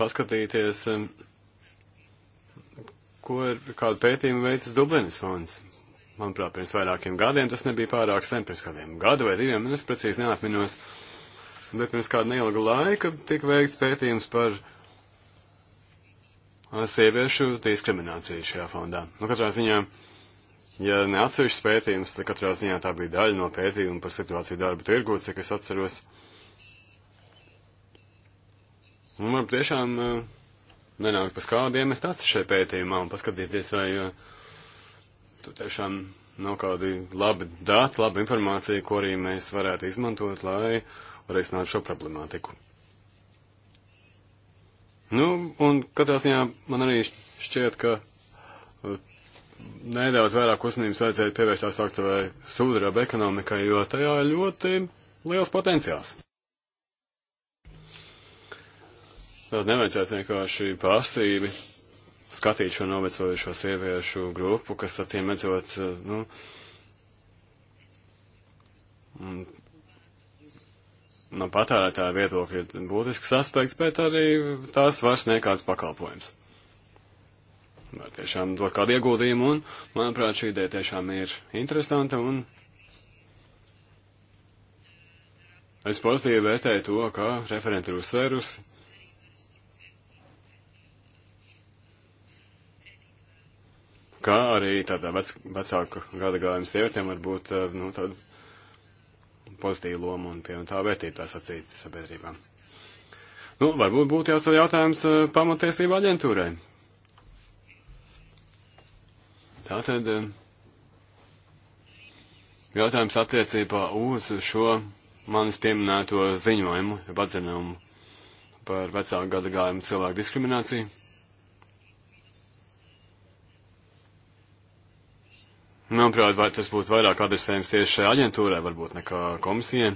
paskatīties, ko ir kādu pētījumu veicis Dublinas fonds manuprāt, pirms vairākiem gadiem tas nebija pārāk sen, pirms kādiem gadu vai diviem, es precīzi neatminos, bet pirms kāda neilga laika tika veikts pētījums par sieviešu diskrimināciju šajā fondā. Nu, katrā ziņā, ja ne atsevišķs pētījums, tad katrā ziņā tā bija daļa no pētījuma par situāciju darba tirgu, cik es atceros. Un nu, man tiešām eh, nenāk pēc kādiem es tāds šai pētījumā un paskatīties, vai uh, Tur tiešām nav kādi labi dati, laba informācija, ko arī mēs varētu izmantot, lai risinātu šo problemātiku. Nu, un katrā ziņā man arī šķiet, ka uh, nedaudz vairāk uzmanības vajadzētu pievērstās aktīvai sudraba ekonomikai, jo tajā ir ļoti liels potenciāls. Tad nevajadzētu vienkārši pasīvi skatīt šo novecojušo sieviešu grupu, kas acīm redzot, eh, nu, no patērētāja viedokļa ir būtisks aspekts, bet arī tās vairs nekāds pakalpojums. Vai tiešām dot kādu ieguldījumu, un, manuprāt, šī ideja tiešām ir interesanta, un es pozitīvi vērtēju to, ka referenti ir uzsvērusi kā arī tādā vec, vecāku gada gājuma sievietēm var būt eh, nu, tāda pozitīva loma un pievienotā vērtība tā sacīt sabiedrībām. Nu, varbūt būtu jāstāv jautājums eh, pamatiesību aģentūrai. Tātad eh, jautājums attiecībā uz šo manis pieminēto ziņojumu, padzinumu par vecāku gada gājumu cilvēku diskrimināciju. Manuprāt, vai tas būtu vairāk adresējums tieši šai aģentūrai, varbūt nekā komisijai.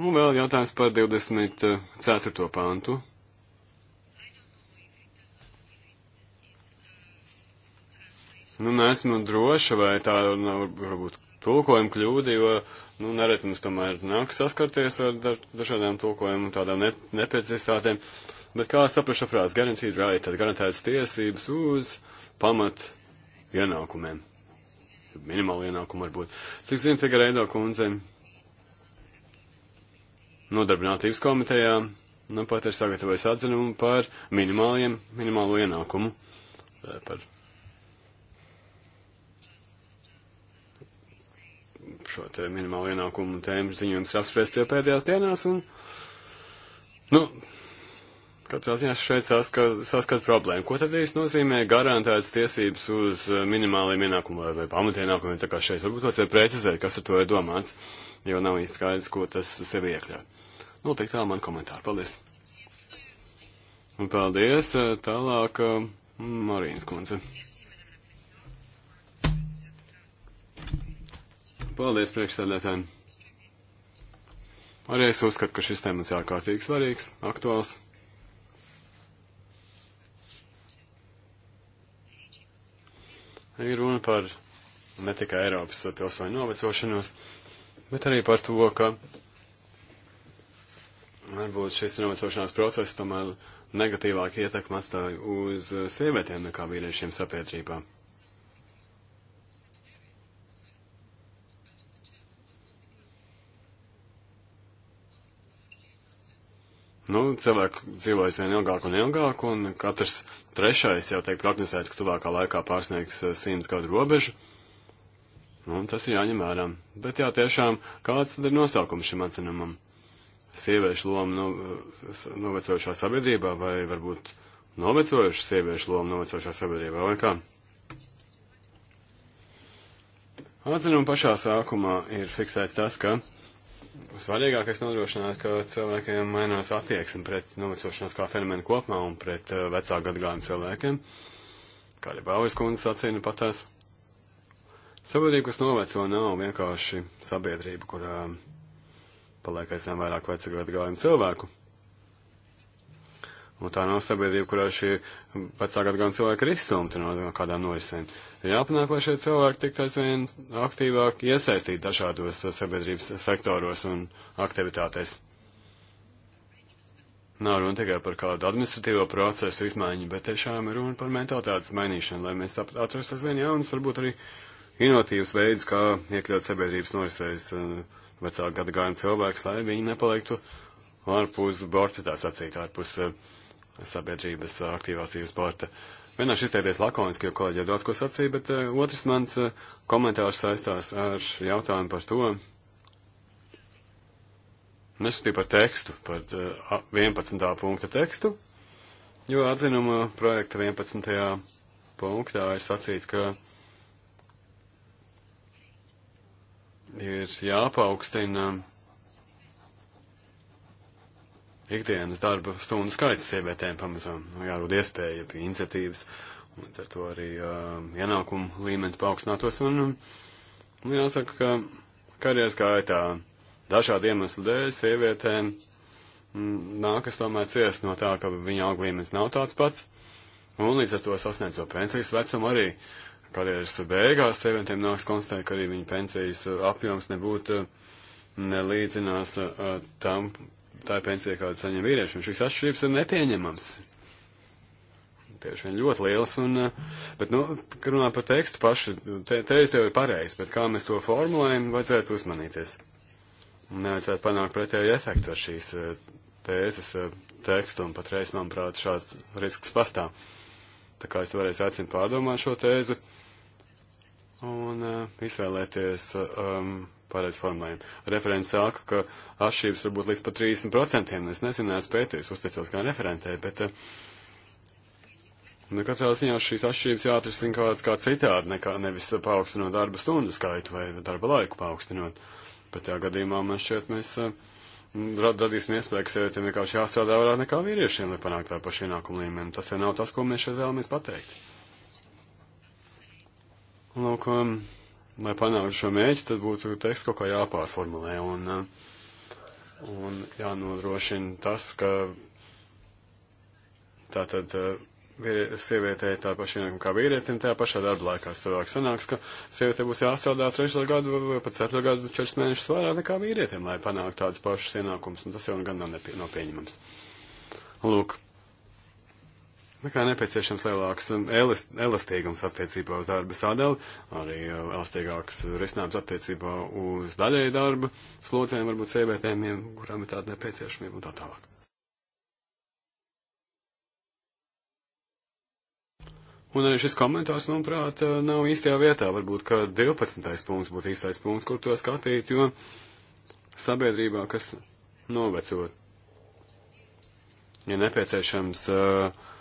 Un vēl jautājums par 24. pāntu. Nu, neesmu droša, vai tā nav varbūt tulkojuma kļūda, jo, nu, nereti mums tomēr nāk saskarties ar dažādām tulkojuma tādām ne neprecizitātēm. Uh, Bet kā saprašu frāzi, guaranteed right, tad garantētas tiesības uz pamat ienākumiem. Minimāli ienākumu varbūt. Cik zinu, Figarēdo kundze nodarbinātības komitejā nu, pat ir sagatavojis atzinumu par minimāliem, minimālo ienākumu. Eh, par šo te minimālo ienākumu tēmu ziņojums apspriest jau pēdējās dienās. Un, nu, Katrā ziņā šeit saskat, saskat problēmu. Ko tad īsti nozīmē garantētas tiesības uz eh, minimāliem ienākumiem vai, vai pamatienākumiem? Tā kā šeit varbūt vajadzētu precizēt, kas ar to ir domāts, jo nav īsti skaidrs, ko tas sevi iekļaut. Nu, tik tā man komentāri. Paldies. Un paldies. Eh, tālāk eh, Marīnas kundze. Paldies priekšsēdētājiem. Arī es uzskatu, ka šis temats ārkārtīgi svarīgs, aktuāls. Ir runa par ne tikai Eiropas pilsoņu novecošanos, bet arī par to, ka varbūt šis novecošanās process tomēr negatīvāk ietekmi atstāja uz sievietēm nekā vīriešiem sabiedrībā. Nu, cilvēki dzīvo aizvien ilgāk un ilgāk, un katrs trešais jau tiek prognozēts, ka tuvākā laikā pārsniegs eh, simts gadu robežu. Nu, tas ir jāņem vērā. Bet jā, tiešām, kāds tad ir nosaukums šim atzinumam? Sieviešu loma no, novecojušā sabiedrībā vai varbūt novecojuša sieviešu loma novecojušā sabiedrībā vai kā? Atzinuma pašā sākumā ir fiksēts tas, ka Svarīgākais nodrošināt, ka cilvēkiem mainās attieksme pret novecošanās kā fenomenu kopumā un pret uh, eh, vecāku gadgājumu cilvēkiem, kā arī Bauvis kundze sacīja nu, patās. Sabiedrība, kas noveco, nav vienkārši sabiedrība, kurā paliek aizvien vairāk vecāku gadgājumu cilvēku. Un nu, tā nav sabiedrība, kurā šie vecākā gan cilvēki ir izstumti no, no kādām norisēm. Ir jāpanāk, lai šie cilvēki tiktu aizvien aktīvāk iesaistīti dažādos uh, sabiedrības sektoros un aktivitātēs. Nav runa tikai par kādu administratīvo procesu izmaiņu, bet tiešām ir runa par mentalitātes mainīšanu, lai mēs atrastu aizvien jaunus, varbūt arī inovatīvus veidus, kā iekļaut sabiedrības norisēs uh, vecāku gadu gājumu cilvēks, lai viņi nepaliktu ārpus borta, tā sacīt, ārpus uh, sabiedrības eh, aktīvās e-sporta. Vienkārši izteikties lakoniski, jo kolēģi jau daudz ko sacīja, bet uh, otrs mans uh, komentārs saistās ar jautājumu par to, nesatīju par tekstu, par uh, 11. punkta tekstu, jo atzinuma projekta 11. punktā ir sacīts, ka ir jāpaukstina. Uh, ikdienas darba stundu skaits sievietēm pamazām jārūd iespēja pie iniciatīvas, un līdz ar to arī uh, ienākumu līmenis paaugstinātos, un, um, un jāsaka, ka karjeras gaitā dažādu iemeslu dēļ sievietēm mm, nākas tomēr ciest no tā, ka viņa auga līmenis nav tāds pats, un līdz ar to sasniedzot pensijas vecumu arī karjeras beigās sievietēm nāks konstatēt, ka arī viņa pensijas apjoms nebūtu uh, nelīdzinās uh, uh, tam, tā ir pensija, kādu saņem vīrieši, un šīs atšķirības ir nepieņemams. Tieši vien ļoti liels, un, eh, bet, nu, kad runā par tekstu pašu, nu, te, teiz jau ir pareizi, bet kā mēs to formulējam, vajadzētu uzmanīties. Nevajadzētu panākt pretēju efektu ar šīs eh, tēzes eh, tekstu, un patreiz, manuprāt, šāds risks pastāv. Tā kā es vēlreiz aicinu pārdomāt šo tēzi un uh, izvēlēties um, pareizi formulējam. Referents saka, ka atšķirības var būt līdz pat 30%. Nu, es nezinu, es pētīju, uzticos kā referentē, bet eh, nu, katrā ziņā šīs atšķirības jāatrisina kaut kā citādi, nekā nevis paaugstinot darba stundu skaitu vai darba laiku paaugstinot. Bet tajā gadījumā man šķiet mēs eh, rad, radīsim iespēju, ka sievietēm vienkārši jāstrādā vairāk nekā vīriešiem, lai panāktu tā pašu ienākumu līmeni. Tas jau nav tas, ko mēs šeit vēlamies pateikt. Lūk, um, lai panāktu šo mērķi, tad būtu teksts kaut kā jāpārformulē un, eh, un jānodrošina tas, ka tā tad eh, sievietei tā paša ienākuma kā vīrietim, tajā pašā darba laikā stāvāk sanāks, ka sievietei būs jāstrādā trešo gadu vai pat ceturto gadu četrus mēnešus vairāk nekā vīrietim, lai panāktu tādus pašus ienākumus, un tas jau gan nav, nepie, nav pieņemams. Lūk, kā nepieciešams lielāks um, elast, elastīgums attiecībā uz darba sadali, arī um, elastīgāks risinājums attiecībā uz daļēju darba slodzēm, varbūt sievietēm, kurām ir tāda nepieciešamība un tā tālāk. Un arī šis komentārs, manuprāt, uh, nav īstajā vietā. Varbūt, ka 12. punkts būtu īstais punkts, kur to skatīt, jo sabiedrībā, kas novecot, ja nepieciešams uh,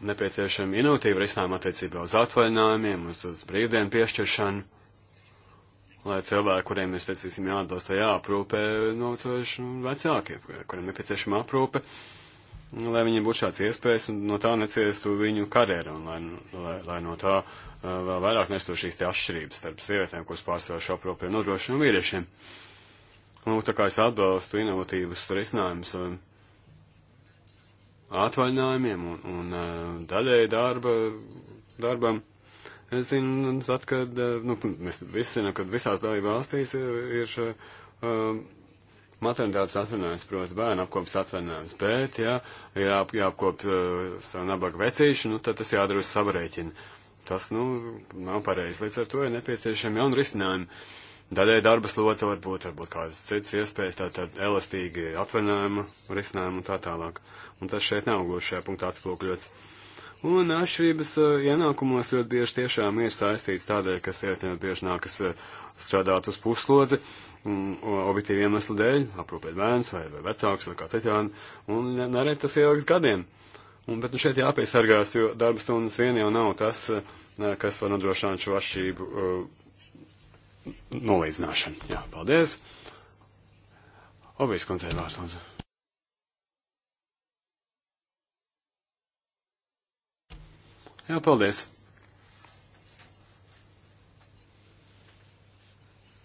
nepieciešami inovatīvi risinājumi attiecībā uz atvaļinājumiem, uz, uz brīvdienu piešķiršanu lai cilvēki, kuriem mēs teicīsim jāatbalsta, jāaprūpē novecojuši vecāki, kuriem nepieciešama aprūpe, lai viņiem būtu šāds iespējas un no tā neciestu viņu karjeru un lai, lai, lai no tā uh, vēl vairāk nestu šīs te atšķirības starp sievietēm, kuras pārsvarā šo aprūpi ir nodrošina vīriešiem. Lūk, nu, tā kā es atbalstu inovatīvus risinājumus um, atvaļinājumiem un, un uh, daļēji darba, darbam. Es zinu, tad, kad, uh, nu, mēs visi zinām, ka visās dalība valstīs ir um, maternitātes atvaļinājums, proti bērnu apkopas atvaļinājums, bet, ja, ja jāapkop uh, savu nabaga vecīšu, nu, tad tas jādara uz savarēķina. Tas, nu, nav pareizi. Līdz ar to ir nepieciešami jauni risinājumi. Daļai darba slodze var būt, varbūt kādas citas iespējas, tātad elastīgi atvaļinājuma risinājumi un tā tālāk. Uh, un tas šeit nav gluži šajā punktā atspūkļots. Un atšķirības eh, ienākumos ļoti bieži tiešām ir saistīts tādēļ, ka sievietēm bieži nākas eh, strādāt uz puslodzi, mm, objektīvi iemeslu dēļ, aprūpēt bērns vai, vai vecāks vai kā citādi, un nereti tas ieliks gadiem. Un, bet nu, šeit jāpiesargās, jo darba stundas vien jau nav tas, eh, kas var nodrošināt šo atšķirību uh, nolīdzināšanu. Jā, paldies. Obijas koncertu vārds. Jā, paldies.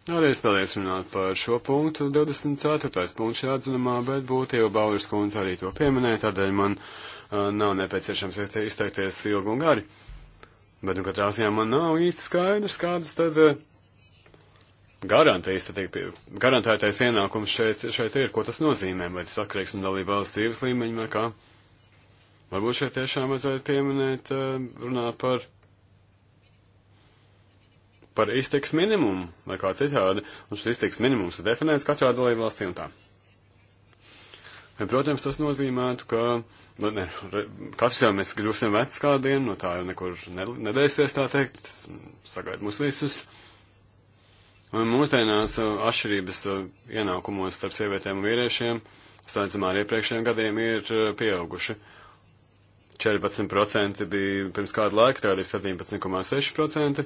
Vēlreiz paldies runāt par šo punktu, 24. punktu šajā atzinumā, bet būtu jau Bauris kundze arī to pieminēja, tādēļ man uh, nav nepieciešams izteikties ilgi un gari. Bet, nu, katrā ziņā man nav īsti skaidrs, kādas tad uh, garantējas, tad garantētais ienākums šeit, šeit ir, ko tas nozīmē, vai tas atkarīgs no dalība valsts dzīves līmeņa vai kā. Varbūt šeit tiešām vajadzētu pieminēt, eh, runā par, par iztiks minimumu vai kā citādi, un šis iztiks minimums ir definēts katrā dalībvalstī un tā. Protams, tas nozīmētu, ka nu, ne, katrs jau mēs kļūsim vecs kādien, no tā jau nekur nedēsies tā teikt, tas sagaida mūs visus. Un mūsdienās eh, atšķirības eh, ienākumos starp sievietēm un vīriešiem, slēdzamā ar iepriekšējiem gadiem, ir pieauguši. Uh, 14% bija pirms kādu laiku, tagad ir 17,6%.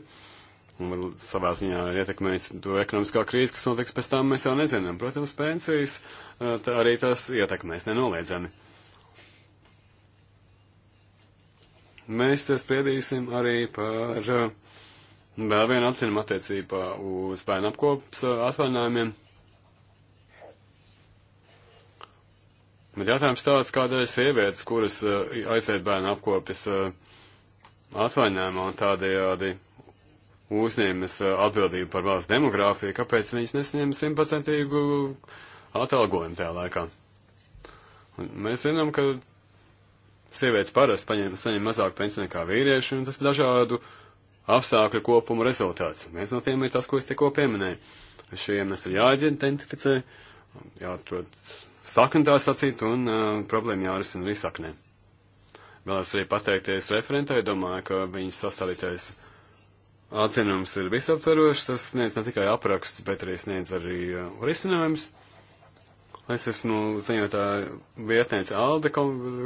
Un savā ziņā ietekmēs to ekonomiskā krīze, kas notiks pēc tam, mēs jau nezinām. Protams, pensijas eh, tā arī tās ietekmēs nenoliedzami. Mēs te spriedīsim arī par eh, vēl vienu atcīm attiecībā uz bērnu apkopas eh, atvainājumiem. Bet jautājums tāds, kādēļ sievietes, kuras uh, aiziet bērnu apkopes uh, eh, atvaļinājumā un tādējādi uzņēmas uh, eh, atbildību par valsts demogrāfiju, kāpēc viņas nesaņem simtprocentīgu atalgojumu tajā laikā? Un mēs zinām, ka sievietes parasti paņem, saņem mazāk pensiju nekā vīrieši, un tas ir dažādu apstākļu kopuma rezultāts. Viens no tiem ir tas, ko es tikko pieminēju. Šie iemesli jāidentificē, jāatrod sakni tā sacīt, un uh, problēma jārisina arī saknē. Vēlos arī pateikties referentai, domāju, ka viņas sastādītais atzinums ir visaptverošs, tas sniedz ne tikai aprakstu, bet arī sniedz arī uh, risinājums. Es esmu ziņotā vietniece Alde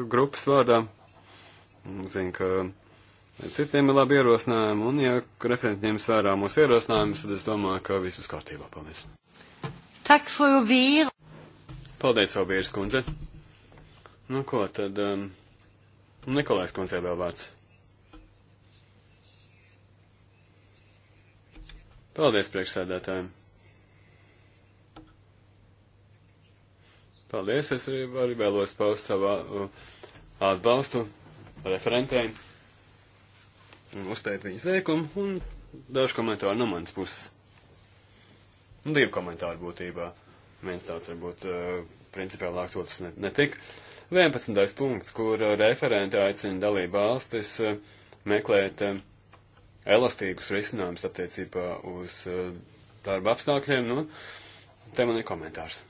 grupas vārdā. Zinu, ka citiem ir labi ierosinājumi, un ja referenti ņems vērā mūsu ierosinājumus, tad es domāju, ka viss būs kārtībā. Paldies! Tak for vi. Paldies, Obieris kundze. Nu, ko tad, um, Nikolais kundze vēl vārds. Paldies, priekšsēdētājiem. Paldies, es arī, arī vēlos paust savu uh, atbalstu referentēm un uzteikt viņas veikumu un dažu komentāru no manas puses. Nu, Divu komentāru būtībā. Viens tāds varbūt eh, principiālāks, otrs netik. Ne 11. punkts, kur eh, referenti aicina dalību valstis eh, meklēt elastīgus risinājumus attiecībā uz darba apstākļiem. Nu, te man ir komentārs.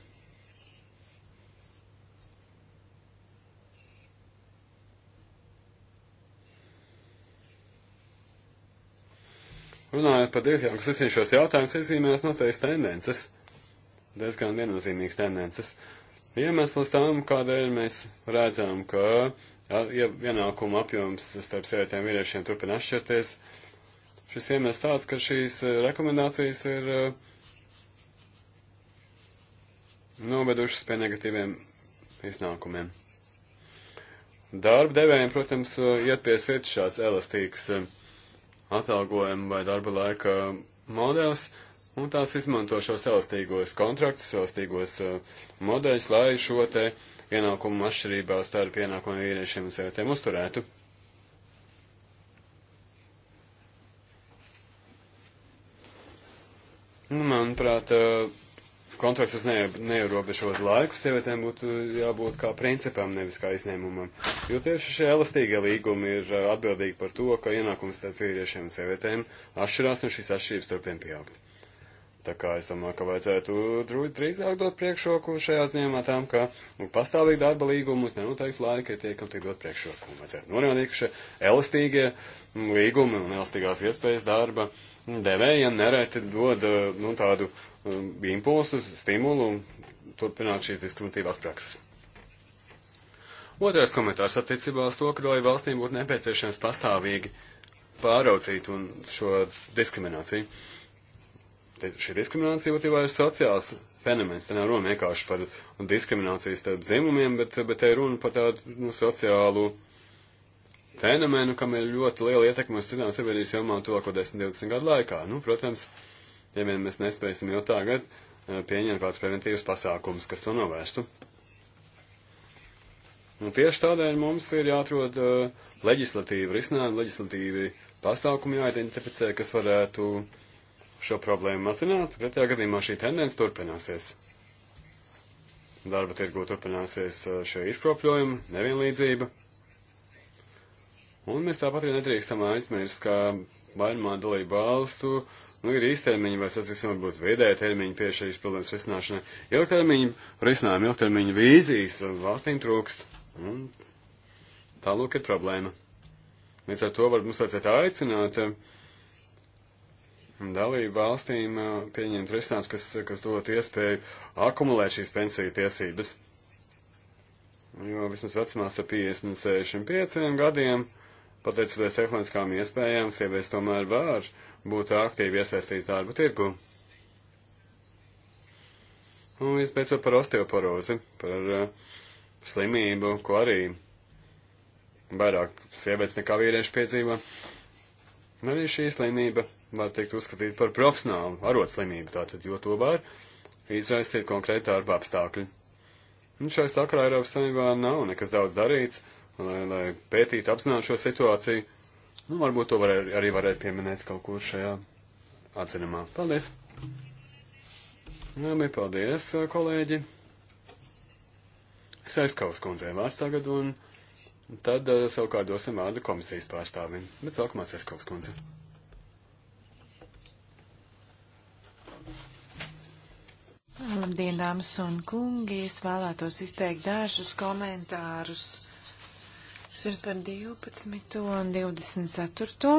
Runājot par divām, kas izcīnīšos jautājumus, izzīmējās noteikti tendences diezgan viennozīmīgas tendences. Iemesls tam, kādēļ mēs redzam, ka ja ienākuma apjoms starp sievietēm un vīriešiem turpina atšķirties, šis iemesls tāds, ka šīs eh, rekomendācijas ir eh, novedušas pie negatīviem iznākumiem. Darba devējiem, protams, eh, iet pie sirds šāds elastīgs atalgojuma vai darba laika modelis, un tās izmanto šos elastīgos kontraktus, elastīgos uh, modeļus, lai šo te ienākumu atšķirībā starp ienākumu vīriešiem un sievietēm uzturētu. Nu, manuprāt, uh, kontrakts uz ne, neierobežot laiku sievietēm būtu jābūt kā principam, nevis kā izņēmumam. Jo tieši šie elastīgie līgumi ir uh, atbildīgi par to, ka ienākums starp vīriešiem un sievietēm atšķirās un šīs atšķirības turpin pieaugt. Tā kā es domāju, ka vajadzētu drīzāk dot priekšroku šajā ziņā tām, ka nu, pastāvīgi darba līgumi uz nenoteiktu laiku ir tie, kam tiek dot priekšroku. Vajadzētu norādīt, ka šie elastīgie līgumi un elastīgās iespējas darba devējiem nereti dod nu, tādu um, impulsu, stimulu turpināt šīs diskriminatīvās prakses. Otrais komentārs attiecībā uz to, ka dalību valstīm būtu nepieciešams pastāvīgi pāraucīt un šo diskrimināciju te, šī diskriminācija būtībā ir sociāls fenomens. Te nav runa vienkārši par diskrimināciju starp dzimumiem, bet, bet te ir runa par tādu nu, sociālu fenomenu, kam ir ļoti liela ietekme uz citām sabiedrības jomām tuvāko 10-20 gadu laikā. Nu, protams, ja vien mēs nespēsim jau tagad eh, pieņemt kādus preventīvus pasākumus, kas to novērstu. Un tieši tādēļ mums ir jāatrod uh, eh, leģislatīvi risinājumi, leģislatīvi pasākumi jāidentificē, kas varētu uh, šo problēmu mazināt, pretējā gadījumā šī tendence turpināsies. Darba tirgu turpināsies šie izkropļojumi, nevienlīdzība. Un mēs tāpat arī nedrīkstam aizmirst, ka vairumā dalību valstu nu, ir īstermiņa vai, sacīsim, varbūt vidēja termiņa pie šīs problēmas risināšanai. Ilgtermiņa risinājumi, ilgtermiņa vīzijas valstīm trūkst. Un tālūk ir problēma. Līdz ar to varbūt mums vajadzētu aicināt uh, dalību valstīm pieņemt risinājums, kas, kas dot iespēju akumulēt šīs pensiju tiesības. Jo vismaz vecumās ar 50, 65 gadiem, pateicoties tehniskām iespējām, sievietes tomēr var būt aktīvi iesaistīts darba tirgu. Un vispēcot par osteoporozi, par uh, slimību, ko arī vairāk sievietes nekā vīrieši piedzīvo. Un arī šī slimība var teikt, uzskatīta par profesionālu arotslimību, tātad, jo to var izraisīt konkrēti darba apstākļi. Un šai sakarā Eiropas Savienībā nav nekas daudz darīts, lai, lai pētītu, apzinātu šo situāciju. Nu, varbūt to var, arī varētu pieminēt kaut kur šajā atzinumā. Paldies! Jā, mī, paldies, kolēģi! Saiskaus kundzei vārds tagad, un tad eh, savukārt dosim vārdu komisijas pārstāvim. Bet sākumā Saiskaus kundzei. Labdien, dāmas un kungi! Es vēlētos izteikt dažus komentārus. Es virs par 12. un 24.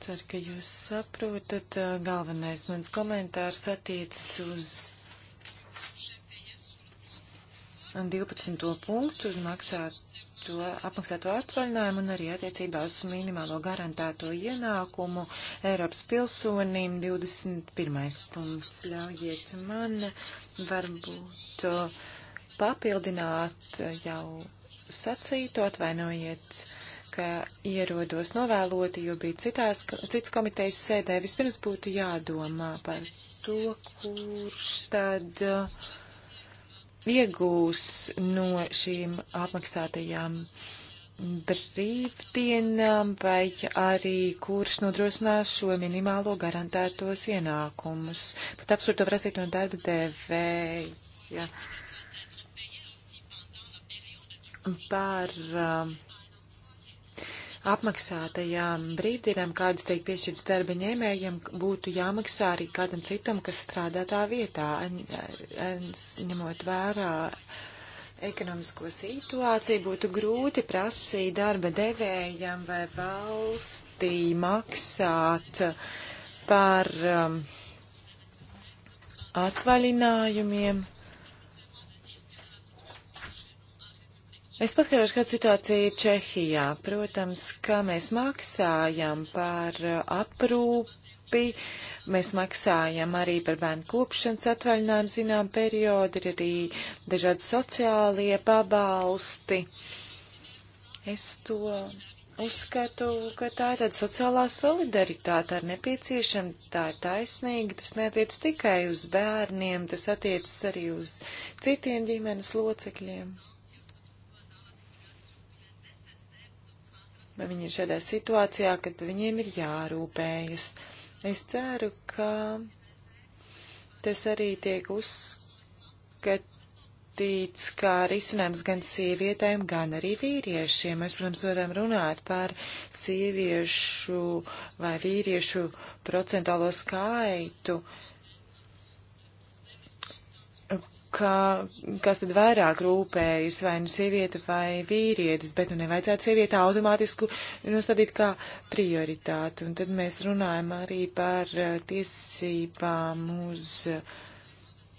Ceru, ka jūs saprotat. Galvenais mans komentārs attiecas uz 12. punktu, uz maksāt to apmaksāto atvaļinājumu un arī attiecībā uz minimālo garantēto ienākumu Eiropas pilsonim 21. punkts. Ļaujiet man varbūt papildināt jau sacīto, atvainojiet ka ierodos novēloti, jo bija citās, cits komitejas sēdē. Vispirms būtu jādomā par to, kurš tad uh, iegūs no šīm apmaksātajām brīvdienām, vai arī kurš nodrošinās šo minimālo garantētos ienākumus. Pat absurdu prasīt no darba devēja par um, apmaksātajām brīvdienām, kādas tiek piešķirtas darba ņēmējiem, būtu jāmaksā arī kādam citam, kas strādā tā vietā, ņemot vērā ekonomisko situāciju, būtu grūti prasīt darba devējam vai valstī maksāt par um, atvaļinājumiem. Es paskaros, kāda situācija ir Čehijā. Protams, ka mēs maksājam par uh, aprūpi, mēs maksājam arī par bērnu kopšanas atvaļinājumu, zinām, periodu, ir arī dažādi sociālie pabalsti. Es to uzskatu, ka tā ir tāda sociālā solidaritāte ar nepieciešama, tā ir taisnīga, tas netiec tikai uz bērniem, tas attiecas arī uz citiem ģimenes locekļiem. vai viņi ir šādā situācijā, kad par viņiem ir jārūpējas. Es ceru, ka tas arī tiek uzskatīts kā risinājums gan sievietēm, gan arī vīriešiem. Mēs, protams, varam runāt par sieviešu vai vīriešu procentuālo skaitu. Uh, ka, kas tad vairāk rūpējas, vai nu sieviete vai vīrietis, bet nu nevajadzētu sievieti automātisku nostādīt kā prioritāti. Un tad mēs runājam arī par eh, tiesībām uz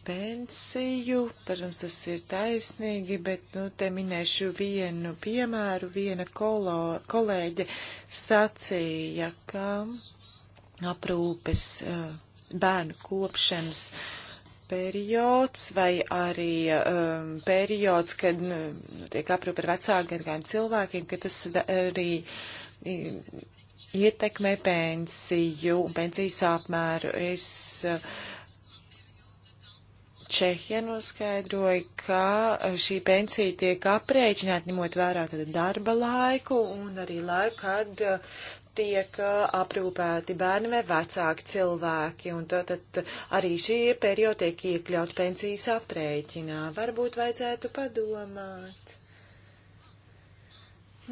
pensiju, protams, tas ir taisnīgi, bet, nu, te minēšu vienu piemēru, viena kolo, kolēģe sacīja, ka aprūpes eh, bērnu kopšanas uh, periods vai arī um, periods, kad nu, tiek aprūp ar vecāku gadgājumu cilvēkiem, ka tas arī ietekmē pensiju un pensijas apmēru. Es uh, Čehija noskaidroja, ka uh, šī pensija tiek aprēķināta ņemot vērā darba laiku un arī laiku, kad uh, netiek uh, aprūpēti bērni vai vecāki cilvēki, un tad, tad arī šī periodi tiek iekļaut pensijas aprēķinā. Varbūt vajadzētu padomāt.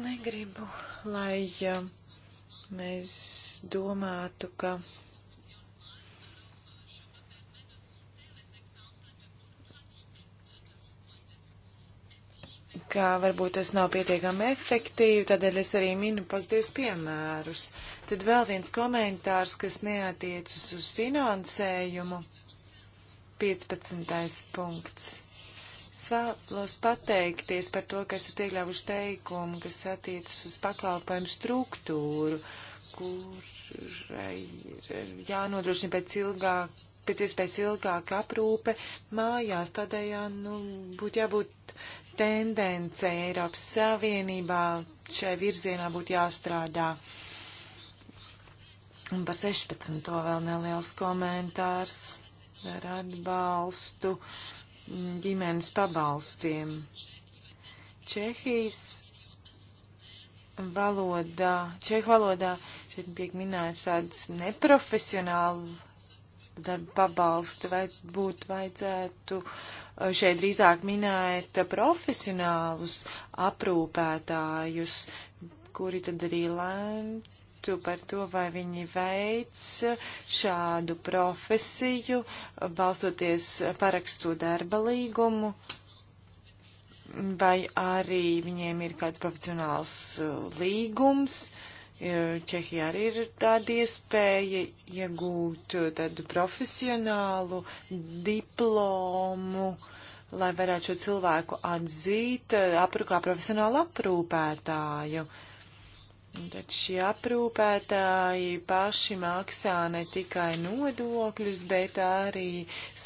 Negribu, lai uh, mēs domātu, ka ka varbūt tas nav pietiekami efektīvi, tādēļ es arī minu pozitīvus piemērus. Tad vēl viens komentārs, kas neatiecas uz finansējumu. 15. punkts. Es vēlos pateikties par to, ka esat iekļāvuši teikumu, kas attiecas uz pakalpojumu struktūru, kurai ir jānodrošina pēc ilgāk pēc iespējas ilgāka aprūpe mājās. Tādējādi nu, būtu jābūt tendence Eiropas Savienībā šai virzienā būtu jāstrādā. Un par 16. vēl neliels komentārs ar atbalstu ģimenes pabalstiem. Čehijas valodā, čehu valodā šeit tiek minēts tāds neprofesionāli darba pabalsti, vai būtu vajadzētu uh, šeit drīzāk minēt profesionālus aprūpētājus, kuri tad arī lēmtu par to, vai viņi veic šādu profesiju, balstoties parakstu darba līgumu, vai arī viņiem ir kāds profesionāls līgums. Čehijā arī ir tāda iespēja iegūt tādu profesionālu diplomu, uh, lai varētu šo cilvēku atzīt eh, aprūpā profesionālu aprūpētāju. Tad šie aprūpētāji paši maksā ne tikai nodokļus, bet arī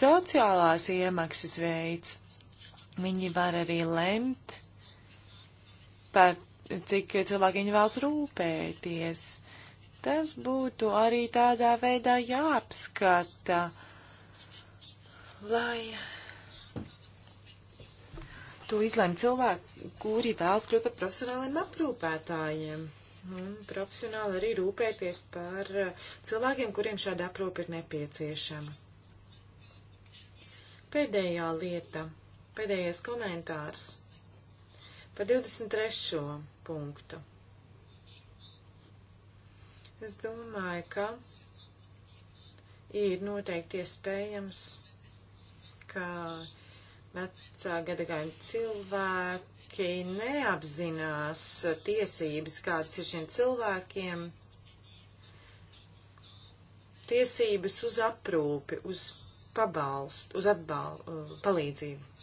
sociālās iemaksas veids. Viņi var arī lemt par cik cilvēki viņi vēlas rūpēties. Tas būtu arī tādā veidā jāapskata, lai to izlēma cilvēki, kuri vēlas kļūt par profesionāliem aprūpētājiem. Un profesionāli arī rūpēties par eh, cilvēkiem, kuriem šāda aprūpa ir nepieciešama. Pēdējā lieta, pēdējais komentārs par 23. punktu. Es domāju, ka ir noteikti iespējams, ka vecā gadagājuma cilvēki neapzinās tiesības, kādas ir šiem cilvēkiem, tiesības uz aprūpi, uz pabalstu, uz atbalstu, palīdzību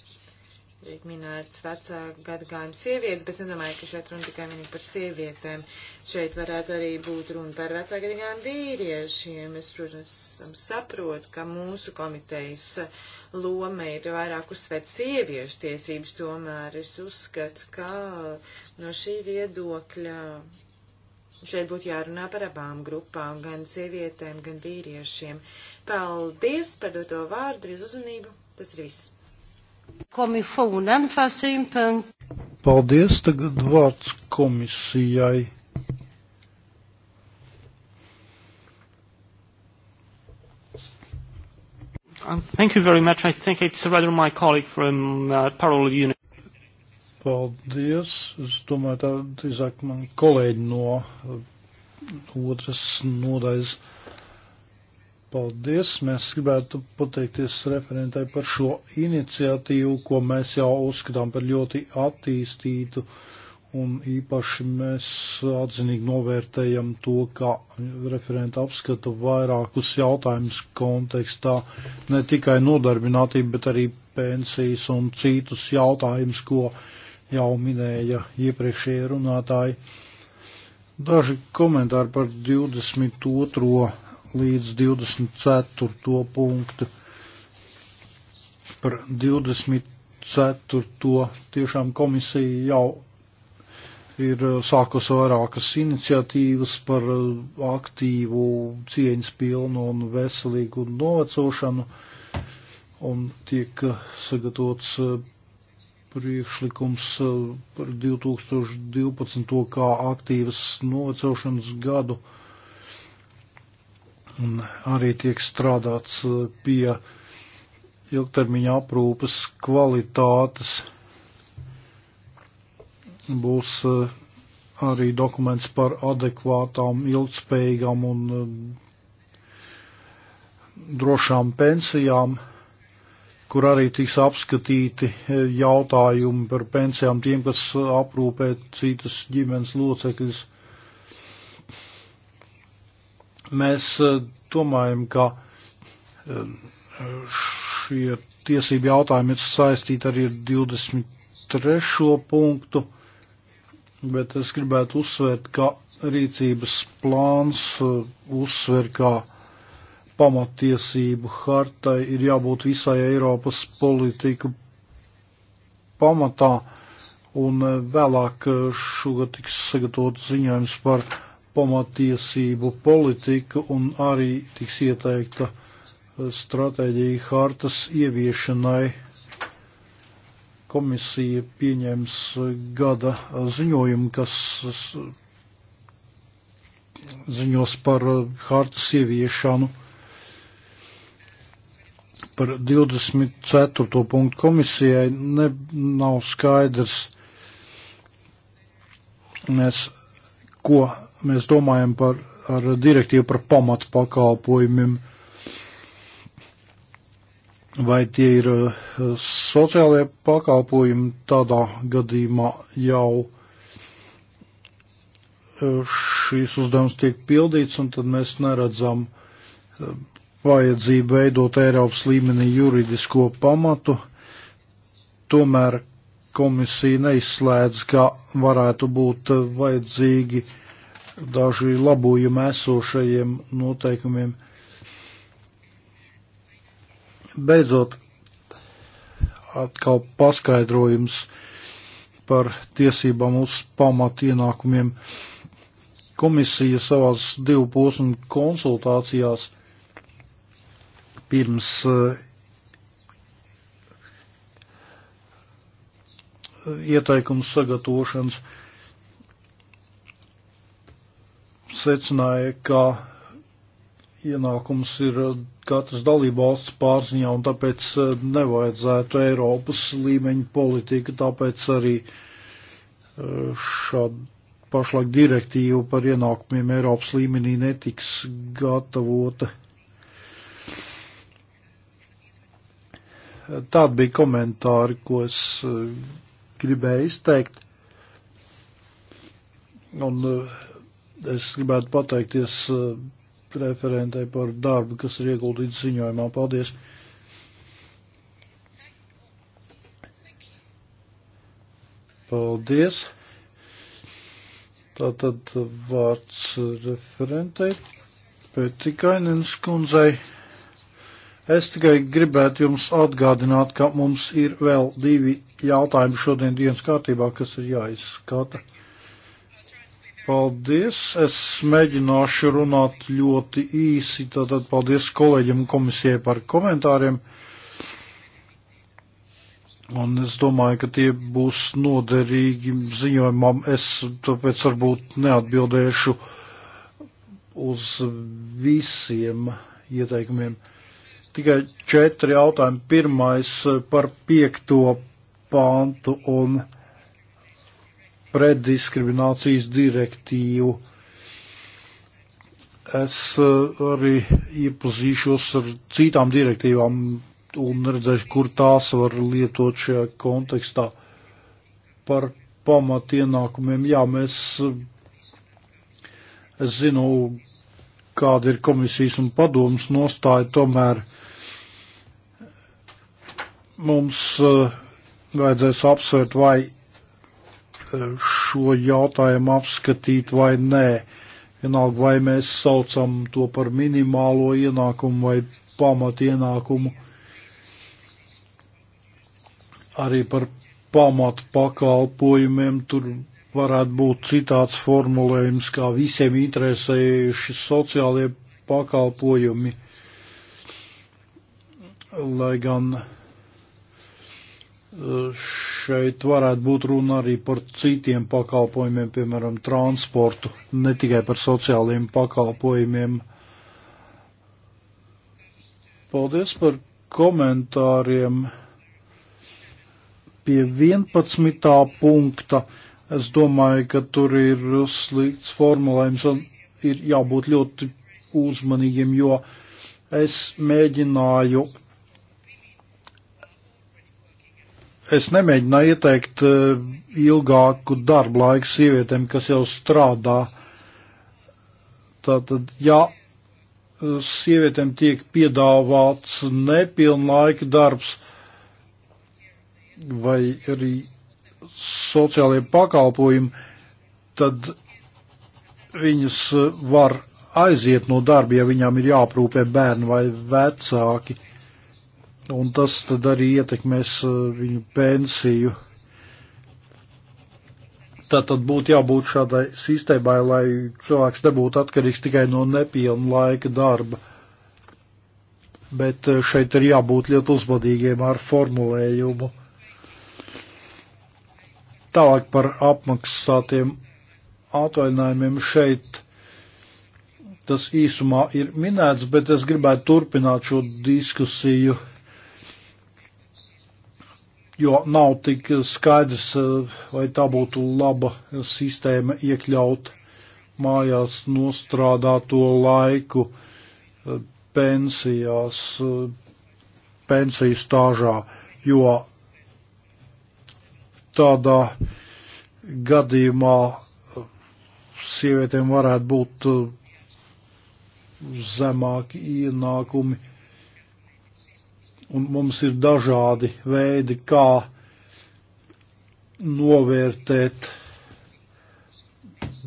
tiek minēts vecāku gadagājumu sievietes, bet es nedomāju, ka šeit runa tikai vienīgi par sievietēm. Šeit varētu arī būt runa par vecāku gadagājumu vīriešiem. Es, protams, saprotu, ka mūsu komitejas loma ir vairāk uzsvērt sieviešu tiesības, tomēr es uzskatu, ka no šī viedokļa šeit būtu jārunā par abām grupām, gan sievietēm, gan vīriešiem. Paldies par doto vārdu, uz uzmanību. Tas ir viss. Komisjonen för synpunkt. Paldies, tagad vārds komisijai. Um, thank you very much. I think it's rather my colleague from uh, Parallel Unit. Paldies. Es domāju, tā drīzāk man kolēģi no otras nodaļas. Uh, Paldies! Mēs gribētu pateikties referentai par šo iniciatīvu, ko mēs jau uzskatām par ļoti attīstītu, un īpaši mēs atzinīgi novērtējam to, ka referenta apskata vairākus jautājumus kontekstā, ne tikai nodarbinātību, bet arī pensijas un citus jautājumus, ko jau minēja iepriekšējie runātāji. Daži komentāri par 22 līdz 24. punktu. Par 24. tiešām komisija jau ir uh, sākus vairākas iniciatīvas par uh, aktīvu, cieņas pilnu un veselīgu novecošanu, un tiek uh, sagatavots priekšlikums par 2012. kā aktīvas novecošanas gadu. Un arī tiek strādāts uh, pie ilgtermiņa aprūpas kvalitātes. Būs uh, arī dokuments par adekvātām, ilgspējīgām un uh, drošām pensijām, kur arī tiks apskatīti jautājumi par pensijām tiem, kas aprūpē citas ģimenes locekļus. Mēs e, domājam, ka e, šie tiesību jautājumi ir saistīti arī ar 23. punktu, bet es gribētu uzsvērt, ka rīcības plāns e, uzsver, ka pamatiesību hartai ir jābūt visai Eiropas politiku pamatā, un vēlāk šogad tiks sagatavots ziņojums par pamatiesību politika un arī tiks ieteikta eh, stratēģija hartas ieviešanai. Komisija pieņems eh, gada eh, ziņojumu, kas ziņos par hartas ieviešanu. Par 24. punktu komisijai ne, nav skaidrs, mēs, ko mēs domājam par ar direktīvu par pamatu pakalpojumiem. Vai tie ir eh, sociālie pakalpojumi tādā gadījumā jau eh, šīs uzdevums tiek pildīts, un tad mēs neredzam eh, vajadzību veidot Eiropas līmenī juridisko pamatu. Tomēr komisija neizslēdz, ka varētu būt vajadzīgi uh, daži labojumi esošajiem noteikumiem. Beidzot, atkal paskaidrojums par tiesībām uz pamatienākumiem. Komisija savās divu posmu konsultācijās pirms eh, ieteikumu sagatavošanas uh, secināja, ka ienākums ir eh, katras dalībvalsts pārziņā un tāpēc eh, nevajadzētu Eiropas līmeņa politika, tāpēc arī eh, šāda pašlaik direktīva par ienākumiem Eiropas līmenī netiks gatavota. Tādi bija komentāri, ko es gribēju izteikt. Un Es gribētu pateikties eh, referentai par darbu, kas ir ieguldīts ziņojumā. Paldies! Paldies! Tātad vārds referentei Pētikainens kundzei. Es tikai gribētu jums atgādināt, ka mums ir vēl divi jautājumi šodien dienas kārtībā, kas ir jāizskata. Paldies. Es mēģināšu runāt ļoti īsi. Tātad paldies kolēģiem un komisijai par komentāriem. Un es domāju, ka tie būs noderīgi ziņojumam. Es tāpēc varbūt neatbildēšu uz visiem ieteikumiem. Tikai četri jautājumi. Pirmais par piekto pantu un preddiskriminācijas direktīvu. Es uh, arī iepazīšos ar citām direktīvām un redzēšu, kur tās var lietot šajā kontekstā. Par pamatienākumiem, jā, mēs, uh, es zinu, kāda ir komisijas un padomas nostāja, tomēr mums uh, vajadzēs apsvērt, vai šo jautājumu apskatīt vai nē. Vienalga, vai mēs saucam to par minimālo ienākumu vai pamatienākumu, arī par pamatu pakalpojumiem tur varētu būt citāds formulējums, kā visiem interesējuši sociālie pakalpojumi, lai gan š eh, šeit varētu būt runa arī par citiem pakalpojumiem, piemēram, transportu, ne tikai par sociālajiem pakalpojumiem. Paldies par komentāriem. Pie 11. punkta es domāju, ka tur ir slikts formulējums un ir jābūt ļoti uzmanīgiem, jo es mēģināju es nemēģināju ieteikt e, ilgāku darba laiku sievietēm, kas jau strādā. Tātad, ja e, sievietēm tiek piedāvāts nepilnlaika darbs vai arī sociālajie pakalpojumi, tad viņas var aiziet no darba, ja viņām ir jāprūpē bērni vai vecāki un tas tad arī ietekmēs uh, viņu pensiju. Tātad būtu jābūt šādai sistēmai, lai cilvēks nebūtu atkarīgs tikai no nepilna laika darba. Bet uh, šeit ir jābūt ļoti uzmanīgiem ar formulējumu. Tālāk par apmaksātiem atvainājumiem šeit tas īsumā ir minēts, bet es gribētu turpināt šo diskusiju jo nav tik skaidrs, eh, vai tā būtu laba sistēma iekļaut mājās nostrādāto laiku eh, pensijās, eh, pensiju stāžā, jo tādā gadījumā sievietēm varētu būt zemāki ienākumi Un mums ir dažādi veidi, kā novērtēt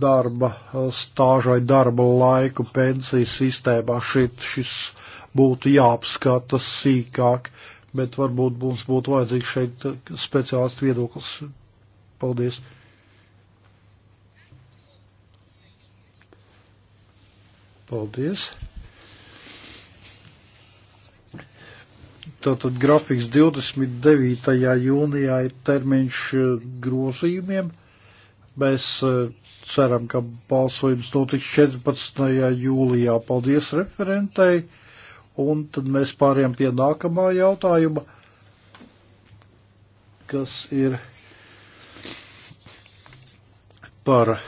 darba stāžai darba laiku pensiju sistēmā. Šit šis būtu jāapskata sīkāk, bet varbūt mums būtu vajadzīgs šeit speciālistu viedoklis. Paldies! Paldies! Tātad grafiks 29. jūnijā ir termiņš e, grozījumiem. Mēs e, ceram, ka balsojums notiks 14. jūlijā. Paldies referentei. Un tad mēs pāriem pie nākamā jautājuma, kas ir par e,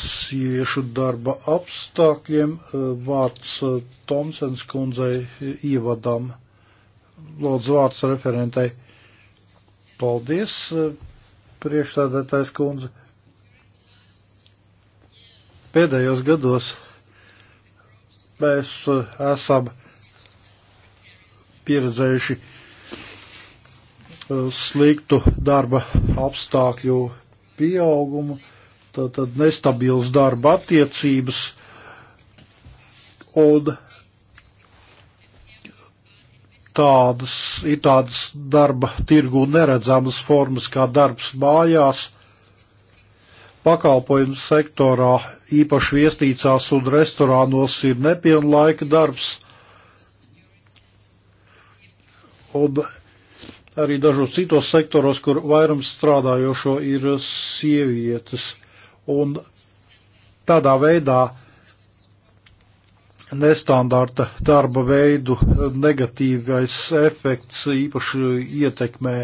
sieviešu darba apstākļiem. Vārds Tomsens kundzei ievadam lūdzu vārds referentei. Paldies, priekšsādātājs kundze. Pēdējos gados mēs esam pieredzējuši uh, sliktu darba apstākļu pieaugumu, tātad nestabils darba attiecības, un tādas, ir tādas darba tirgu neredzamas formas kā darbs mājās, pakalpojumu sektorā, īpaši viestīcās un restorānos ir nepienlaika darbs. Un arī dažos citos sektoros, kur vairums strādājošo ir sievietes. Un tādā veidā nestandarta darba veidu negatīvais efekts īpaši ietekmē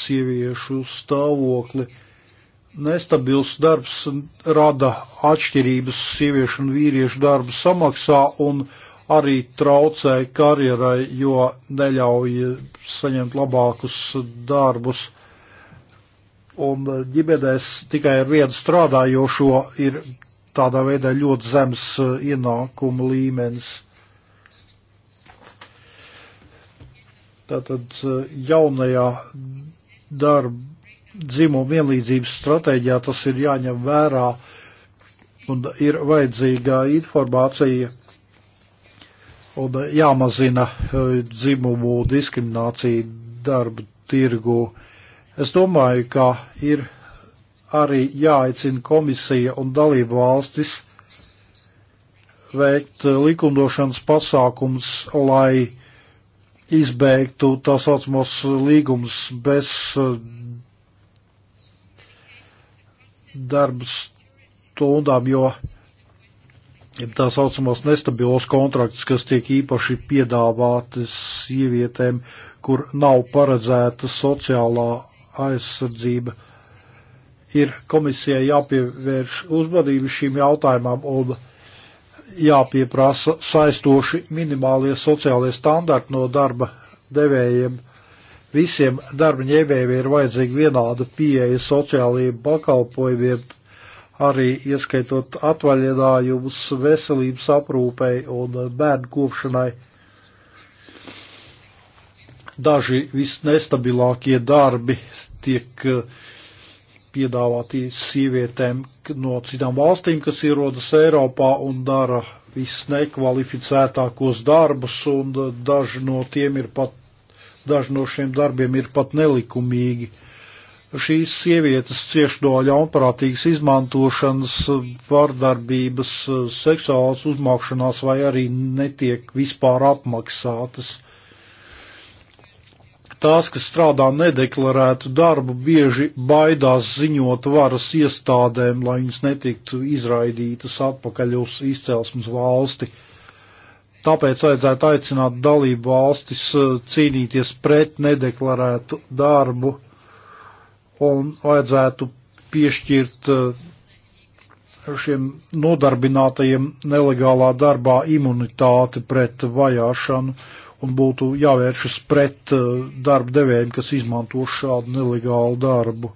sieviešu stāvokli. Nestabils darbs rada atšķirības sieviešu un vīriešu darba samaksā un arī traucē karjerai, jo neļauj saņemt labākus darbus. Un ģimenēs tikai ar vienu strādājošo ir tādā veidā ļoti zems eh, ienākumu līmenis. Tātad eh, jaunajā darba dzimuma vienlīdzības stratēģijā tas ir jāņem vērā un ir vajadzīgā informācija un jāmazina eh, dzimumu diskriminācija darba tirgu. Es domāju, ka ir arī jāaicina komisija un dalību valstis veikt eh, likumdošanas pasākums, lai izbeigtu tā saucamos līgums bez eh, darba stundām, jo tā saucamos nestabilos kontraktus, kas tiek īpaši piedāvāti sievietēm, kur nav paredzēta sociālā aizsardzība ir komisijai jāpievērš uzmanību šīm jautājumam un jāpieprasa saistoši minimālie sociālie standarti no darba devējiem. Visiem darba ņēmējiem ir vajadzīga vienāda pieeja sociālajiem pakalpojumiem, arī ieskaitot atvaļinājumus veselības aprūpei un bērnu kopšanai. Daži visnestabilākie darbi tiek uh, piedāvāti sievietēm no citām valstīm, kas ierodas Eiropā un dara visnekvalificētākos darbus, un uh, daži no tiem ir pat, daži no šiem darbiem ir pat nelikumīgi. Šīs sievietes cieš no ļaunprātīgas izmantošanas, vardarbības, uh, seksuālas uzmākšanās vai arī netiek vispār apmaksātas Tās, kas strādā nedeklarētu darbu, bieži baidās ziņot varas iestādēm, lai viņas netiktu izraidītas atpakaļ uz izcelsmes valsti. Tāpēc vajadzētu aicināt dalību valstis eh, cīnīties pret nedeklarētu darbu un vajadzētu piešķirt eh, šiem nodarbinātajiem nelegālā darbā imunitāti pret vajāšanu un būtu jāvēršas pret eh, darba devējiem, kas izmanto šādu nelegālu darbu.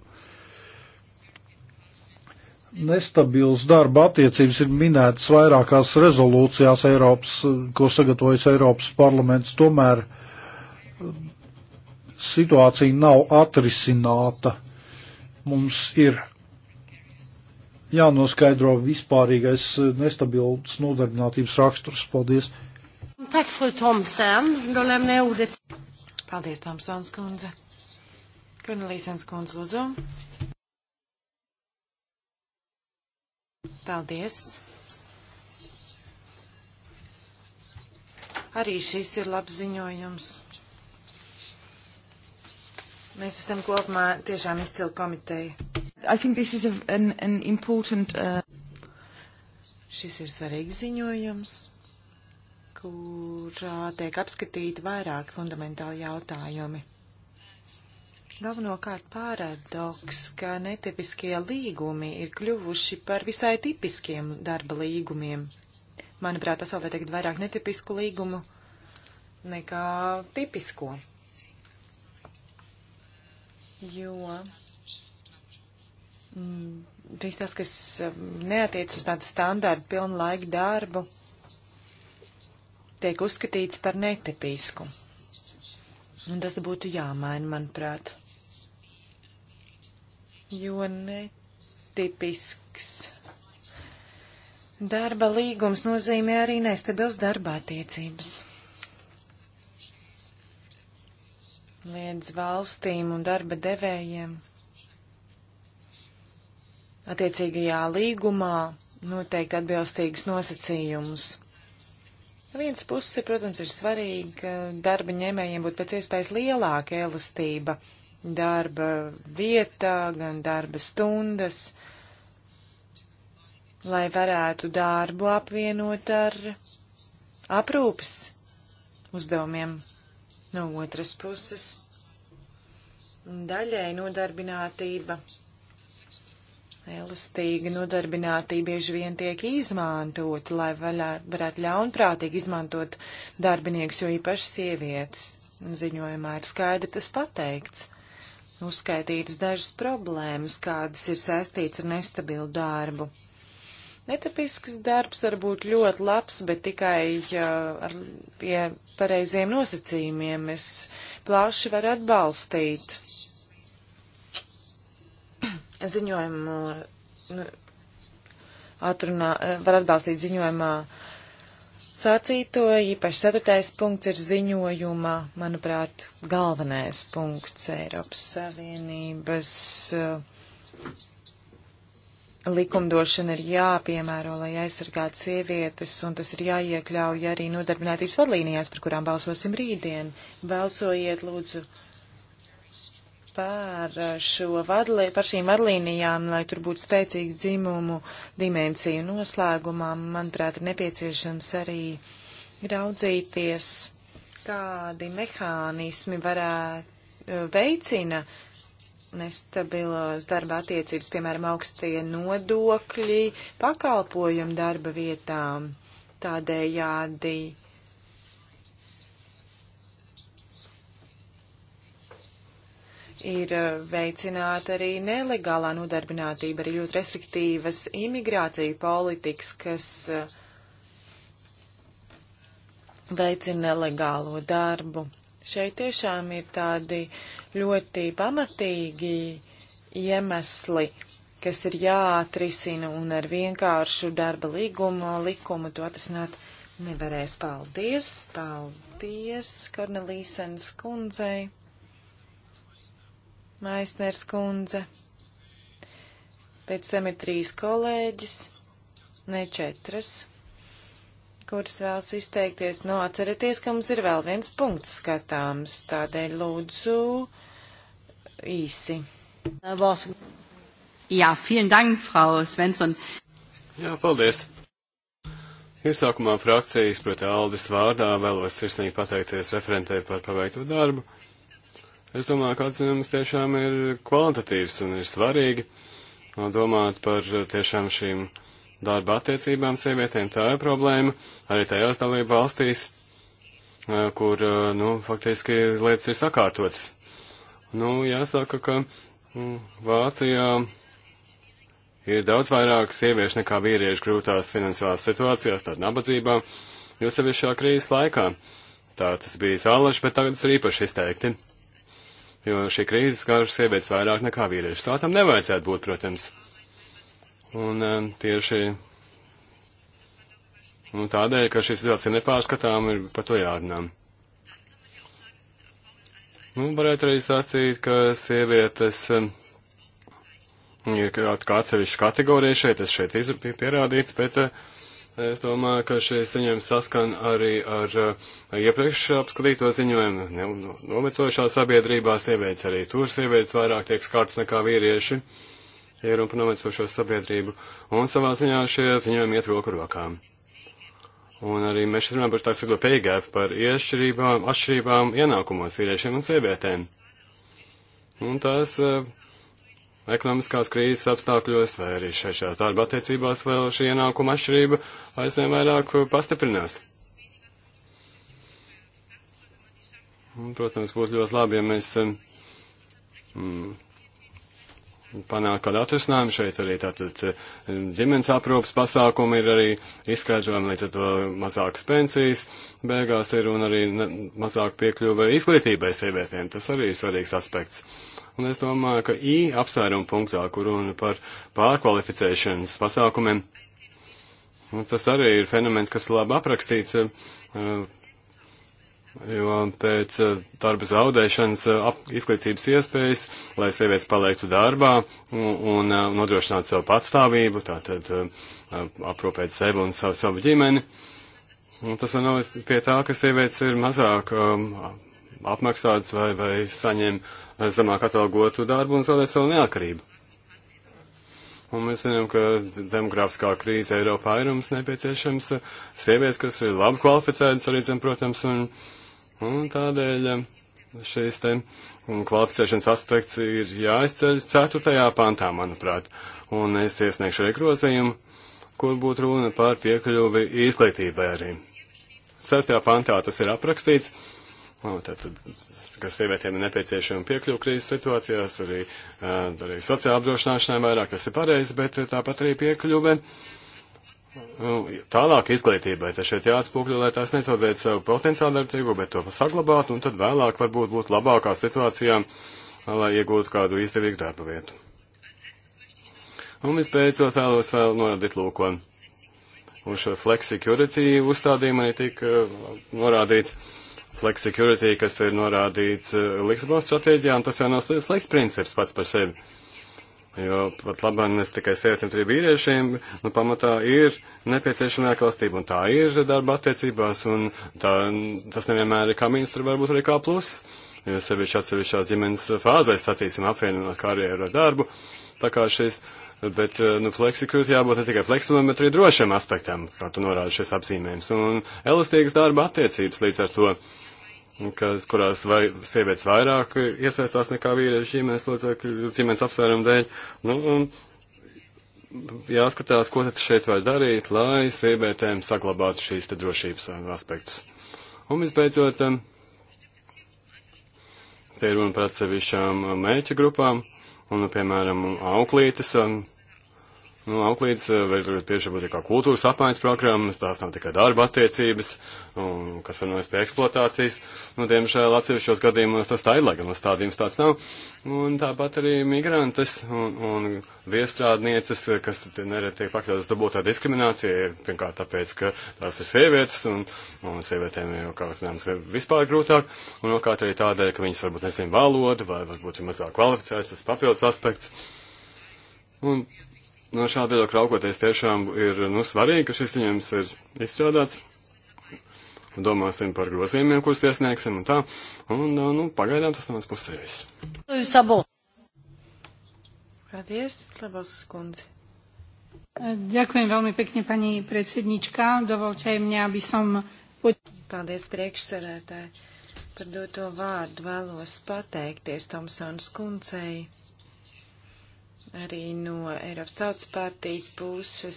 Nestabils darba attiecības ir minētas vairākās rezolūcijās, Eiropas, ko sagatavojas Eiropas parlaments. Tomēr eh, situācija nav atrisināta. Mums ir jānoskaidro vispārīgais eh, nestabils nodarbinātības raksturs. Paldies! Tak, fru Tomsen. Då lämnar jag ordet. Paldies, Tomsons kundze. Kornelīsens kundze, lūdzu. Paldies. Arī šis ir labs ziņojums. Mēs esam kopumā tiešām izcili komiteja. I think this is a, an, an important. Uh... Šis ir svarīgs ziņojums kurā tiek apskatīti vairāk fundamentāli jautājumi. Galvenokārt paradoks, ka netipiskie līgumi ir kļuvuši par visai tipiskiem darba līgumiem. Manuprāt, pasaulē tagad vairāk netipisku līgumu nekā tipisko. Jo mm, viss tas, kas mm, neatiec uz tādu standārtu pilnlaika darbu, tiek uzskatīts par netipisku. Un tas būtu jāmaina, manuprāt. Jo netipisks darba līgums nozīmē arī nestabils darba attiecības. Liedz valstīm un darba devējiem attiecīgajā līgumā noteikti atbilstīgus nosacījumus Viens puses, protams, ir svarīgi darba ņēmējiem būt pēc iespējas lielāka elastība darba vietā, gan darba stundas, lai varētu darbu apvienot ar aprūpes uzdevumiem no otras puses. Daļai nodarbinātība Elastīga nodarbinātība bieži vien tiek izmantot, lai vaļā, varētu ļaunprātīgi izmantot darbiniekus, jo īpaši sievietes. Ziņojumā ir skaidri tas pateikts. Uzskaitītas dažas problēmas, kādas ir saistīts ar nestabilu darbu. Netipisks darbs var būt ļoti labs, bet tikai uh, ar pie pareiziem nosacījumiem es plāši varu atbalstīt ziņojumu nu, atrunā, var atbalstīt ziņojumā sacīto, īpaši ceturtais punkts ir ziņojuma, manuprāt, galvenais punkts Eiropas Savienības eh, likumdošana ir jāpiemēro, lai aizsargātu sievietes, un tas ir jāiekļauj arī nodarbinātības vadlīnijās, par kurām balsosim rītdien. Balsojiet, lūdzu, par, eh, šo vadlī, par šīm vadlīnijām, lai tur būtu spēcīga dzimumu dimensija noslēgumā, manuprāt, ir nepieciešams arī raudzīties, kādi mehānismi varētu eh, veicina nestabilos darba attiecības, piemēram, augstie nodokļi pakalpojumu darba vietām. Tādējādi ir eh, veicināta arī nelegālā nodarbinātība, arī ļoti restriktīvas imigrācija politikas, kas eh, veicina nelegālo darbu. Šeit tiešām ir tādi ļoti pamatīgi iemesli, kas ir jāatrisina un ar vienkāršu darba līgumu likumu to atrisināt nevarēs. Paldies, paldies Kornelīsens kundzei! Maisners kundze. Pēc tam ir trīs kolēģis, ne četras, kuras vēlas izteikties. Nu, atcerieties, ka mums ir vēl viens punkts skatāms, tādēļ lūdzu īsi. Jā, vielen dank, Frau Svensson. Jā, paldies. Iesākumā frakcijas pret Aldis vārdā vēlos sirsnīgi pateikties referentē par paveikto darbu. Es domāju, ka atzinums tiešām ir kvalitatīvs un ir svarīgi domāt par tiešām šīm darba attiecībām sievietēm. Tā ir problēma arī tajās dalību valstīs, kur, nu, faktiski lietas ir sakārtotas. Nu, jāsaka, ka mm, Vācijā ir daudz vairāk sieviešu nekā vīriešu grūtās finansiālās situācijās, tādā nabadzībā, jo sevišķā krīzes laikā. Tā tas bija salaši, bet tagad tas ir īpaši izteikti jo šī krīze skar sievietes vairāk nekā vīriešus. Tā tam nevajadzētu būt, protams. Un um, tieši nu, tādēļ, ka šī situācija nepārskatām, ir par to jārunā. Nu, varētu arī sacīt, ka sievietes um, ir kā atsevišķa kategorija šeit, tas šeit ir pierādīts, bet uh, Es domāju, ka šie ziņojumi saskan arī ar uh, iepriekš apskatīto ziņojumu. Novecojušā sabiedrībā sievietes arī tur sievietes vairāk tiek skārts nekā vīrieši. Ir un par novecojušo sabiedrību. Un savā ziņā šie ziņojumi iet roku rokām. Un arī mēs šeit runājam par tā sakot peigēpu, par iešķirībām, atšķirībām ienākumos vīriešiem un sievietēm. Un tās uh, ekonomiskās krīzes apstākļos vai arī šajās darba attiecībās vēl šī ienākuma atšķirība aizvien vairāk uh, pastiprinās. Protams, būtu ļoti labi, ja mēs um, mm, panāktu kādu atrisinājumu šeit arī. Tātad uh, ģimenes aprūpas pasākumi ir arī izskaidrojumi, līdz ar to mazākas pensijas beigās ir un arī mazāk piekļuve izglītībai sievietēm. Tas arī ir svarīgs aspekts. Un es domāju, ka I apsvērumu punktā, kur runa par pārkvalificēšanas pasākumiem, nu, tas arī ir fenomens, kas labi aprakstīts, eh, jo pēc eh, darba zaudēšanas eh, izglītības iespējas, lai sievietes paliktu darbā un, un nodrošinātu savu patstāvību, tātad aprūpēt sevi un savu, savu ģimeni. Un tas vēl nav pie tā, ka sievietes ir mazāk um, apmaksāts vai, vai saņem eh, zemāk atalgotu darbu un zaudē savu neatkarību. Un mēs zinām, ka demografiskā krīze Eiropā ir mums nepieciešams eh, sievietes, kas ir labi kvalificētas arī zem, protams, un, un tādēļ eh, šīs te mm, kvalificēšanas aspekts ir jāizceļ 4. pantā, manuprāt. Un es iesniegšu arī grozījumu, kur būtu runa par piekļuvi izglītībai arī. 4. pantā tas ir aprakstīts, Tātad, kas sievietēm ir nepieciešama piekļuva krīzes situācijās, arī, arī sociāla apdrošināšanai vairāk tas ir pareizi, bet tāpat arī piekļuve nu, tālāk izglītībai. Tas šeit jāatspūkļo, lai tās nezaudētu savu potenciālu darba tirgu, bet to saglabātu un tad vēlāk varbūt būtu labākā situācijā, lai iegūtu kādu izdevīgu darba vietu. Un vispēcot vēlos vēl norādīt lūko. Uz šo flexicurity uzstādījumu arī tika norādīts flex security, kas ir norādīts eh, Lisabonas stratēģijā, un tas jau nav slikts princips pats par sevi. Jo pat labāk nes tikai sievietēm, trim vīriešiem, nu pamatā ir nepieciešama atklāstība, un tā ir darba attiecībās, un tā, tas nevienmēr ir kā mīnus, tur varbūt arī kā pluss, jo sevišķi atsevišķās ģimenes fāzēs, sacīsim, apvienot karjeru ar darbu. Tā kā šis Bet, eh, nu, fleksikūt jābūt ne tikai fleksibilam, bet arī drošam aspektam, kā tu norādi šis apzīmējums. Un elastīgas darba attiecības līdz ar to kas, kurās vai, sievietes vairāk iesaistās nekā vīrieši ģimenes locekļu, ģimenes apsvērumu dēļ. Nu, un jāskatās, ko tad šeit var darīt, lai sievietēm saglabātu šīs te drošības aspektus. Un visbeidzot, te ir runa par atsevišķām mēķa grupām, un, piemēram, auklītes. Un, Nu, auklīdes eh, vēl ir piešķirbūt kā kultūras apmaiņas programmas, tās nav tikai darba attiecības, un, kas var novest pie eksploatācijas. Nu, diemžēl atsevišķos gadījumos tas tā ir, lai gan uzstādījums tāds nav. Un tāpat arī migrantes un, un viestrādnieces, kas nereti tiek pakļautas dabūtā diskriminācija, pirmkārt tāpēc, ka tās ir sievietes, un, un sievietēm jau, kā zināms, vispār grūtāk, un otrkārt arī tādēļ, ka viņas varbūt nezin valodu, vai varbūt ir mazāk kvalificētas, tas papildus aspekts. Un No šāda viedokļa raugoties tiešām ir nu, svarīgi, ka šis ziņojums ir izstrādāts. Domāsim par grozījumiem, kurus iesniegsim un tā. Un, nu, nu pagaidām tas no mans pusē viss. Sabo. Paldies, Labas kundze. Ďakujem veľmi pekne, pani predsednička. Dovolte aj mňa, aby som... Paldies, priekšsēdētāji. Par doto vārdu vēlos pateikties Tomsons kundzei arī no Eiropas Tautas partijas puses.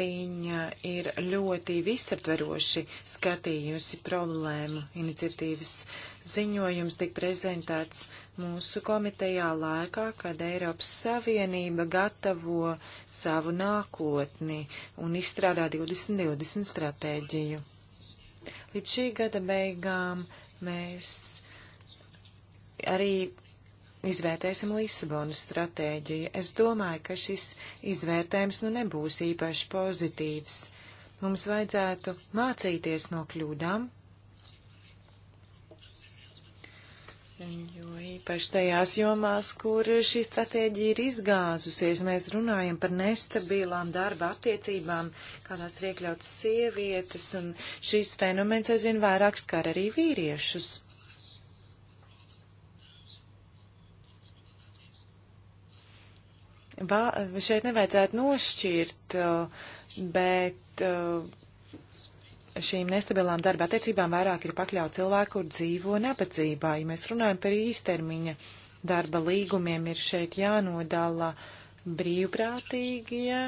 Viņa ir ļoti visaptveroši skatījusi problēmu. Iniciatīvas ziņojums tika prezentēts mūsu komitejā laikā, kad Eiropas Savienība gatavo savu nākotni un izstrādā 2020 stratēģiju. Līdz šī gada beigām mēs arī izvērtēsim Lisabonas stratēģiju. Es domāju, ka šis izvērtējums nu nebūs īpaši pozitīvs. Mums vajadzētu mācīties no kļūdām, jo īpaši tajās jomās, kur šī stratēģija ir izgāzusies, mēs runājam par nestabilām darba attiecībām, kādās ir iekļautas sievietes, un šīs fenomens aizvien vairāk skar arī vīriešus. Va, šeit nevajadzētu nošķirt, eh, bet eh, šīm nestabilām darba attiecībām vairāk ir pakļaut cilvēku, kur dzīvo nabadzībā. Ja mēs runājam par īstermiņa darba līgumiem, ir šeit jānodala brīvprātīgie, ja,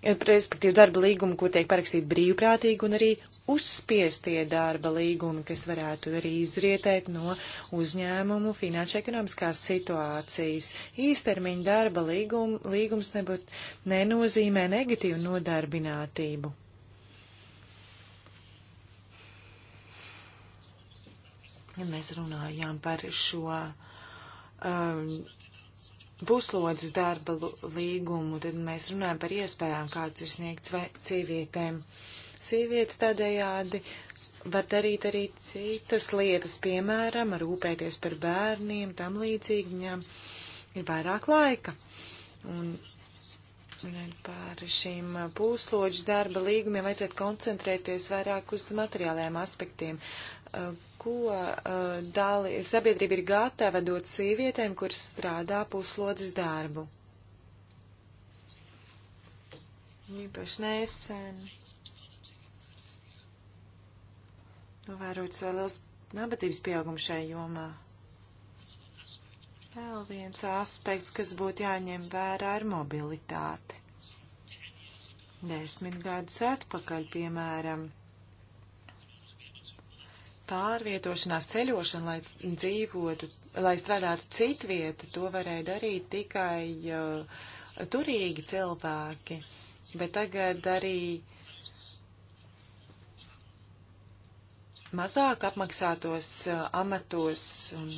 eh, respektīvi darba līgumi, kur tiek parakstīt brīvprātīgi, un arī uzspiestie darba līgumi, kas varētu arī izrietēt no uzņēmumu finanšu ekonomiskās situācijas. Īstermiņa darba līgum, līgums nebūt, nenozīmē negatīvu nodarbinātību. Ja mēs runājām par šo um, puslodzes darba līgumu, tad mēs runājam par iespējām, kāds ir sniegts sievietēm. Uh, sievietes tādējādi var darīt arī citas lietas, piemēram, rūpēties par bērniem, tam līdzīgi viņām ir vairāk laika. Un par šīm pūsloģis darba līgumiem vajadzētu koncentrēties vairāk uz materiālajiem aspektiem. Uh, ko uh, dali, sabiedrība ir gatava dot sievietēm, kuras strādā pūslodzes darbu? Īpaši nesen. Ne novērots vēl uh, liels nabadzības pieaugums šai jomā. Vēl viens aspekts, kas būtu jāņem vērā, ir mobilitāte. Desmit gadus atpakaļ, piemēram, pārvietošanās ceļošana, lai dzīvotu, lai strādātu citvieta, to varēja darīt tikai uh, turīgi cilvēki. Bet tagad arī mazāk apmaksātos amatos un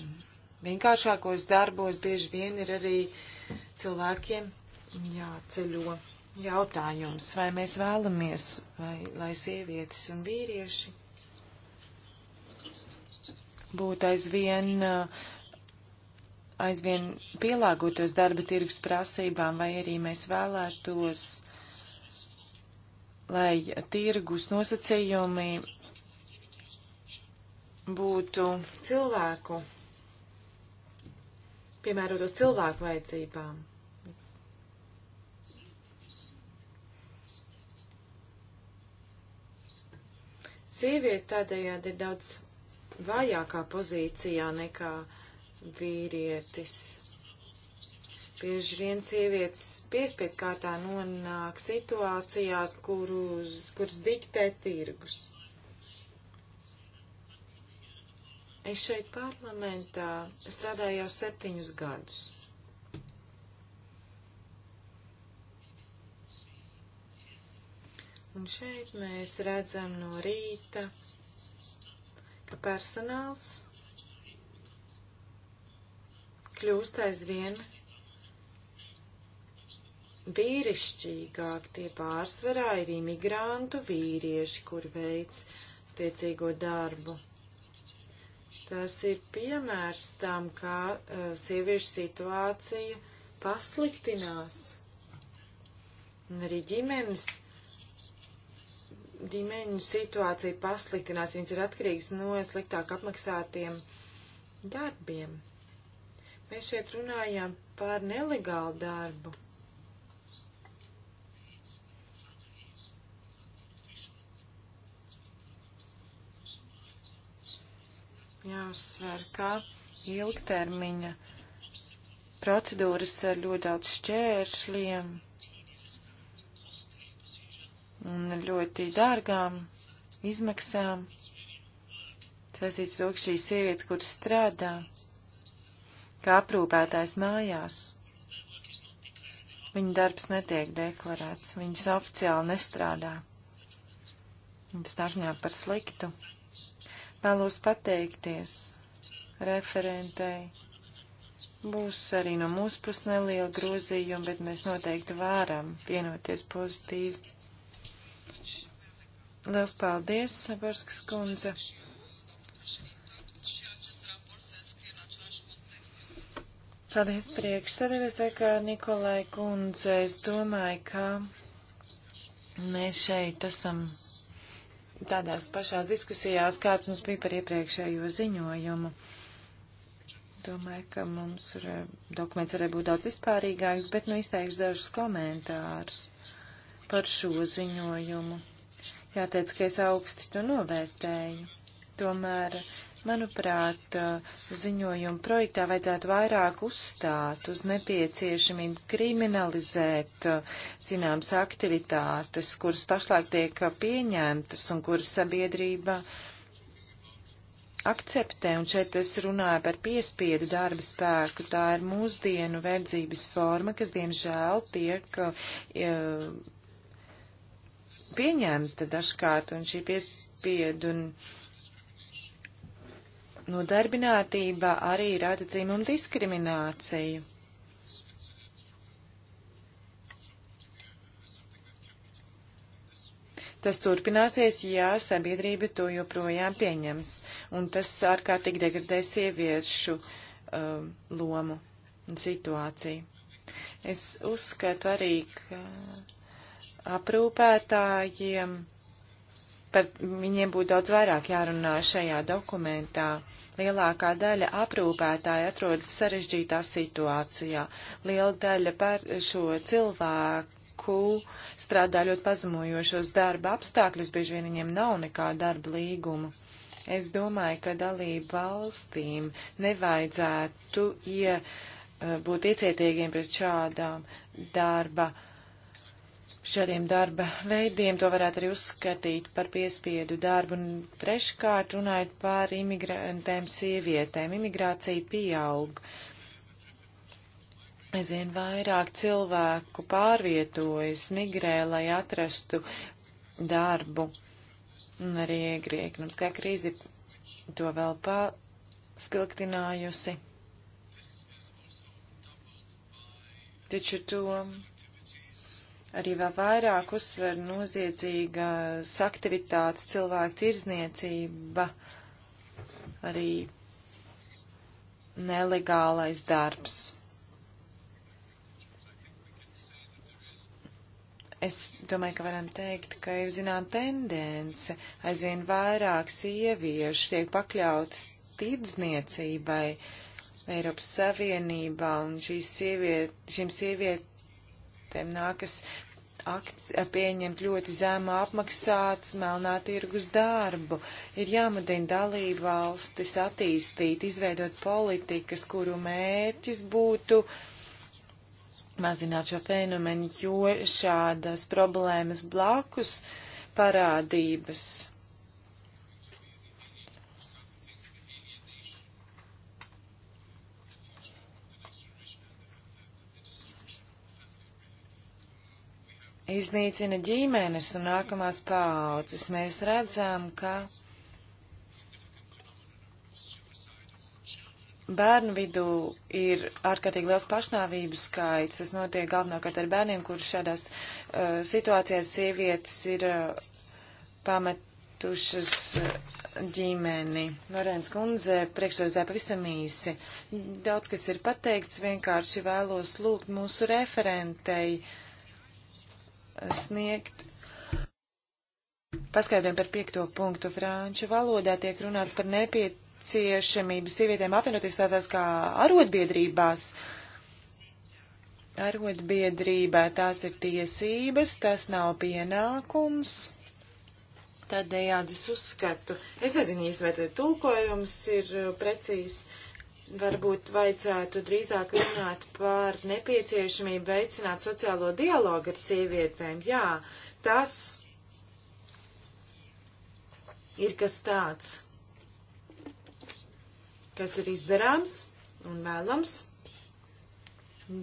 vienkāršākos darbos bieži vien ir arī cilvēkiem jāceļo jautājums, vai mēs vēlamies, vai, lai sievietes un vīrieši būtu aizvien, aizvien pielāgotos darba tirgus prasībām, vai arī mēs vēlētos, lai tirgus nosacījumi būtu cilvēku, piemērotos cilvēku vajadzībām. Sieviete tādējādi ir daudz vājākā pozīcijā nekā vīrietis. Bieži vien sievietes piespied kārtā nonāk situācijās, kurus, kuras diktē tirgus. Es šeit parlamentā strādāju jau septiņus gadus. Un šeit mēs redzam no rīta, ka personāls kļūst aizvien vīrišķīgāk. Tie pārsvarā ir imigrantu vīrieši, kur veids tiecīgo darbu. Tas ir piemērs tam, kā uh, sieviešu situācija pasliktinās. Un arī ģimenes, ģimeņu situācija pasliktinās. Viņas ir atkarīgas no sliktāk apmaksātiem darbiem. Mēs šeit runājām par nelegālu darbu. jāuzsver, ka ilgtermiņa procedūras ar ļoti daudz šķēršļiem un ļoti dārgām izmaksām saistīts to, ka šī sieviete, kur strādā, kā aprūpētājs mājās, viņa darbs netiek deklarēts, viņas oficiāli nestrādā. Tas nāk viņā par sliktu. Vēlos pateikties referentei. Būs arī no mūsu puses neliela grozījuma, bet mēs noteikti varam vienoties pozitīvi. Liels paldies, Saborskas kundze. Paldies priekšsēdētājs, ka Nikolai kundze, es domāju, ka mēs šeit esam tādās pašās diskusijās, kāds mums bija par iepriekšējo ziņojumu. Domāju, ka mums ir, dokuments varēja būt daudz vispārīgāks, bet nu izteikšu dažus komentārus par šo ziņojumu. Jāteic, ka es augsti to novērtēju. Tomēr Manuprāt, eh, ziņojuma projektā vajadzētu vairāk uzstāt uz nepieciešamību kriminalizēt eh, zināmas aktivitātes, kuras pašlaik tiek eh, pieņemtas un kuras sabiedrība akceptē. Un šeit es runāju par piespiedu darba spēku. Tā ir mūsdienu verdzības forma, kas diemžēl tiek uh, pieņemta dažkārt. Un šī piespiedu un Nodarbinātība arī rada dzimumu diskrimināciju. Tas turpināsies, ja sabiedrība to joprojām pieņems, un tas ārkārtīgi degradē sieviešu um, lomu un situāciju. Es uzskatu arī, ka aprūpētājiem par viņiem būtu daudz vairāk jārunā šajā dokumentā. Lielākā daļa aprūpētāji atrodas sarežģītā situācijā. Liela daļa par šo cilvēku strādā ļoti pazemojošos darba apstākļus, bieži vien viņiem nav nekā darba līguma. Es domāju, ka dalību valstīm nevajadzētu ie, eh, būt iecietīgiem pret šādām darba apstākļiem šādiem darba veidiem. To varētu arī uzskatīt par piespiedu darbu. Un treškārt runājot par imigrantēm sievietēm. Imigrācija pieaug. Aizvien vairāk cilvēku pārvietojas, migrē, lai atrastu darbu. Un arī grieķiskā krīze to vēl pasliktinājusi. Taču to arī vēl vairāk uzsver noziedzīgas aktivitātes, cilvēku tirzniecība, arī nelegālais darbs. Es domāju, ka varam teikt, ka ir zinām tendence, aizvien vairāk sieviešu tiek pakļautas tirdzniecībai Eiropas Savienībā, un šīs sieviet, šīm sieviet, tiem nākas akts, eh, pieņemt ļoti zemu apmaksātu smelnā tirgus darbu. Ir jāmudina dalību valstis attīstīt, izveidot politikas, kuru mērķis būtu mazināt šo fenomenu, jo šādas problēmas blakus parādības iznīcina ģimenes un nākamās paaudzes. Mēs redzam, ka bērnu vidū ir ārkārtīgi liels pašnāvību skaits. Tas notiek galvenokārt ar bērniem, kurš šādās uh, situācijās sievietes ir uh, pametušas uh, ģimeni. Varēns kundze, priekšsēdētāji pavisam īsi. Daudz, kas ir pateikts, vienkārši vēlos lūgt mūsu referentei uh, sniegt paskaidrojumu par piekto punktu. Franču valodā tiek runāts par nepieciešamību sievietēm apvienoties tādās kā arotbiedrībās. Arotbiedrībā tās ir tiesības, tas nav pienākums. Tādējādi es uzskatu. Es nezinu īsti, vai tulkojums ir uh, precīzs varbūt vajadzētu drīzāk runāt par nepieciešamību veicināt sociālo dialogu ar sievietēm. Jā, tas ir kas tāds, kas ir izdarāms un vēlams,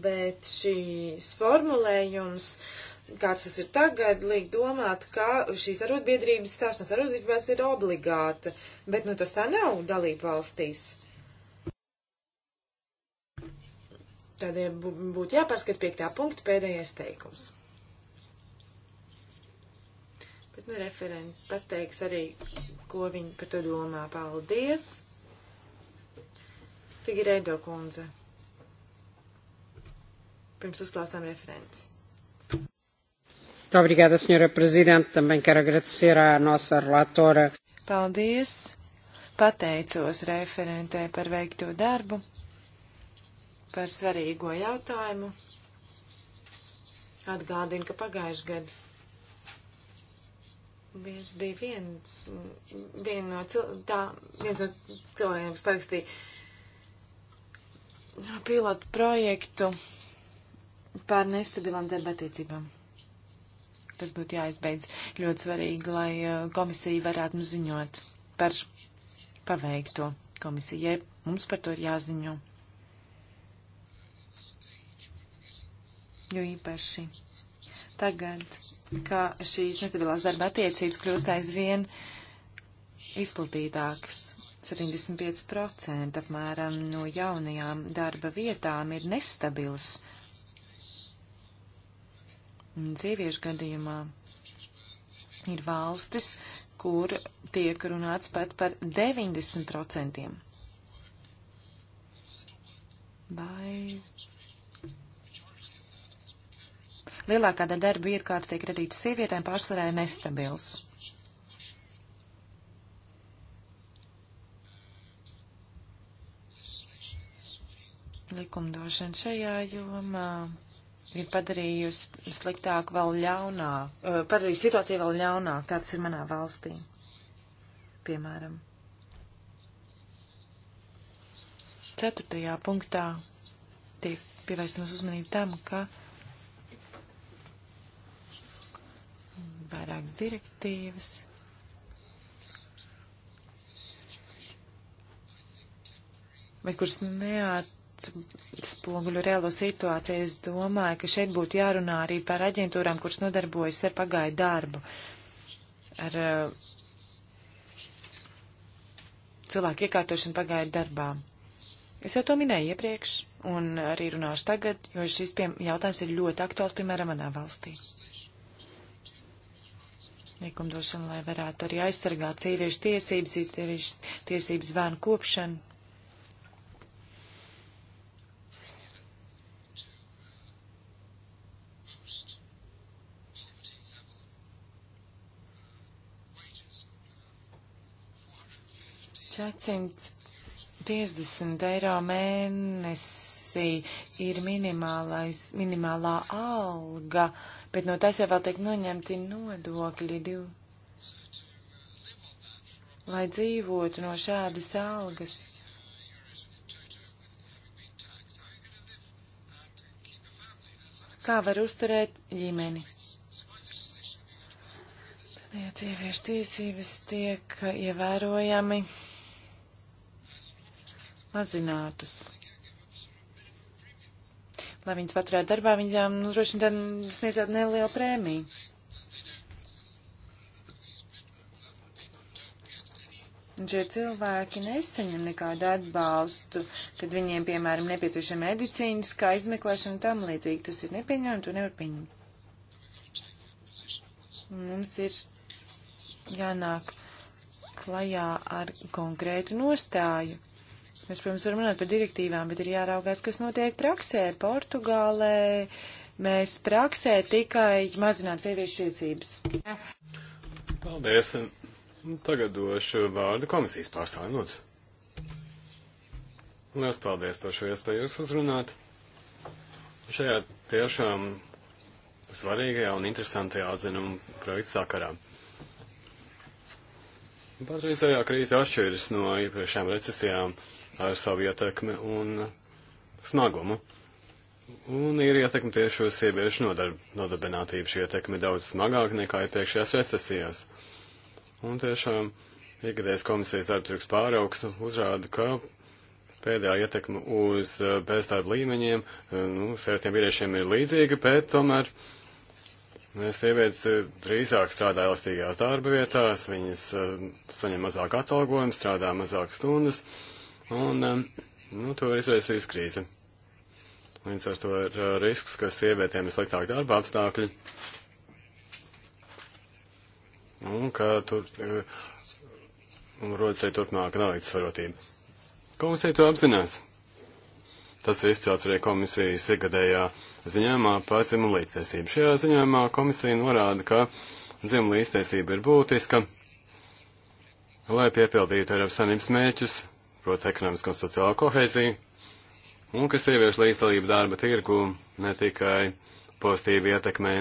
bet šīs formulējums, kāds tas ir tagad, liek domāt, ka šīs arotbiedrības stāšanās arotbiedrībās ir obligāta, bet nu tas tā nav dalību valstīs. Tādēļ būtu jāpārskat piektā punkta pēdējais teikums. Bet, nu, referenti pateiks arī, ko viņi par to domā. Paldies! Figurēdo kundze. Pirms uzklāsām referenci. Obrigada, senhora Presidente. Também quero agradecer à nossa relatora. Paldies. Pateicos referentē par veikto darbu par svarīgo jautājumu. Atgādinu, ka pagājuši gadu Bieži bija viens, vien no cil, tā, viens no cilvēkiem, kas parakstīja pilotu projektu par nestabilām darbatīcībām. Tas būtu jāizbeidz ļoti svarīgi, lai uh, komisija varētu mums nu ziņot par paveikto komisiju. Mums par to ir jāziņo. jo īpaši tagad, kā šīs netabilās darba attiecības kļūst aizvien izplatītākas. 75% apmēram no jaunajām darba vietām ir nestabils. Dzīviešu gadījumā ir valstis, kur tiek runāts pat par 90%. Vai Lielākā daļa darba vietu, kāds tiek radīts sievietēm, pārsvarā ir nestabils. Likumdošana šajā jomā ir padarījusi sliktāk vēl ļaunāk, eh, padarījusi situāciju vēl ļaunāk, tāds ir manā valstī, piemēram. Ceturtajā punktā tiek pievērstam uzmanību tam, ka vairākas direktīvas. Bet kuras neatspoguļo reālo situāciju, es domāju, ka šeit būtu jārunā arī par aģentūrām, kuras nodarbojas ar pagāju darbu, ar uh, cilvēku iekārtošanu pagāju darbā. Es jau to minēju iepriekš, un arī runāšu tagad, jo šis pie, jautājums ir ļoti aktuāls, piemēram, manā valstī likumdošanu, lai varētu arī aizsargāt sieviešu tiesības, īpaši tiesības bērnu kopšanu. Četsimts 50 eiro mēnesī ir minimālais, minimālā alga. Uh, bet no tās jau vēl tiek noņemti nodokļi divi. Lai dzīvotu no šādas algas. Kā var uzturēt ģimeni? Ja sieviešu tiesības tiek ievērojami mazinātas lai viņas paturētu darbā, viņām nu, droši vien sniedzētu nelielu prēmiju. Un šie cilvēki nesaņem nekādu atbalstu, kad viņiem, piemēram, nepieciešama medicīniskā izmeklēšana un tam līdzīgi. Tas ir nepieņemami, to nevar pieņemt. Mums ir jānāk klajā ar konkrētu nostāju. Mēs, protams, varam runāt par direktīvām, bet ir jāraugās, kas notiek praksē. Portugālē mēs praksē tikai mazinām sieviešu tiesības. Paldies. Tagad došu vārdu komisijas pārstāvjiem. Lūdzu. Lielas paldies par šo iespēju jūs uzrunāt. Šajā tiešām svarīgajā un interesantajā atzinuma projekta sakarā. Patreizējā krīze atšķiras no iepriekšējām recesijām. Uh, ar savu ietekmi un smagumu. Un ir ietekmi tieši uz sieviešu nodarb nodarbinātību. Šī ietekme daudz smagāka nekā iepriekšējās recesijās. Un tiešām ikgadējas komisijas darbtirgs pāraugstu uzrāda, ka pēdējā ietekme uz eh, bezdarba līmeņiem, eh, nu, sievietiem vīriešiem ir līdzīga, bet tomēr eh, sievietes drīzāk strādā elastīgās darba vietās, viņas saņem mazāk atalgojumu, strādā mazāk stundas. Uh, Un, um, nu, to ir izraisījusi krīze. Līdz ar to ir uh, risks, ka sievietēm ir sliktāk darba apstākļi. Un ka tur uh, un rodas arī turpmāka nelīdzsvarotība. Komisija to apzinās. Tas ir izcelts arī komisijas ikgadējā ziņojumā par dzimumu līdztiesību. Šajā ziņojumā komisija norāda, ka dzimumu līdztiesība ir būtiska, lai piepildītu Eiropas Sanības mēķus proti ekonomisko un sociālo koheziju, un kas ievieš līdzdalību darba tirgu ne tikai pozitīvi ietekmē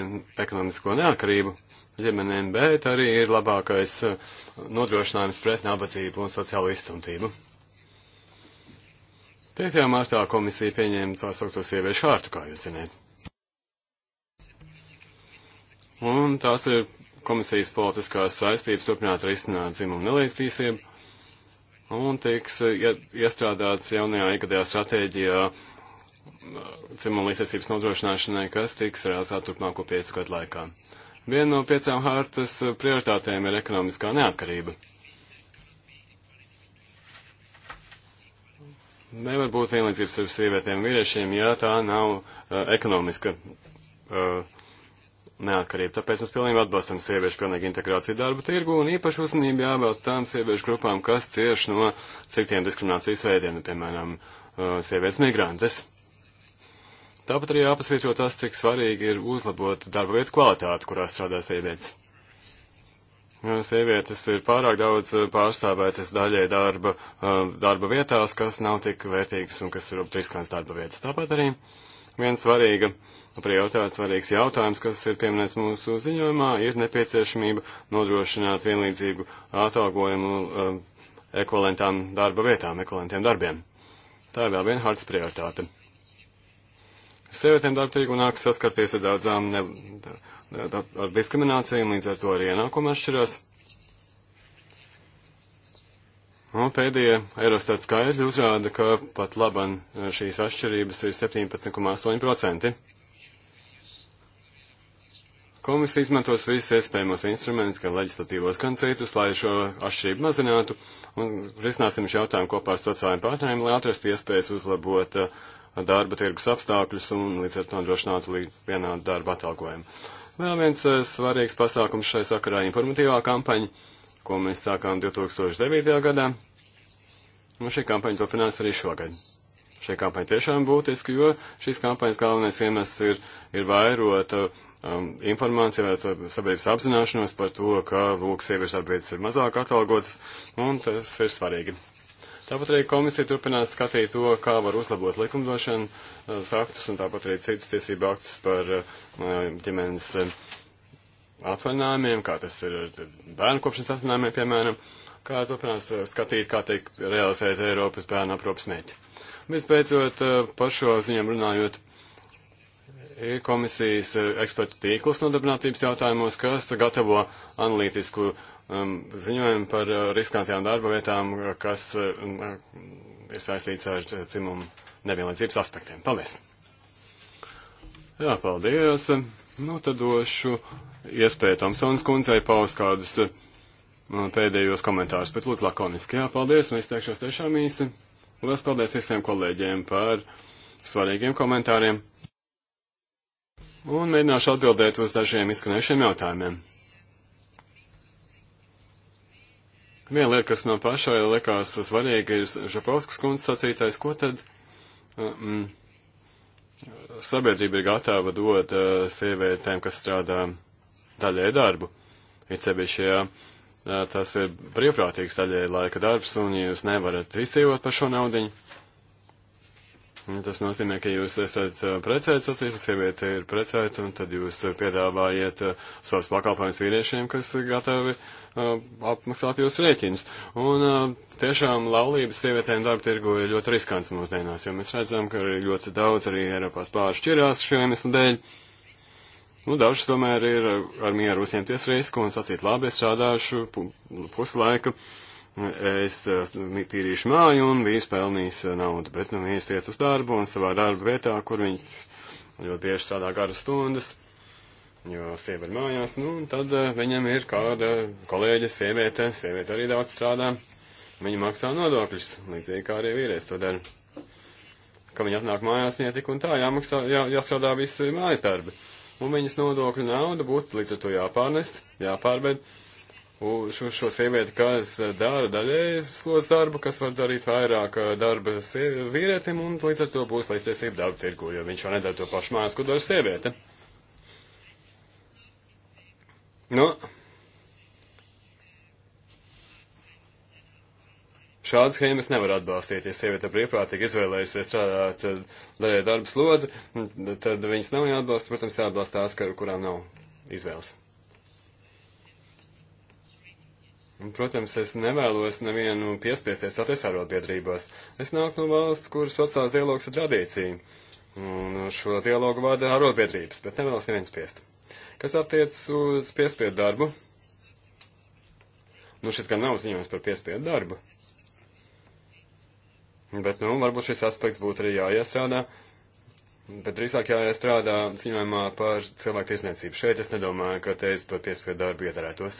ekonomisko neatkarību ģimenēm, bet arī ir labākais uh, nodrošinājums pret nabadzību un sociālo iztumtību. 5. martā komisija pieņēma tā saukto sieviešu hārtu, kā jūs zināt. Un tās ir komisijas politiskās saistības turpināt risināt dzimumu nelīdzīstību un tiks eh, iestrādāts jaunajā ikgadējā stratēģijā eh, dzimuma līdzsvarības nodrošināšanai, kas tiks realizēta turpmāko piecu gadu laikā. Viena no piecām hartas eh, prioritātēm ir ekonomiskā neatkarība. Nevar būt vienlīdzības starp sievietēm un vīriešiem, ja tā nav uh, ekonomiska uh, neatkarību. Tāpēc mēs pilnībā atbalstam sieviešu pilnīgu integrāciju darba tirgu un īpaši uzmanību jāvēl tām sieviešu grupām, kas cieši no citiem diskriminācijas veidiem, nu, piemēram, uh, sievietes migrantes. Tāpat arī jāpasvītro tas, cik svarīgi ir uzlabot darba vietu kvalitāti, kurā strādā sievietes. Sievietes ir pārāk daudz uh, pārstāvētas daļai darba, uh, darba vietās, kas nav tik vērtīgas un kas ir riskants darba vietas. Tāpat arī viena svarīga uh, prioritāte svarīgs jautājums, kas ir pieminēts mūsu ziņojumā, ir nepieciešamība nodrošināt vienlīdzīgu atalgojumu um, ekvalentām darba vietām, ekvalentiem darbiem. Tā ir vēl viena hartas prioritāte. Sievietēm darba tirgu nāk saskarties ar daudzām ne, ar diskriminācijām, līdz ar to arī ienākumi atšķirās. Un pēdējie Eurostat skaidri uzrāda, ka pat laban eh, šīs atšķirības ir 17,8%. Komisija izmantos visus iespējamos instrumentus, gan leģislatīvos, gan citus, lai šo atšķirību mazinātu, un risināsim šo jautājumu kopā ar sociālajiem partneriem, lai atrastu iespējas uzlabot uh, darba tirgus apstākļus un līdz ar to nodrošinātu vienādu darba atalgojumu. Vēl viens uh, svarīgs pasākums šai sakarā - informatīvā kampaņa, ko mēs sākām 2009. gadā, un šī kampaņa turpinās arī šogad šai kampaņai tiešām būtiski, jo šīs kampaņas galvenais iemesls ir, ir vairot uh, um, informāciju, vai to sabiedrības apzināšanos par to, ka, lūk, sieviešu darbvietas ir mazāk atalgotas, un tas ir svarīgi. Tāpat arī komisija turpinās skatīt to, kā var uzlabot likumdošanu, uh, aktus un tāpat arī citus tiesību aktus par uh, ģimenes uh, atvaļinājumiem, kā tas ir bērnu kopšanas atvaļinājumiem, piemēram, kā turpinās skatīt, kā tiek realizēta Eiropas bērnu aprūpas mērķi. Vispēcot, par šo ziņām runājot, ir komisijas e, ekspertu tīkls nodarbinātības jautājumos, kas gatavo analītisku um, ziņojumu par uh, riskantajām darba vietām, kas um, ir saistīts ar dzimumu nevienlīdzības aspektiem. Paldies! Jā, paldies! Nu, tad došu iespēju Tomsons kundzei paust kādus pēdējos komentārus, bet lūdzu lakoniski. Jā, paldies, un es teikšos tiešām īsti. Lielas paldies visiem kolēģiem par svarīgiem komentāriem un mēģināšu atbildēt uz dažiem izskanējušiem jautājumiem. Viena lieta, kas man pašai likās svarīga, ir Žapauskas kundze sacītais, ko tad um, sabiedrība ir gatava dot uh, sievietēm, kas strādā daļai darbu. It sevišķi, ja uh, tas ir brīvprātīgs daļai laika darbs, un ja jūs nevarat izdzīvot par šo naudiņu, Tas nozīmē, ka jūs esat uh, precēts, atcīmkot, sieviete ir precēta, un tad jūs uh, piedāvājiet uh, savus pakalpojumus vīriešiem, kas gatavi apmaksāt jūsu rēķinus. Un tiešām laulības sievietēm darba tirgu ir ļoti riskants mūsdienās, jo mēs redzam, ka ir ļoti daudz arī Eiropās pāršķirās šo iemeslu dēļ. Nu, dažs tomēr ir ar mieru uzņemties risku un sacīt, labi, es strādāšu puslaiku. Pu es eh, tīrīšu māju un vīrs pelnīs eh, naudu, bet nu vīrs iet uz darbu un savā darba vietā, kur viņš ļoti bieži sādā garas stundas, jo sieva ir mājās, nu, un tad eh, viņam ir kāda kolēģa sieviete, sieviete arī daudz strādā, viņa maksā nodokļus, līdzīgi kā arī vīrietis to dara. Ka viņi atnāk mājās, viņai tik un tā jāmaksā, jā, jāsādā visi mājas darbi. Un viņas nodokļu nauda būtu līdz ar to jāpārnest, jāpārbed šo, šo sievieti, kas dara daļēji slodz darbu, kas var darīt vairāk uh, darba vīrietim, un līdz ar to būs līdztiesība darba tirgu, jo viņš jau nedara to pašu mājas, ko dara sieviete. Nu, Šādas schēmas nevar atbalstīt. Ja sieviete brīvprātīgi izvēlējusies strādāt daļai darba slodzi, tad viņas nav jāatbalsta, protams, jāatbalsta tās, kurām nav izvēles. Un, protams, es nevēlos nevienu piespiesties vēlties arotbiedrībās. Es nāku no valsts, kur sociālās dialogs ir tradīcija. Un šo dialogu vada arotbiedrības, bet nevēlos nevienu spiest. Kas attiec uz piespiedu darbu? Nu, šis gan nav ziņojums par piespiedu darbu. Bet, nu, varbūt šis aspekts būtu arī jāiestrādā. Bet drīzāk jāiestrādā ziņojumā par cilvēku tiesniecību. Šeit es nedomāju, ka teiz par piespiedu darbu iedarētos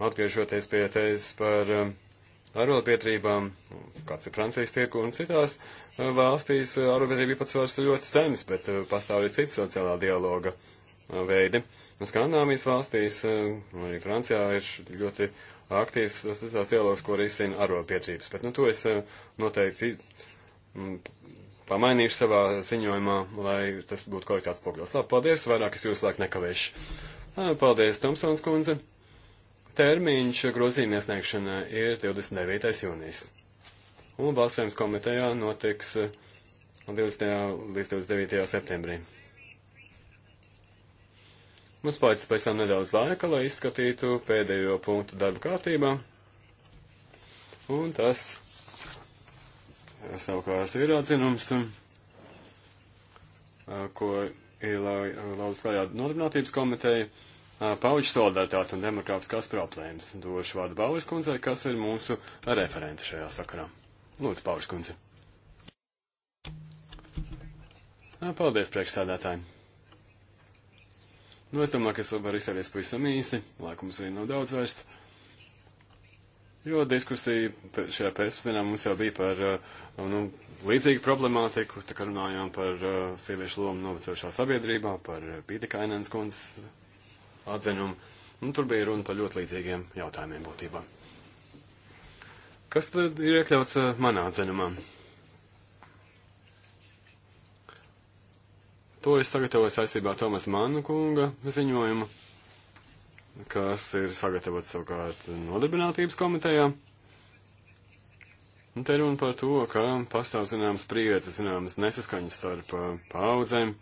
atgriežoties pie tēzes par um, arotbiedrībām, kāds ir Francijas tirku un citās uh, valstīs, uh, arotbiedrība īpatsvars ir ļoti zems, bet uh, pastāv arī citi sociālā dialoga veidi. Skandināvijas valstīs, arī Francijā ir ļoti aktīvs sociālās dialogs, ko risina arotbiedrības, bet nu to es noteikti mm, pamainīšu savā ziņojumā, lai tas būtu korektāts pogļos. Labi, paldies, vairāk es jūs laiku nekavēšu. Paldies, Tomsons kundze. Termiņš grozījuma iesniegšanai ir 29. jūnijas. Un balsojums komitejā notiks 20. Eh, līdz 29. septembrī. Mums palicis pēc tam nedaudz laika, lai izskatītu pēdējo punktu darba kārtībā. Un tas eh, savukārt ir atzinums, eh, ko ir laudas klājā nodarbinātības komiteja pauģu solidaritāti un demokrātiskās problēmas. Došu vārdu Baulis kundzei, kas ir mūsu referente šajā sakarā. Lūdzu, Baulis kundze. Paldies, priekšstādātāji. Nu, es domāju, ka es varu izstāties pavisam īsi, laikums arī nav daudz vairs. Jo diskusija šajā pēcpusdienā mums jau bija par nu, līdzīgu problemātiku, tā kā runājām par sieviešu lomu novecošā sabiedrībā, par Pīta Kainēns kundzes atzinumu. Nu, tur bija runa par ļoti līdzīgiem jautājumiem būtībā. Kas tad ir iekļauts eh, manā atzinumā? To es sagatavoju saistībā ar Tomas Mannu kunga ziņojumu, kas ir sagatavots savukārt nodarbinātības komitejā. Un te runa par to, ka pastāv zināmas spriedzes, zināmas nesaskaņas starp eh, paudzēm,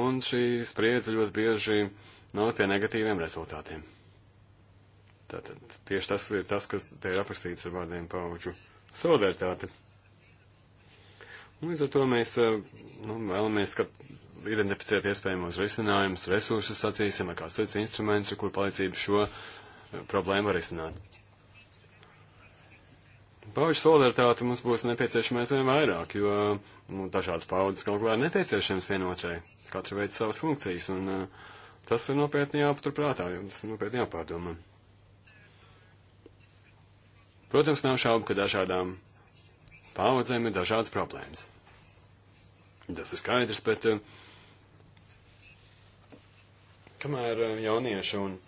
un šī spriedze ļoti bieži noved nu, pie negatīviem rezultātiem. Tātad tieši tas ir tas, kas te ir aprakstīts ar vārdiem pauģu solidaritāte. Un līdz ar to mēs eh, nu, vēlamies, ka identificēt iespējamos risinājumus, resursus, sacīsim, vai kāds cits instruments, ar kur palīdzību šo eh, problēmu var izsināt. Pauģu solidaritāte mums būs nepieciešama aizvien vairāk, jo nu, dažādas paudzes galu galā ir nepieciešams vienotrai. Katra veids savas funkcijas, un uh, Tas ir nopietni jāpaturprātā, tas ir nopietni jāpārdomā. Protams, nav šaubu, ka dažādām paudzēm ir dažādas problēmas. Tas ir skaidrs, bet eh, kamēr eh, jaunieši un,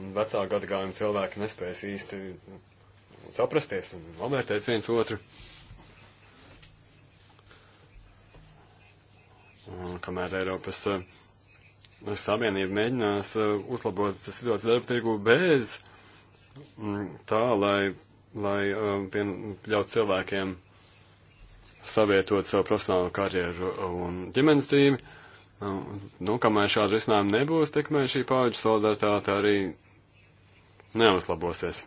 un vecāku gadagājumu cilvēki nespēs īsti saprasties un novērtēt viens otru, un kamēr Eiropas eh, Savienība mēģinās eh, uzlabot situāciju darba tirgu bez mm, tā, lai, lai eh, vien ļaut cilvēkiem savietot savu profesionālo karjeru un ģimenes dzīvi. Nu, nu, kamēr šāda risinājuma nebūs, tikmēr šī pauģa solidaritāte arī neuzlabosies.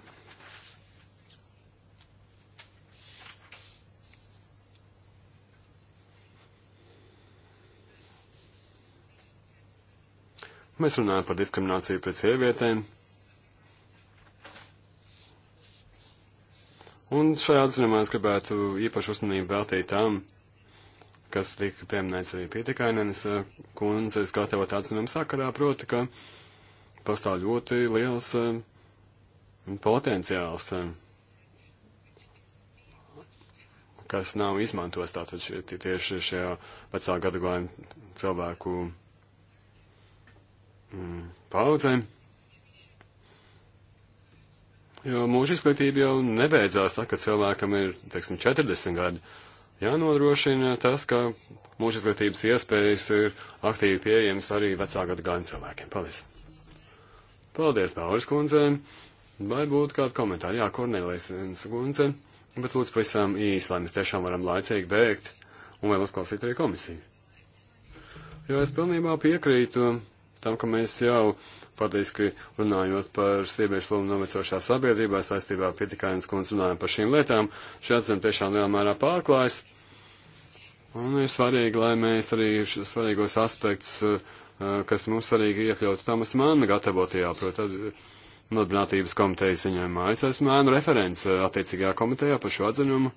Mēs runājam par diskrimināciju pret sievietēm. Un šajā atzinumā es gribētu īpašu uzmanību veltīt tam, kas tika pieminēts arī pietikainenes eh, kundzes gatavot atzinumu sakarā, proti, ka pastāv ļoti liels eh, potenciāls, eh, kas nav izmantots tātad šie, tieši šajā vecā gadagājuma cilvēku Mm, paudzēm. Jo mūža izglītība jau nebeidzās tad, kad cilvēkam ir, teiksim, 40 gadi. Jānodrošina tas, ka mūža izglītības iespējas ir aktīvi pieejamas arī vecāku gadu cilvēkiem. Paldies! Paldies, Bauris kundze! Vai būtu kādi komentāri? Jā, Kornelijas kundze, bet lūdzu pavisam īsi, lai mēs tiešām varam laicīgi bēgt un vēl uzklausīt arī komisiju. Jo es pilnībā piekrītu tam, ka mēs jau patiesībā runājot par sieviešu lomu novecošā sabiedrībā, saistībā ar pietikājums, ko mēs runājam par šīm lietām, šī atzīme tiešām lielā mērā pārklājas. Un ir svarīgi, lai mēs arī šos svarīgos aspektus, eh, kas mums svarīgi iekļautu Tamas Manna gatavotajā, protams, nodarbinātības komitejas ziņojumā. Es esmu ēnu referents eh, attiecīgajā komitejā par šo atzinumu.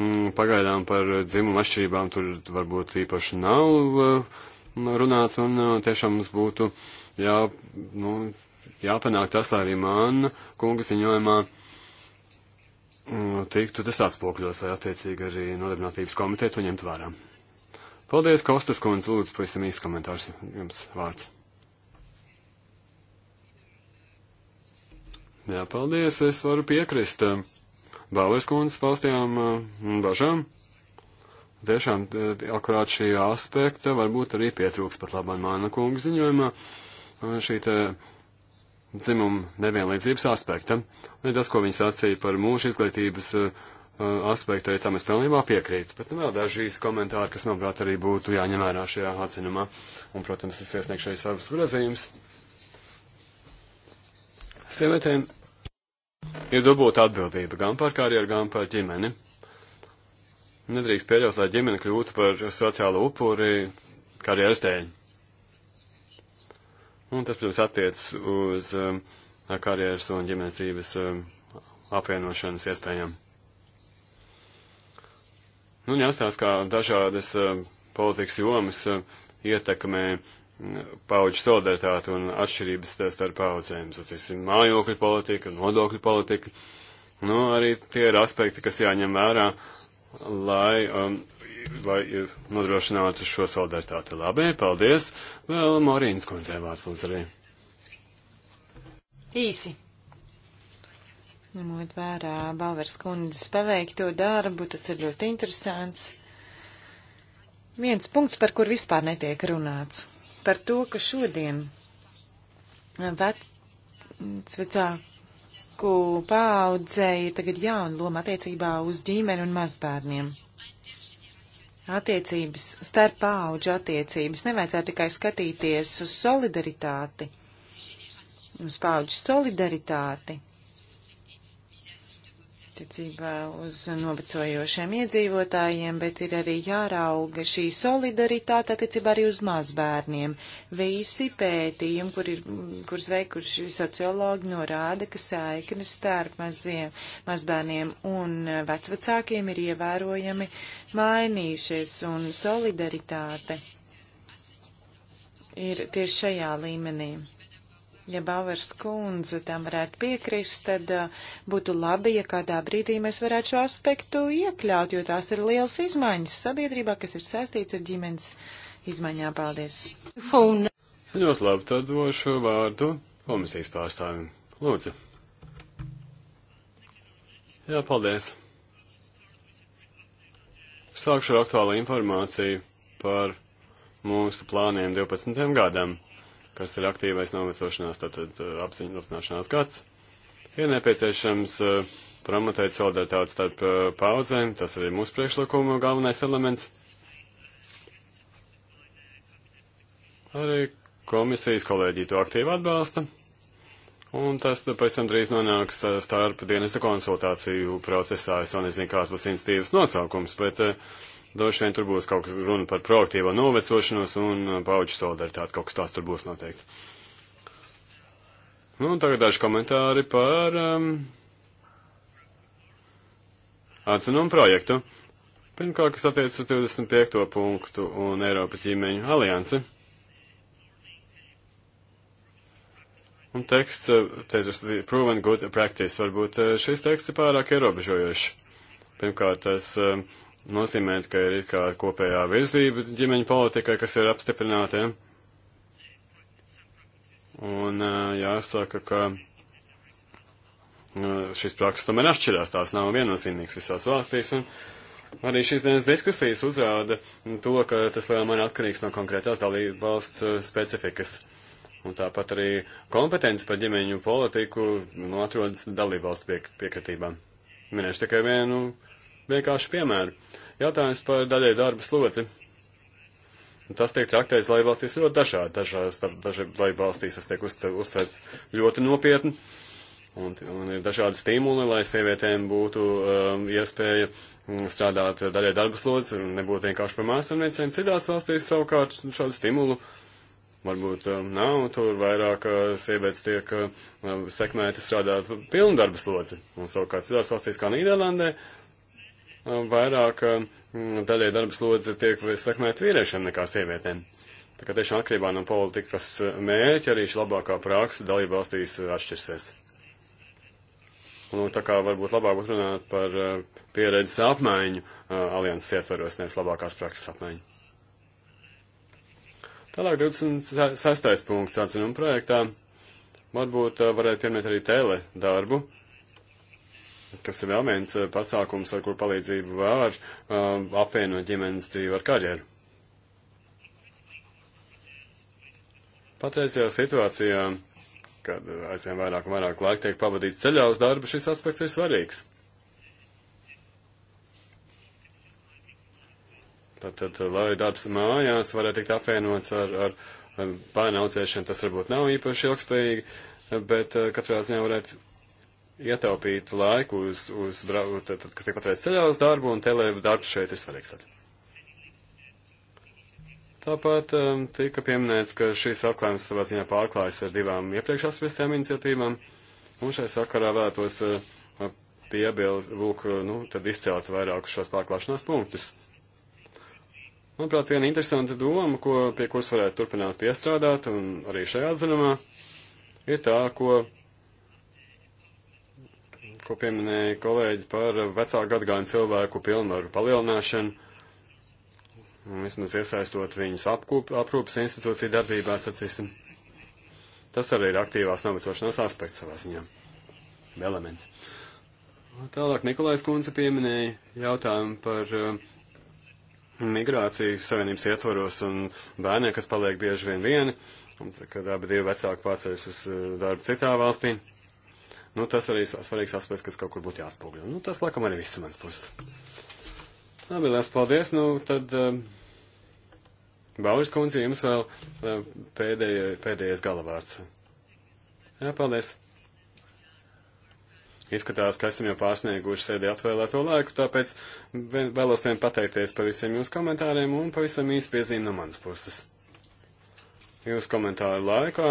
Mm, pagaidām par dzimumu atšķirībām tur varbūt īpaši nav eh, runāts, un uh, tiešām mums būtu jā, nu, jāpanāk tas, lai arī man kunga ziņojumā mm, tiktu tas atspokļos, lai attiecīgi arī nodarbinātības komiteja to ņemtu vērā. Paldies, Kostas kundze, lūdzu, pavisam īsts komentārs jums vārds. Jā, paldies, es varu piekrist uh, Bauers kundzes paustajām uh, bažām. Uh, tiešām akurāt šī aspekta varbūt arī pietrūks pat labāk Māna kunga ziņojumā šī te dzimuma nevienlīdzības aspekta. Un tas, ko viņi sacīja par mūža izglītības uh, aspektu, arī tam es pilnībā piekrītu. Bet nu, vēl dažīs komentāri, kas, manuprāt, arī būtu jāņem vērā šajā atzinumā. Un, protams, es iesniegšu arī savus grozījumus. Sievietēm ir dubūta atbildība gan par karjeru, gan par ģimeni. Nedrīkst pieļaut, lai ģimene kļūtu par sociālu upuri karjeras dēļ. Un tas, protams, attiec uz um, karjeras un ģimenes dzīves um, apvienošanas iespējām. Nu, jāstāsta, kā dažādas um, politikas jomas um, ietekmē mm, pauģu solidaritāti un atšķirības starp paudzēm. Sacīsim, mājokļu politika, nodokļu politika. Nu, arī tie ir aspekti, kas jāņem vērā, lai, um, lai uh, nodrošinātu šo solidaritāti. Labi, paldies. Vēl Morīnas kundzei vārds lūdzu arī. Īsi. Ņemot vērā Balvers kundzes paveikto darbu, tas ir ļoti interesants. Viens punkts, par kur vispār netiek runāts. Par to, ka šodien vec, vecā cilvēku paaudzei ir tagad jauna loma attiecībā uz ģimeni un mazbērniem. Attiecības, starp paauģu attiecības, nevajadzētu tikai skatīties uz solidaritāti, uz paauģu solidaritāti, attiecībā uz novecojošiem iedzīvotājiem, bet ir arī jārauga šī solidaritāte attiecībā arī uz mazbērniem. Visi pētījumi, kur ir, kurus veikuši sociologi, norāda, ka saiknes starp maziem, mazbērniem un vecvecākiem ir ievērojami mainījušies un solidaritāte ir tieši šajā līmenī. Ja Bauers kundze tam varētu piekrist, tad uh, būtu labi, ja kādā brīdī mēs varētu šo aspektu iekļaut, jo tās ir lielas izmaiņas sabiedrībā, kas ir saistīts ar ģimenes izmaiņām. Paldies! Fun. Ļoti labi, tad došu vārdu komisijas pārstāvim. Lūdzu. Jā, paldies. Sākšu ar aktuālu informāciju par mūsu plāniem 12. gadam kas ir aktīvais novecošanās, tātad apziņas novecošanās gads. Ir nepieciešams promotēt solidaritāti starp paudzēm, tas arī mūsu priekšlikuma galvenais elements. Arī komisijas kolēģi to aktīvi atbalsta. Un tas pēc tam drīz nonāks starp dienesta konsultāciju procesā. Es vēl nezinu, kāds būs institīvas nosaukums, bet uh, Droši vien tur būs kaut kas runa par proaktīvo novecošanos un uh, pauģu solidaritāti, kaut kas tās tur būs noteikti. Nu, tagad daži komentāri par um, atzinumu projektu. Pirmkārt, kas attiec uz 25. punktu un Eiropas ģimeņu aliansi. Un teksts, uh, teicis, proven good practice, varbūt uh, šis teksts ir pārāk ierobežojošs. Pirmkārt, tas uh, um, nozīmēt, ka ir kā kopējā virzība ģimeņa politikai, kas ir apstiprināta. Ja? Un jāsaka, ka šis prakses tomēr atšķirās, tās nav viennozīmīgas visās valstīs. Un arī šīs dienas diskusijas uzrāda to, ka tas lielā mērā atkarīgs no konkrētās dalību valsts specifikas. Un tāpat arī kompetence par ģimeņu politiku nu, atrodas dalību valstu piek piekritībām. Minēšu tikai vienu vienkārši piemēru. Jautājums par daļai darba slodzi. Un tas tiek traktēts laivvalstīs ļoti dažādi. Dažās laivvalstīs tas tiek uztverts ļoti nopietni. Un, un ir dažādi stimuli, lai sievietēm būtu um, iespēja mm, strādāt daļai darba slodzi un nebūtu vienkārši par mājasemniecēm. Citās valstīs savukārt šādu stimulu varbūt um, nav. Tur vairāk uh, sievietes tiek uh, sekmēti strādāt pilnu darba slodzi. Un savukārt citās valstīs kā Nīderlandē uh, vairāk mm, daļai darbas lodze tiek sekmēt vīriešiem nekā sievietēm. Tā kā tiešām atkarībā no politikas eh, mērķa arī šī labākā praksa dalība valstīs eh, atšķirsies. Un nu, tā kā varbūt labāk būtu runāt par eh, pieredzes apmaiņu alianses ietvaros, nevis labākās prakses apmaiņu. Tālāk 26. punkts atzinuma projektā. Varbūt varētu pieminēt arī tele darbu kas ir vēl viens eh, pasākums, ar kur palīdzību var um, apvienot ģimenes dzīvi ar karjeru. Patreizajā situācijā, kad aizvien vairāk un vairāk laika tiek pavadīts ceļā uz darbu, šis aspekts ir svarīgs. Tātad, lai darbs mājās varētu tikt apvienots ar, ar, ar bērnu audzēšanu, tas varbūt nav īpaši ilgspējīgi, bet eh, katrā ziņā varētu ietaupīt laiku, uz, uz, tad, kas tiek patreiz ceļā uz darbu, un teledarbs šeit ir svarīgs. Tāpat um, tika pieminēts, ka šīs atklājums savā ziņā pārklājas ar divām iepriekš apspriestām iniciatīvām, un šai sakarā vēlētos uh, piebilst, lūk, uh, nu, tad izcelt vairāk šos pārklāšanās punktus. Manuprāt, viena interesanta doma, ko, pie kuras varētu turpināt piestrādāt, un arī šajā atzinumā, ir tā, ko ko pieminēja kolēģi par vecāku gadgājumu cilvēku pilnvaru palielināšanu, vismaz iesaistot viņus apkūp, aprūpas institūciju darbībā, sacīsim. Tas arī ir aktīvās novecošanās aspekts savā ziņā. Elements. Tālāk Nikolais Kunze pieminēja jautājumu par uh, migrāciju savienības ietvaros un bērniem, kas paliek bieži vien vieni, un, kad abi divi vecāki pārceļas uz uh, darbu citā valstī. Nu, tas arī svarīgs aspekts, kas kaut kur būtu jāatspūgļo. Nu, tas, laikam, arī viss no mans puses. Labi, liels paldies. Nu, tad, um, Bauris kundze, jums vēl um, pēdējo, pēdējais galavārds. Jā, paldies. Izskatās, ka esam jau pārsnieguši sēdi atvēlēto laiku, tāpēc vēlos vien pateikties par visiem jūsu komentāriem un pavisam īsti piezīmi no manas puses. Jūsu komentāru laikā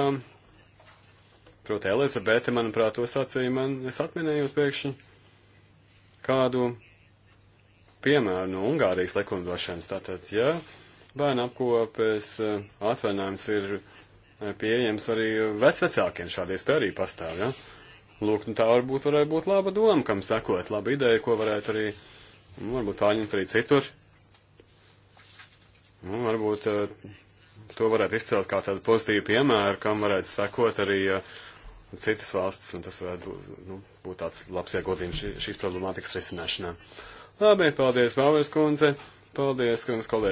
Proti, Elizabete, manuprāt, to sacīja man, es atminējos pēkšņi kādu piemēru no Ungārijas likumdošanas. Tātad, ja bērnu apkopes eh, atvainājums ir eh, pieejams arī vecvecākiem, šāda iespēja arī pastāv, ja? Lūk, nu tā varbūt varētu būt laba doma, kam sekot, laba ideja, ko varētu arī, nu, varbūt pārņemt arī citur. Nu, varbūt eh, to varētu izcelt kā tādu pozitīvu piemēru, kam varētu sekot arī uh, citas valstis, un tas varētu nu, būt tāds labs ieguldījums šī, šīs problemātikas risināšanā. Labi, paldies, Bāvēs kundze, paldies, ka mums kolēģi.